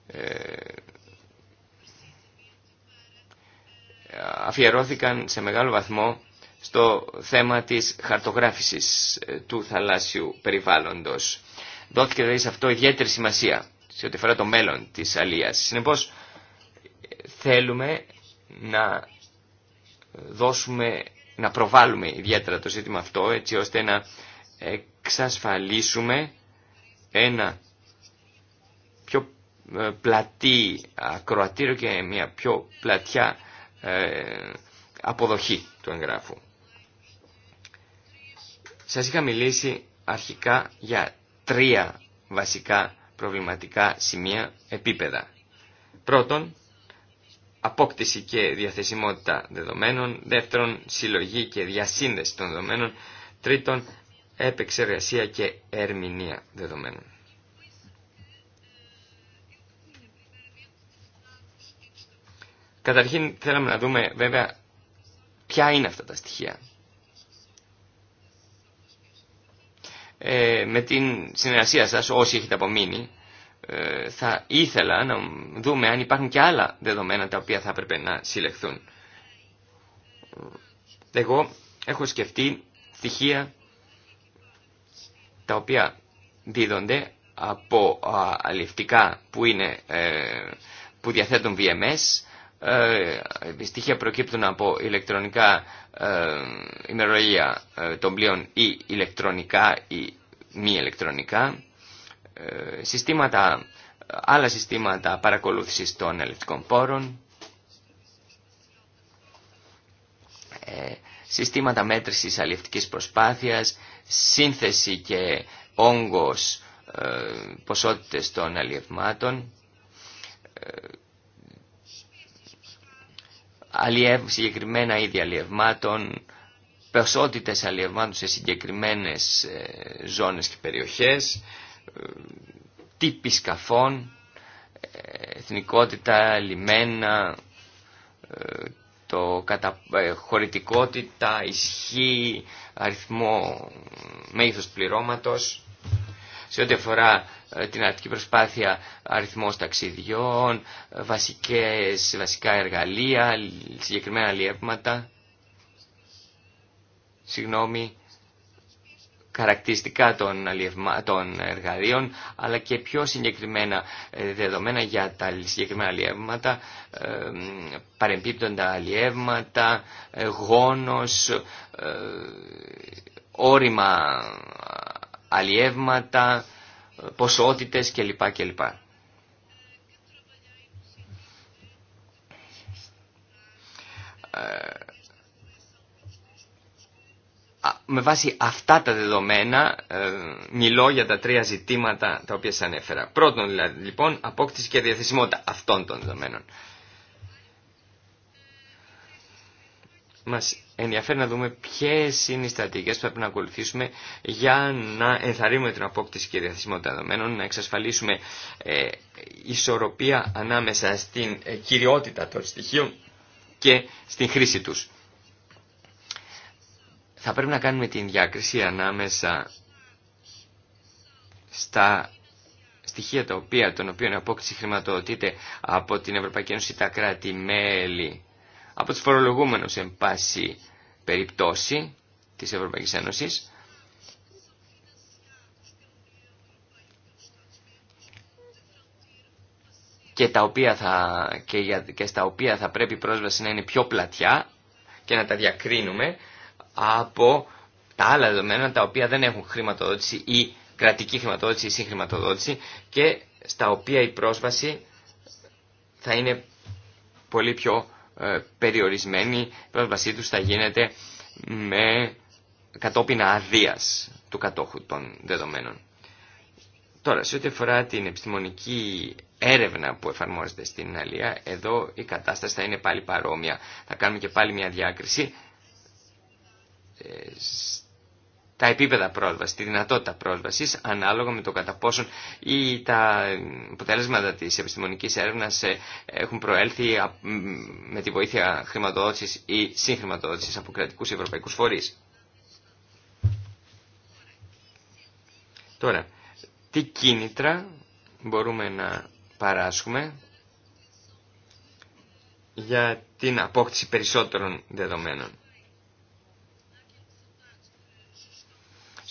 ε, αφιερώθηκαν σε μεγάλο βαθμό στο θέμα της χαρτογράφησης ε, του θαλάσσιου περιβάλλοντος δόθηκε δηλαδή σε αυτό ιδιαίτερη σημασία σε ό,τι αφορά το μέλλον της αλίας. Συνεπώς θέλουμε να δώσουμε, να προβάλλουμε ιδιαίτερα το ζήτημα αυτό έτσι ώστε να εξασφαλίσουμε ένα πιο ε, πλατή ακροατήριο και μια πιο πλατιά ε, αποδοχή του εγγράφου. Σας είχα μιλήσει αρχικά για τρία βασικά προβληματικά σημεία επίπεδα. Πρώτον, απόκτηση και διαθεσιμότητα δεδομένων. Δεύτερον, συλλογή και διασύνδεση των δεδομένων. Τρίτον, επεξεργασία και ερμηνεία δεδομένων. Καταρχήν θέλαμε να δούμε βέβαια ποια είναι αυτά τα στοιχεία Ε, με την συνεργασία σας, όσοι έχετε απομείνει, ε, θα ήθελα να δούμε αν υπάρχουν και άλλα δεδομένα τα οποία θα έπρεπε να συλλεχθούν. Εγώ έχω σκεφτεί στοιχεία τα οποία δίδονται από αληφτικά που, είναι, ε, που διαθέτουν VMS ε, στοιχεία προκύπτουν από ηλεκτρονικά ε, ημερολόγια ε, των πλοίων ή ηλεκτρονικά ή μη ηλεκτρονικά, συστήματα, άλλα συστήματα παρακολούθησης των ελεκτικών πόρων, συστήματα μέτρησης αλληλευτικής προσπάθειας, σύνθεση και όγκος ποσότητες των αλλιευμάτων, αλιεύ, συγκεκριμένα είδη αλλιευμάτων, ποσότητε αλλιευμάτων σε συγκεκριμένες ε, ζώνες και περιοχές, ε, τύποι σκαφών, ε, εθνικότητα, λιμένα, το κατα... χωρητικότητα, ισχύ, αριθμό, μέγεθος πληρώματος. Σε ό,τι αφορά ε, την αρτική προσπάθεια αριθμός ταξιδιών, ε, βασικές, βασικά εργαλεία, συγκεκριμένα αλλιεύματα, συγγνώμη, χαρακτηριστικά των, των εργαλείων, αλλά και πιο συγκεκριμένα ε, δεδομένα για τα συγκεκριμένα αλλιεύματα, παρεμπίπτοντα αλλιεύματα, γόνος, όρημα αλλιεύματα, ποσότητες κλπ. κλπ. Ε, με βάση αυτά τα δεδομένα ε, μιλώ για τα τρία ζητήματα τα οποία σας ανέφερα. Πρώτον, δηλαδή, λοιπόν, απόκτηση και διαθεσιμότητα αυτών των δεδομένων. μας ενδιαφέρει να δούμε ποιες είναι οι στρατηγικές που πρέπει να ακολουθήσουμε για να ενθαρρύνουμε την απόκτηση και διαθεσιμότητα δεδομένων, να εξασφαλίσουμε ε, ισορροπία ανάμεσα στην ε, κυριότητα των στοιχείων και στην χρήση τους. Θα πρέπει να κάνουμε την διάκριση ανάμεσα στα στοιχεία τα οποία, των οποίων η απόκτηση χρηματοδοτείται από την Ευρωπαϊκή Ένωση, τα κράτη-μέλη από τους φορολογούμενους εν πάση περιπτώσει της Ευρωπαϊκής Ένωσης και, τα οποία θα, και, και στα οποία θα πρέπει η πρόσβαση να είναι πιο πλατιά και να τα διακρίνουμε από τα άλλα δεδομένα τα οποία δεν έχουν χρηματοδότηση ή κρατική χρηματοδότηση ή συγχρηματοδότηση και στα οποία η πρόσβαση θα είναι πολύ πιο ε, περιορισμένη η πρόσβασή τους θα γίνεται με κατόπιν αδείας του κατόχου των δεδομένων. Τώρα, σε ό,τι αφορά την επιστημονική έρευνα που εφαρμόζεται στην Αλία, εδώ η κατάσταση θα είναι πάλι παρόμοια. Θα κάνουμε και πάλι μια διάκριση ε, τα επίπεδα πρόσβαση, τη δυνατότητα πρόσβαση, ανάλογα με το κατά πόσον ή τα αποτελέσματα τη επιστημονική έρευνα ε, έχουν προέλθει με τη βοήθεια χρηματοδότηση ή συγχρηματοδότηση από κρατικού ευρωπαϊκού φορεί. Τώρα, τι κίνητρα μπορούμε να παράσχουμε για την απόκτηση περισσότερων δεδομένων.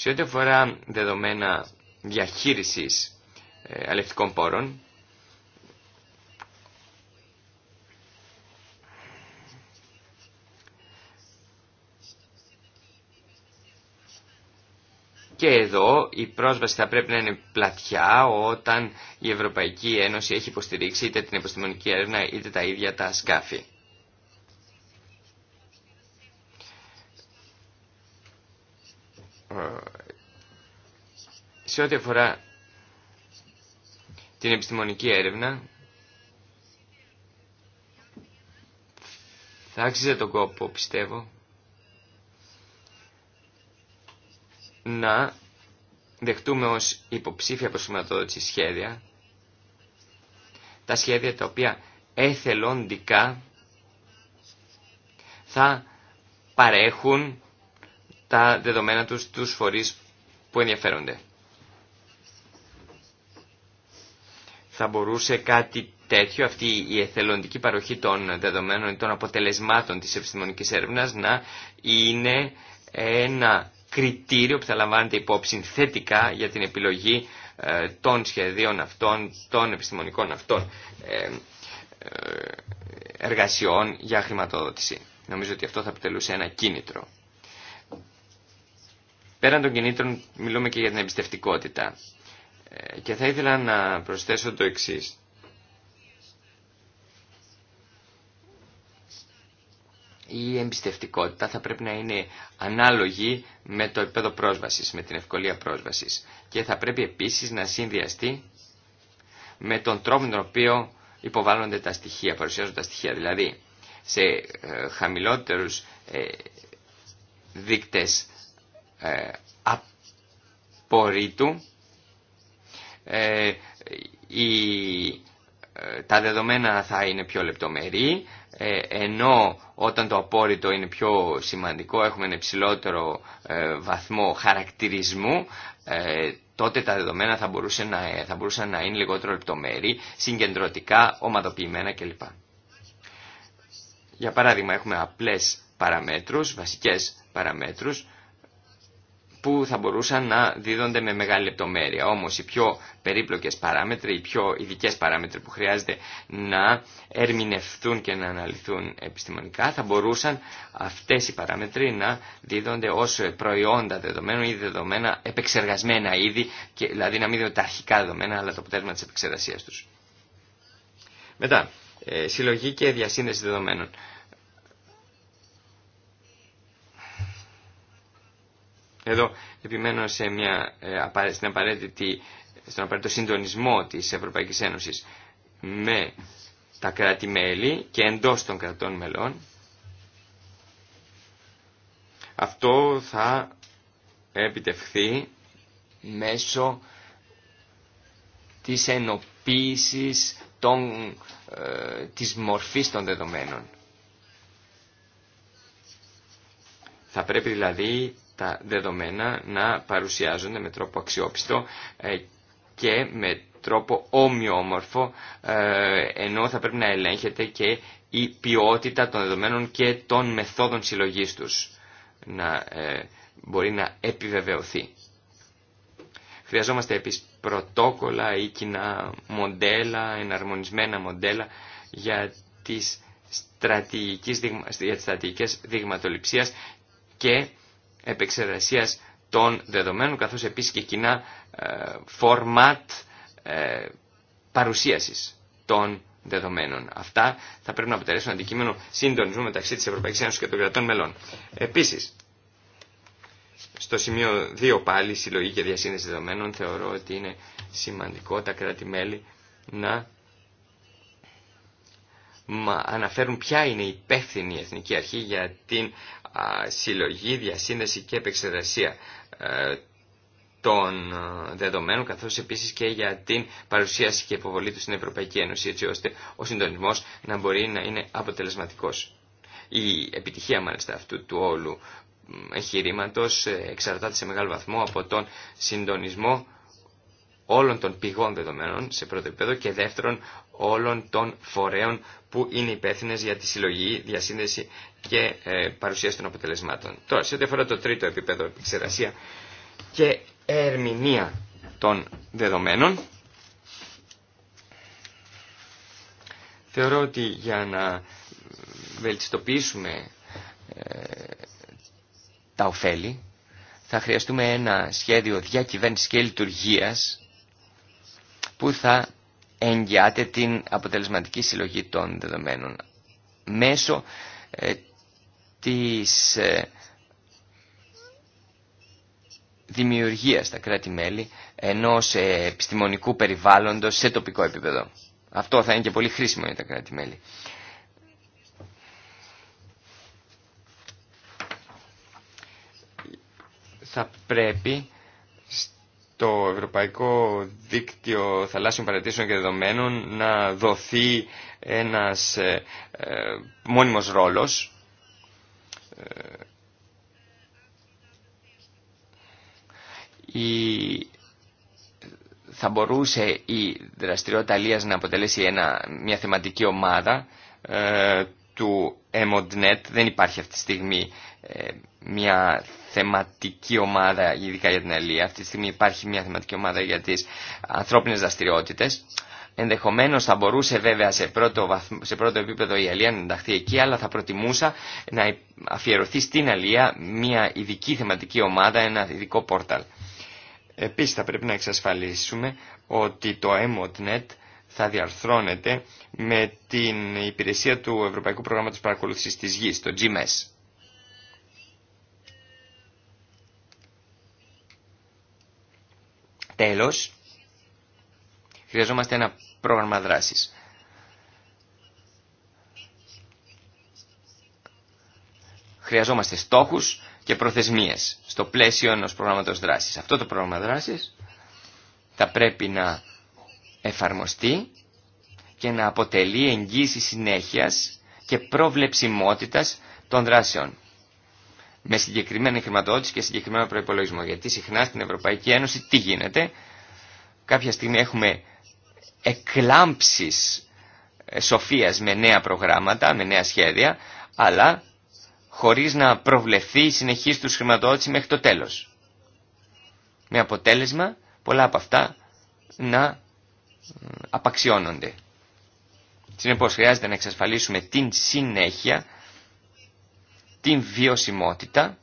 Σε ό,τι αφορά δεδομένα διαχείρισης ε, αλευτικών πόρων, Και εδώ η πρόσβαση θα πρέπει να είναι πλατιά όταν η Ευρωπαϊκή Ένωση έχει υποστηρίξει είτε την επιστημονική έρευνα είτε τα ίδια τα σκάφη. Ε, σε ό,τι αφορά την επιστημονική έρευνα, θα άξιζε τον κόπο, πιστεύω, να δεχτούμε ως υποψήφια τη σχέδια, τα σχέδια τα οποία εθελοντικά θα παρέχουν τα δεδομένα τους στους φορείς που ενδιαφέρονται. Θα μπορούσε κάτι τέτοιο, αυτή η εθελοντική παροχή των δεδομένων ή των αποτελεσμάτων της επιστημονικής έρευνας να είναι ένα κριτήριο που θα λαμβάνεται υπόψη θετικά για την επιλογή ε, των σχεδίων αυτών, των επιστημονικών αυτών ε, ε, εργασιών για χρηματοδότηση. Νομίζω ότι αυτό θα αποτελούσε ένα κίνητρο. Πέραν των κινήτρων μιλούμε και για την εμπιστευτικότητα. Ε, και θα ήθελα να προσθέσω το εξής. η εμπιστευτικότητα θα πρέπει να είναι ανάλογη με το επίπεδο πρόσβασης, με την ευκολία πρόσβασης. Και θα πρέπει επίσης να συνδυαστεί με τον τρόπο με τον οποίο υποβάλλονται τα στοιχεία, παρουσιάζονται τα στοιχεία. Δηλαδή, σε ε, χαμηλότερους ε, δείκτες ε, απορρίτου ε, ε, τα δεδομένα θα είναι πιο λεπτομερή ε, ενώ όταν το απόρριτο είναι πιο σημαντικό έχουμε ένα υψηλότερο βαθμό χαρακτηρισμού τότε τα δεδομένα θα, να, θα μπορούσαν να είναι λιγότερο λεπτομερή, συγκεντρωτικά, ομαδοποιημένα κλπ. Για παράδειγμα έχουμε απλές παραμέτρους, βασικές παραμέτρους που θα μπορούσαν να δίδονται με μεγάλη λεπτομέρεια. Όμως οι πιο περίπλοκες παράμετροι, οι πιο ειδικέ παράμετροι που χρειάζεται να ερμηνευθούν και να αναλυθούν επιστημονικά, θα μπορούσαν αυτές οι παράμετροι να δίδονται ως προϊόντα δεδομένων ή δεδομένα επεξεργασμένα ήδη, και, δηλαδή να μην δίνουν τα αρχικά δεδομένα, αλλά το αποτέλεσμα της επεξεργασίας τους. Μετά, ε, συλλογή και διασύνδεση δεδομένων. Εδώ επιμένω σε μια, ε, στην απαραίτητη, στον απαραίτητο συντονισμό της Ευρωπαϊκής Ένωσης με τα κράτη-μέλη και εντός των κρατών μελών. Αυτό θα επιτευχθεί μέσω της ενοποίησης των, ε, της μορφής των δεδομένων. Θα πρέπει δηλαδή τα δεδομένα να παρουσιάζονται με τρόπο αξιόπιστο ε, και με τρόπο ομοιόμορφο, ε, ενώ θα πρέπει να ελέγχεται και η ποιότητα των δεδομένων και των μεθόδων συλλογής τους να ε, μπορεί να επιβεβαιωθεί. Χρειαζόμαστε επίσης πρωτόκολλα ή κοινά μοντέλα, εναρμονισμένα μοντέλα για τις στρατηγικές δειγματοληψίας και επεξεργασίας των δεδομένων, καθώς επίσης και κοινά ε, format ε, παρουσίασης των δεδομένων. Αυτά θα πρέπει να αποτελέσουν αντικείμενο συντονισμού μεταξύ της Ευρωπαϊκής Ένωσης και των κρατών μελών. Επίσης, στο σημείο 2 πάλι, συλλογή και διασύνδεση δεδομένων, θεωρώ ότι είναι σημαντικό τα κράτη-μέλη να αναφέρουν ποια είναι η υπεύθυνη εθνική αρχή για την συλλογή, διασύνδεση και επεξεργασία ε, των ε, δεδομένων, καθώς επίσης και για την παρουσίαση και υποβολή του στην Ευρωπαϊκή Ένωση, έτσι ώστε ο συντονισμός να μπορεί να είναι αποτελεσματικός. Η επιτυχία μάλιστα αυτού του όλου εγχειρήματο ε, εξαρτάται σε μεγάλο βαθμό από τον συντονισμό όλων των πηγών δεδομένων σε πρώτο επίπεδο και δεύτερον όλων των φορέων που είναι υπεύθυνε για τη συλλογή, διασύνδεση και ε, παρουσίαση των αποτελεσμάτων. Τώρα, σε ό,τι αφορά το τρίτο επίπεδο, επεξεργασία και ερμηνεία των δεδομένων, θεωρώ ότι για να βελτιστοποιήσουμε ε, τα ωφέλη, θα χρειαστούμε ένα σχέδιο διακυβέρνησης και λειτουργίας που θα εγγυάται την αποτελεσματική συλλογή των δεδομένων μέσω ε, της ε, δημιουργίας στα κράτη-μέλη ενός ε, επιστημονικού περιβάλλοντος σε τοπικό επίπεδο. Αυτό θα είναι και πολύ χρήσιμο για τα κράτη-μέλη. Θα πρέπει το Ευρωπαϊκό Δίκτυο Θαλάσσιων Παρατήσεων και Δεδομένων να δοθεί ένας ε, ε, μόνιμος ρόλος ε, η... θα μπορούσε η δραστηριότητα Αλίας να αποτελέσει μια θεματική ομάδα ε, του EMODNET δεν υπάρχει αυτή τη στιγμή ε, μια θεματική ομάδα ειδικά για την Αλία. Αυτή τη στιγμή υπάρχει μια θεματική ομάδα για τις ανθρώπινες δραστηριότητε. Ενδεχομένως θα μπορούσε βέβαια σε πρώτο, σε πρώτο επίπεδο η Αλία να ενταχθεί εκεί, αλλά θα προτιμούσα να αφιερωθεί στην Αλία μια ειδική θεματική ομάδα, ένα ειδικό πόρταλ. Επίσης θα πρέπει να εξασφαλίσουμε ότι το EMODNET θα διαρθρώνεται με την υπηρεσία του Ευρωπαϊκού Προγράμματος Παρακολούθησης της Γης, το GMS. E Τέλος, χρειαζόμαστε ένα πρόγραμμα δράσης. Χρειαζόμαστε στόχους και προθεσμίες στο πλαίσιο ενός προγράμματος δράσης. Αυτό το πρόγραμμα δράσης θα πρέπει να εφαρμοστεί και να αποτελεί εγγύηση συνέχειας και προβλεψιμότητας των δράσεων. Με συγκεκριμένη χρηματοδότηση και συγκεκριμένο προπολογισμό. Γιατί συχνά στην Ευρωπαϊκή Ένωση τι γίνεται. Κάποια στιγμή έχουμε εκλάμψεις ε, σοφίας με νέα προγράμματα, με νέα σχέδια, αλλά χωρίς να προβλεφθεί η συνεχή τους χρηματοδότηση μέχρι το τέλος. Με αποτέλεσμα πολλά από αυτά να απαξιώνονται. Συνεπώς χρειάζεται να εξασφαλίσουμε την συνέχεια, την βιωσιμότητα,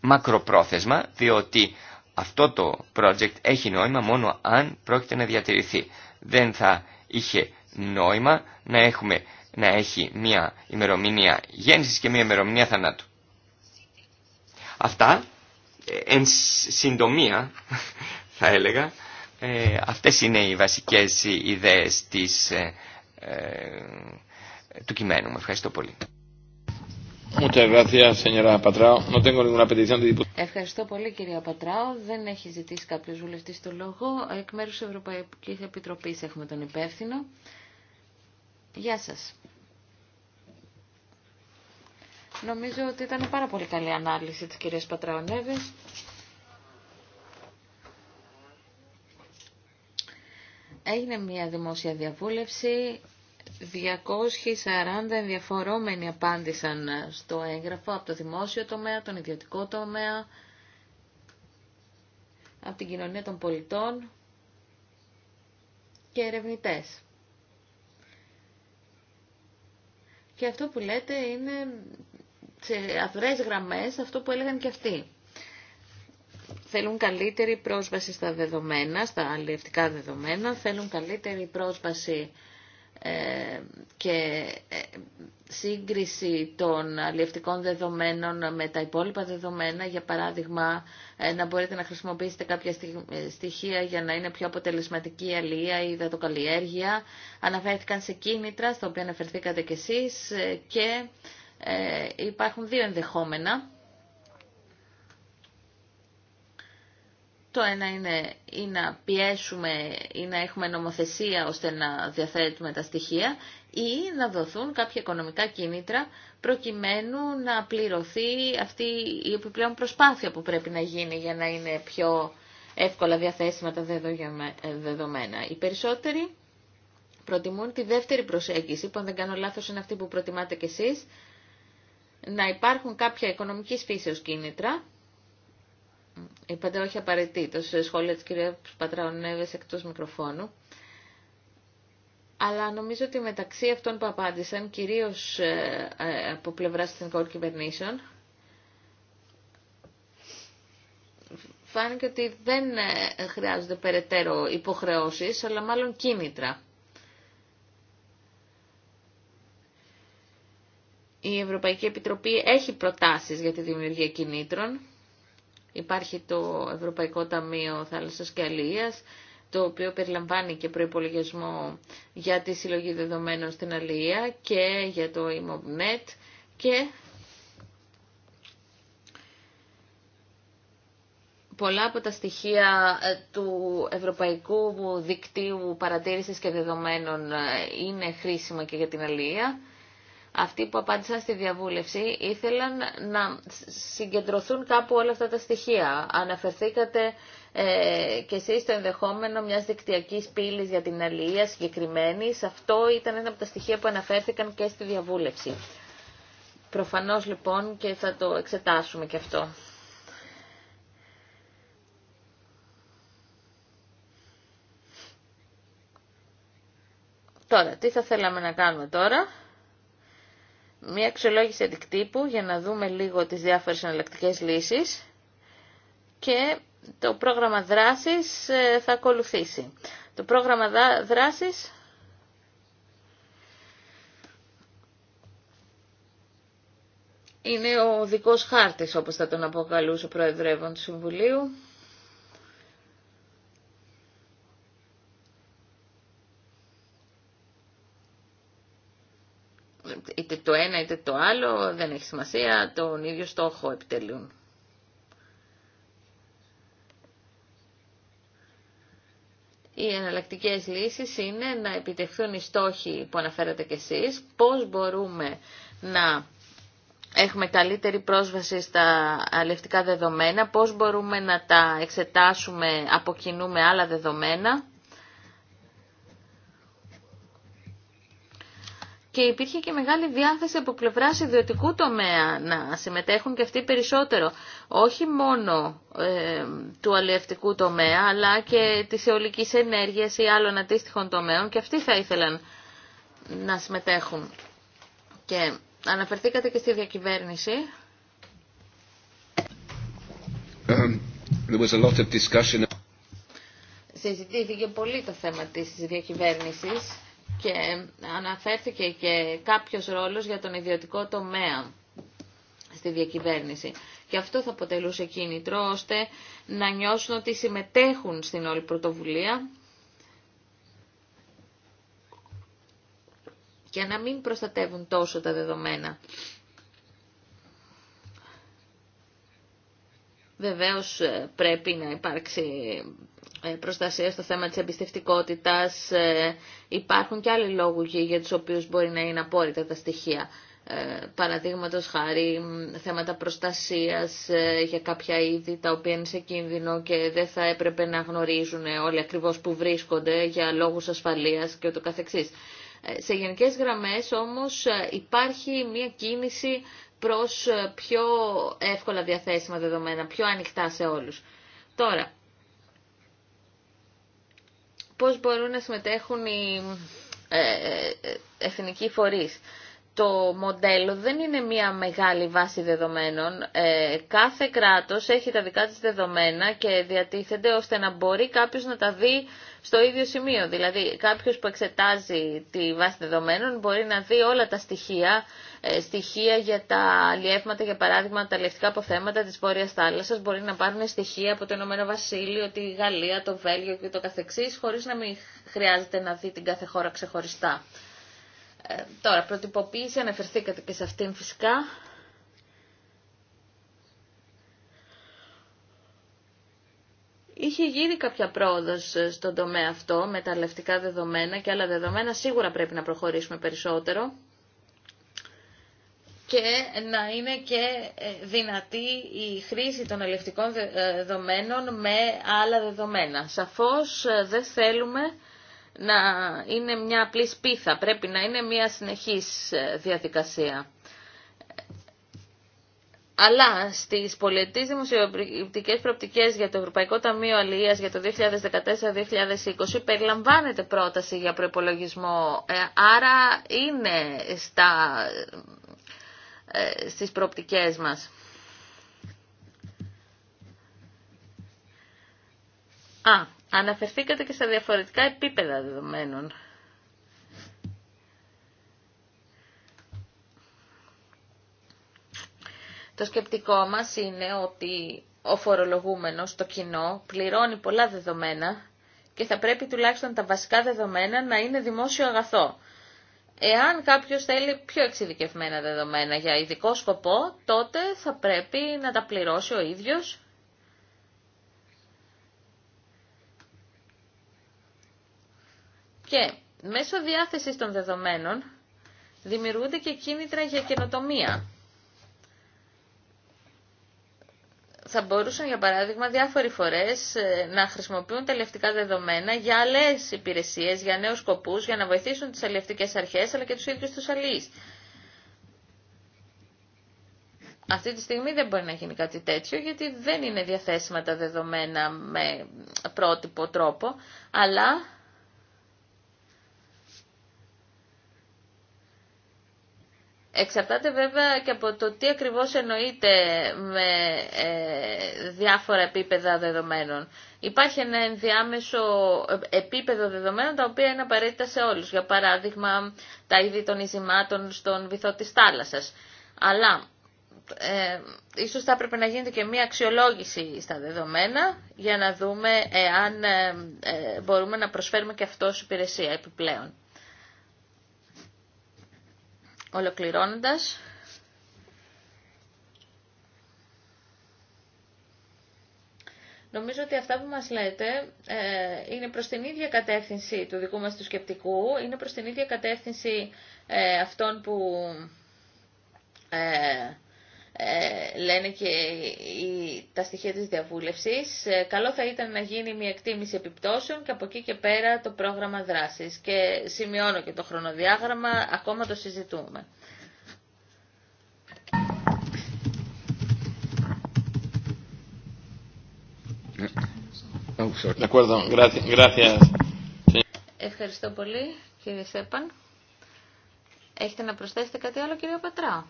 μακροπρόθεσμα, διότι αυτό το project έχει νόημα μόνο αν πρόκειται να διατηρηθεί. Δεν θα είχε νόημα να, έχουμε, να έχει μία ημερομηνία γέννησης και μία ημερομηνία θανάτου. Αυτά, ε, εν συντομία θα έλεγα, ε, αυτές είναι οι βασικές ιδέες της, ε, ε του κειμένου. ευχαριστώ πολύ. Ευχαριστώ πολύ κυρία Πατράου. Δεν έχει ζητήσει κάποιο βουλευτή το λόγο. Εκ μέρους της Ευρωπαϊκής Επιτροπής έχουμε τον υπεύθυνο. Γεια σας. Νομίζω ότι ήταν πάρα πολύ καλή ανάλυση της κυρίας Πατραονέβη. έγινε μια δημόσια διαβούλευση. 240 ενδιαφορόμενοι απάντησαν στο έγγραφο από το δημόσιο τομέα, τον ιδιωτικό τομέα, από την κοινωνία των πολιτών και ερευνητές. Και αυτό που λέτε είναι σε αδρές γραμμές αυτό που έλεγαν και αυτοί θέλουν καλύτερη πρόσβαση στα δεδομένα, στα αλληλευτικά δεδομένα, θέλουν καλύτερη πρόσβαση ε, και ε, σύγκριση των αλληλευτικών δεδομένων με τα υπόλοιπα δεδομένα, για παράδειγμα ε, να μπορείτε να χρησιμοποιήσετε κάποια στοιχεία για να είναι πιο αποτελεσματική η αλληλεία ή η δατοκαλλιέργεια. Αναφέρθηκαν σε κίνητρα, στα οποία αναφερθήκατε κι εσείς και υπάρχουν δύο ενδεχόμενα. Το ένα είναι ή να πιέσουμε ή να έχουμε νομοθεσία ώστε να διαθέτουμε τα στοιχεία ή να δοθούν κάποια οικονομικά κίνητρα προκειμένου να πληρωθεί αυτή η επιπλέον προσπάθεια που πρέπει να γίνει για να είναι πιο εύκολα διαθέσιμα τα δεδομένα. Οι περισσότεροι προτιμούν τη δεύτερη προσέγγιση, που αν δεν κάνω λάθος είναι αυτή που προτιμάτε κι εσείς, να υπάρχουν κάποια οικονομικής φύσεως κίνητρα, Είπατε όχι απαραίτητο σε σχόλια της κυρία Πατραωνέβες εκτός μικροφώνου. Αλλά νομίζω ότι μεταξύ αυτών που απάντησαν, κυρίως ε, ε, από πλευρά εθνικών κυβερνήσεων, φάνηκε ότι δεν ε, χρειάζονται περαιτέρω υποχρεώσεις, αλλά μάλλον κίνητρα. Η Ευρωπαϊκή Επιτροπή έχει προτάσεις για τη δημιουργία κινήτρων Υπάρχει το Ευρωπαϊκό Ταμείο Θάλασσας και Αλληλείας, το οποίο περιλαμβάνει και προϋπολογισμό για τη συλλογή δεδομένων στην Αλία και για το IMOBNET και πολλά από τα στοιχεία ε, του Ευρωπαϊκού Δικτύου Παρατήρησης και Δεδομένων ε, είναι χρήσιμα και για την Αλία αυτοί που απάντησαν στη διαβούλευση ήθελαν να συγκεντρωθούν κάπου όλα αυτά τα στοιχεία. Αναφερθήκατε ε, και εσείς στο ενδεχόμενο μιας δικτυακής πύλης για την αλληλεία συγκεκριμένη. Αυτό ήταν ένα από τα στοιχεία που αναφέρθηκαν και στη διαβούλευση. Προφανώς λοιπόν και θα το εξετάσουμε και αυτό. Τώρα, τι θα θέλαμε να κάνουμε τώρα μια αξιολόγηση αντικτύπου για να δούμε λίγο τις διάφορες εναλλακτικές λύσεις και το πρόγραμμα δράσης ε, θα ακολουθήσει. Το πρόγραμμα δράσης είναι ο δικός χάρτης όπως θα τον αποκαλούσε ο Προεδρεύων του Συμβουλίου το ένα είτε το άλλο, δεν έχει σημασία, τον ίδιο στόχο επιτελούν. Οι εναλλακτικέ λύσεις είναι να επιτευχθούν οι στόχοι που αναφέρατε κι εσείς, πώς μπορούμε να έχουμε καλύτερη πρόσβαση στα αλευτικά δεδομένα, πώς μπορούμε να τα εξετάσουμε από κοινού με άλλα δεδομένα, και υπήρχε και μεγάλη διάθεση από πλευρά ιδιωτικού τομέα να συμμετέχουν και αυτοί περισσότερο. Όχι μόνο του αλλιευτικού τομέα, αλλά και τη αιωλική ενέργειας ή άλλων αντίστοιχων τομέων και αυτοί θα ήθελαν να συμμετέχουν. Και αναφερθήκατε και στη διακυβέρνηση. there was a lot of Συζητήθηκε πολύ το θέμα της διακυβέρνησης και αναφέρθηκε και κάποιος ρόλος για τον ιδιωτικό τομέα στη διακυβέρνηση. Και αυτό θα αποτελούσε κίνητρο ώστε να νιώσουν ότι συμμετέχουν στην όλη πρωτοβουλία και να μην προστατεύουν τόσο τα δεδομένα. Βεβαίως ε, πρέπει να υπάρξει ε, προστασία στο θέμα της εμπιστευτικότητας. Ε, υπάρχουν και άλλοι λόγοι για τους οποίους μπορεί να είναι απόρριτα τα στοιχεία. Παραδείγματο χάρη θέματα προστασίας για κάποια είδη τα οποία είναι σε κίνδυνο και δεν θα έπρεπε να γνωρίζουν όλοι ακριβώς που βρίσκονται για λόγους ασφαλείας και ούτω ε, σε γενικές γραμμές όμως ε, υπάρχει μια κίνηση προς ε, πιο εύκολα διαθέσιμα δεδομένα, πιο ανοιχτά σε όλους. Τώρα, πώς μπορούν να συμμετέχουν οι εθνικοί φορείς το μοντέλο δεν είναι μια μεγάλη βάση δεδομένων. Ε, κάθε κράτος έχει τα δικά της δεδομένα και διατίθενται ώστε να μπορεί κάποιος να τα δει στο ίδιο σημείο. Δηλαδή κάποιος που εξετάζει τη βάση δεδομένων μπορεί να δει όλα τα στοιχεία, ε, στοιχεία για τα αλλιεύματα, για παράδειγμα τα αλλιευτικά αποθέματα της Βόρειας Θάλασσας, μπορεί να πάρουν στοιχεία από το Ηνωμένο Βασίλειο, τη Γαλλία, το Βέλγιο και το καθεξής, χωρίς να μην χρειάζεται να δει την κάθε χώρα ξεχωριστά. Ε, τώρα, προτυποποίηση, αναφερθήκατε και σε αυτήν φυσικά. Είχε γίνει κάποια πρόοδο ε, στον τομέα αυτό με τα λευτικά δεδομένα και άλλα δεδομένα. Σίγουρα πρέπει να προχωρήσουμε περισσότερο και να είναι και ε, δυνατή η χρήση των ελευτικών δεδομένων με άλλα δεδομένα. Σαφώς δεν θέλουμε να είναι μια απλή σπίθα, πρέπει να είναι μια συνεχής ε, διαδικασία. Αλλά στις πολιτικές δημοσιοποιητικές προοπτικέ για το Ευρωπαϊκό Ταμείο Αλληλείας για το 2014-2020 περιλαμβάνεται πρόταση για προϋπολογισμό ε, άρα είναι στα, ε, στις προοπτικές μας. Α, Αναφερθήκατε και στα διαφορετικά επίπεδα δεδομένων. Το σκεπτικό μας είναι ότι ο φορολογούμενος, το κοινό, πληρώνει πολλά δεδομένα και θα πρέπει τουλάχιστον τα βασικά δεδομένα να είναι δημόσιο αγαθό. Εάν κάποιος θέλει πιο εξειδικευμένα δεδομένα για ειδικό σκοπό, τότε θα πρέπει να τα πληρώσει ο ίδιος Και μέσω διάθεσης των δεδομένων δημιουργούνται και κίνητρα για καινοτομία. θα μπορούσαν για παράδειγμα διάφοροι φορές ε, να χρησιμοποιούν τα ελευτικά δεδομένα για άλλες υπηρεσίες, για νέους σκοπούς, για να βοηθήσουν τις αλληλευτικές αρχές αλλά και τους ίδιους τους αλληλείς. Αυτή τη στιγμή δεν μπορεί να γίνει κάτι τέτοιο γιατί δεν είναι διαθέσιμα τα δεδομένα με πρότυπο τρόπο, αλλά Εξαρτάται βέβαια και από το τι ακριβώς εννοείται με ε, διάφορα επίπεδα δεδομένων. Υπάρχει ένα ενδιάμεσο ε, επίπεδο δεδομένων τα οποία είναι απαραίτητα σε όλους. Για παράδειγμα τα είδη των ειζημάτων στον βυθό της θάλασσας. Αλλά ε, ίσως θα έπρεπε να γίνεται και μία αξιολόγηση στα δεδομένα για να δούμε εάν ε, μπορούμε να προσφέρουμε και αυτό ως υπηρεσία επιπλέον. Ολοκληρώνοντας, Νομίζω ότι αυτά που μας λέτε ε, είναι προς την ίδια κατεύθυνση του δικού μας του σκεπτικού, είναι προς την ίδια κατεύθυνση ε, αυτών που ε, λένε και τα στοιχεία της διαβούλευσης. Ε, καλό θα ήταν να γίνει μια εκτίμηση επιπτώσεων και από εκεί και πέρα το πρόγραμμα δράσης. Και σημειώνω και το χρονοδιάγραμμα, ακόμα το συζητούμε. Oh, Ευχαριστώ πολύ κύριε Σέπαν. Έχετε να προσθέσετε κάτι άλλο κύριε Πατρά.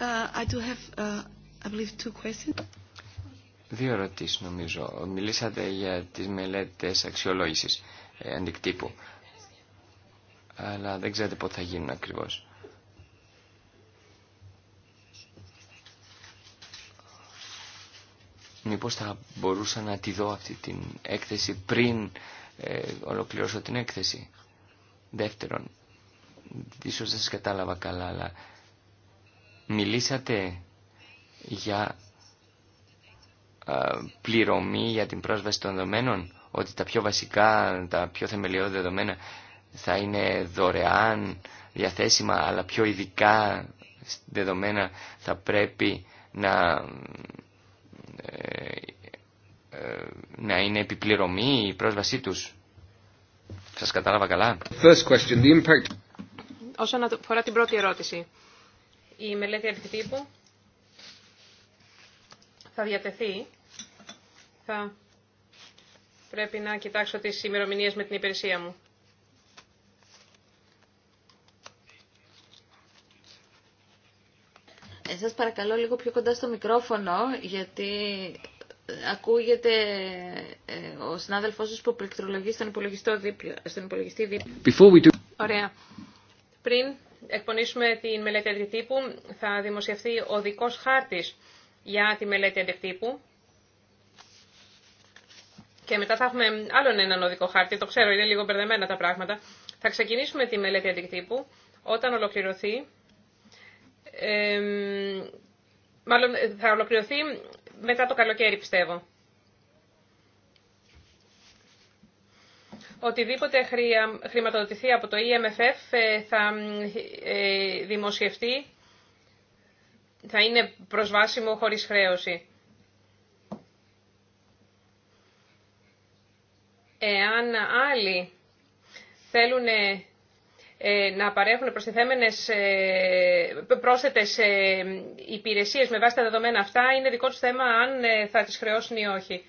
Uh, uh, Δύο ερωτήσεις νομίζω. Μιλήσατε για τις μελέτες αξιολόγησης ε, αντικτύπου. Αλλά δεν ξέρετε πότε θα γίνουν ακριβώς. Μήπως θα μπορούσα να τη δω αυτή την έκθεση πριν ε, ολοκληρώσω την έκθεση. Δεύτερον, ίσως δεν σας κατάλαβα καλά, αλλά μιλήσατε για πληρωμή για την πρόσβαση των δεδομένων, ότι τα πιο βασικά, τα πιο θεμελιώδη δεδομένα θα είναι δωρεάν, διαθέσιμα, αλλά πιο ειδικά δεδομένα θα πρέπει να, ε, ε, να είναι επιπληρωμή η πρόσβασή τους. Σας κατάλαβα καλά. First question, the impact... Όσον αφορά την πρώτη ερώτηση, η μελέτη επιτύπου θα διατεθεί. Θα πρέπει να κοιτάξω τις ημερομηνίες με την υπηρεσία μου. Ε, σας παρακαλώ λίγο πιο κοντά στο μικρόφωνο, γιατί ακούγεται ε, ο συνάδελφός σας που πληκτρολογεί στον, υπολογιστή δίπλα. Before we do... Ωραία. Πριν εκπονήσουμε τη μελέτη αντικτύπου θα δημοσιευθεί ο δικός χάρτης για τη μελέτη αντικτύπου. Και μετά θα έχουμε άλλον έναν οδικό χάρτη, το ξέρω, είναι λίγο μπερδεμένα τα πράγματα. Θα ξεκινήσουμε τη μελέτη αντικτύπου όταν ολοκληρωθεί. μάλλον θα ολοκληρωθεί μετά το καλοκαίρι, πιστεύω. οτιδήποτε χρηματοδοτηθεί από το EMFF ε, θα ε, δημοσιευτεί, θα είναι προσβάσιμο χωρίς χρέωση. Εάν άλλοι θέλουν ε, να παρέχουν προστιθέμενες πρόσθετες υπηρεσίες με βάση τα δεδομένα αυτά, είναι δικό τους θέμα αν θα τις χρεώσουν ή όχι.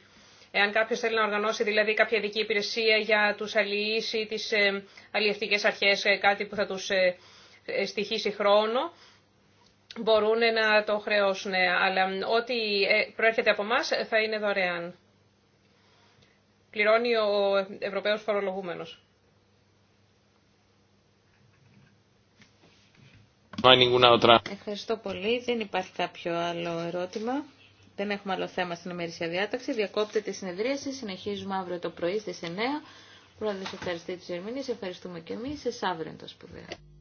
Εάν κάποιο θέλει να οργανώσει δηλαδή κάποια ειδική υπηρεσία για του αλληλεί ή τι ε, αλληλευτικέ αρχέ, ε, κάτι που θα του ε, στοιχήσει χρόνο, μπορούν να το χρεώσουν. Αλλά ό,τι προέρχεται από εμά θα είναι δωρεάν. Πληρώνει ο Ευρωπαίος φορολογούμενος. Ευχαριστώ πολύ. Δεν υπάρχει κάποιο άλλο ερώτημα. Δεν έχουμε άλλο θέμα στην ημερήσια διάταξη. Διακόπτεται η συνεδρίαση. Συνεχίζουμε αύριο το πρωί στι 9. Πρόεδρε, ευχαριστή τη Ερμηνεία. Ευχαριστούμε και εμεί. Εσά αύριο το σπουδαίο.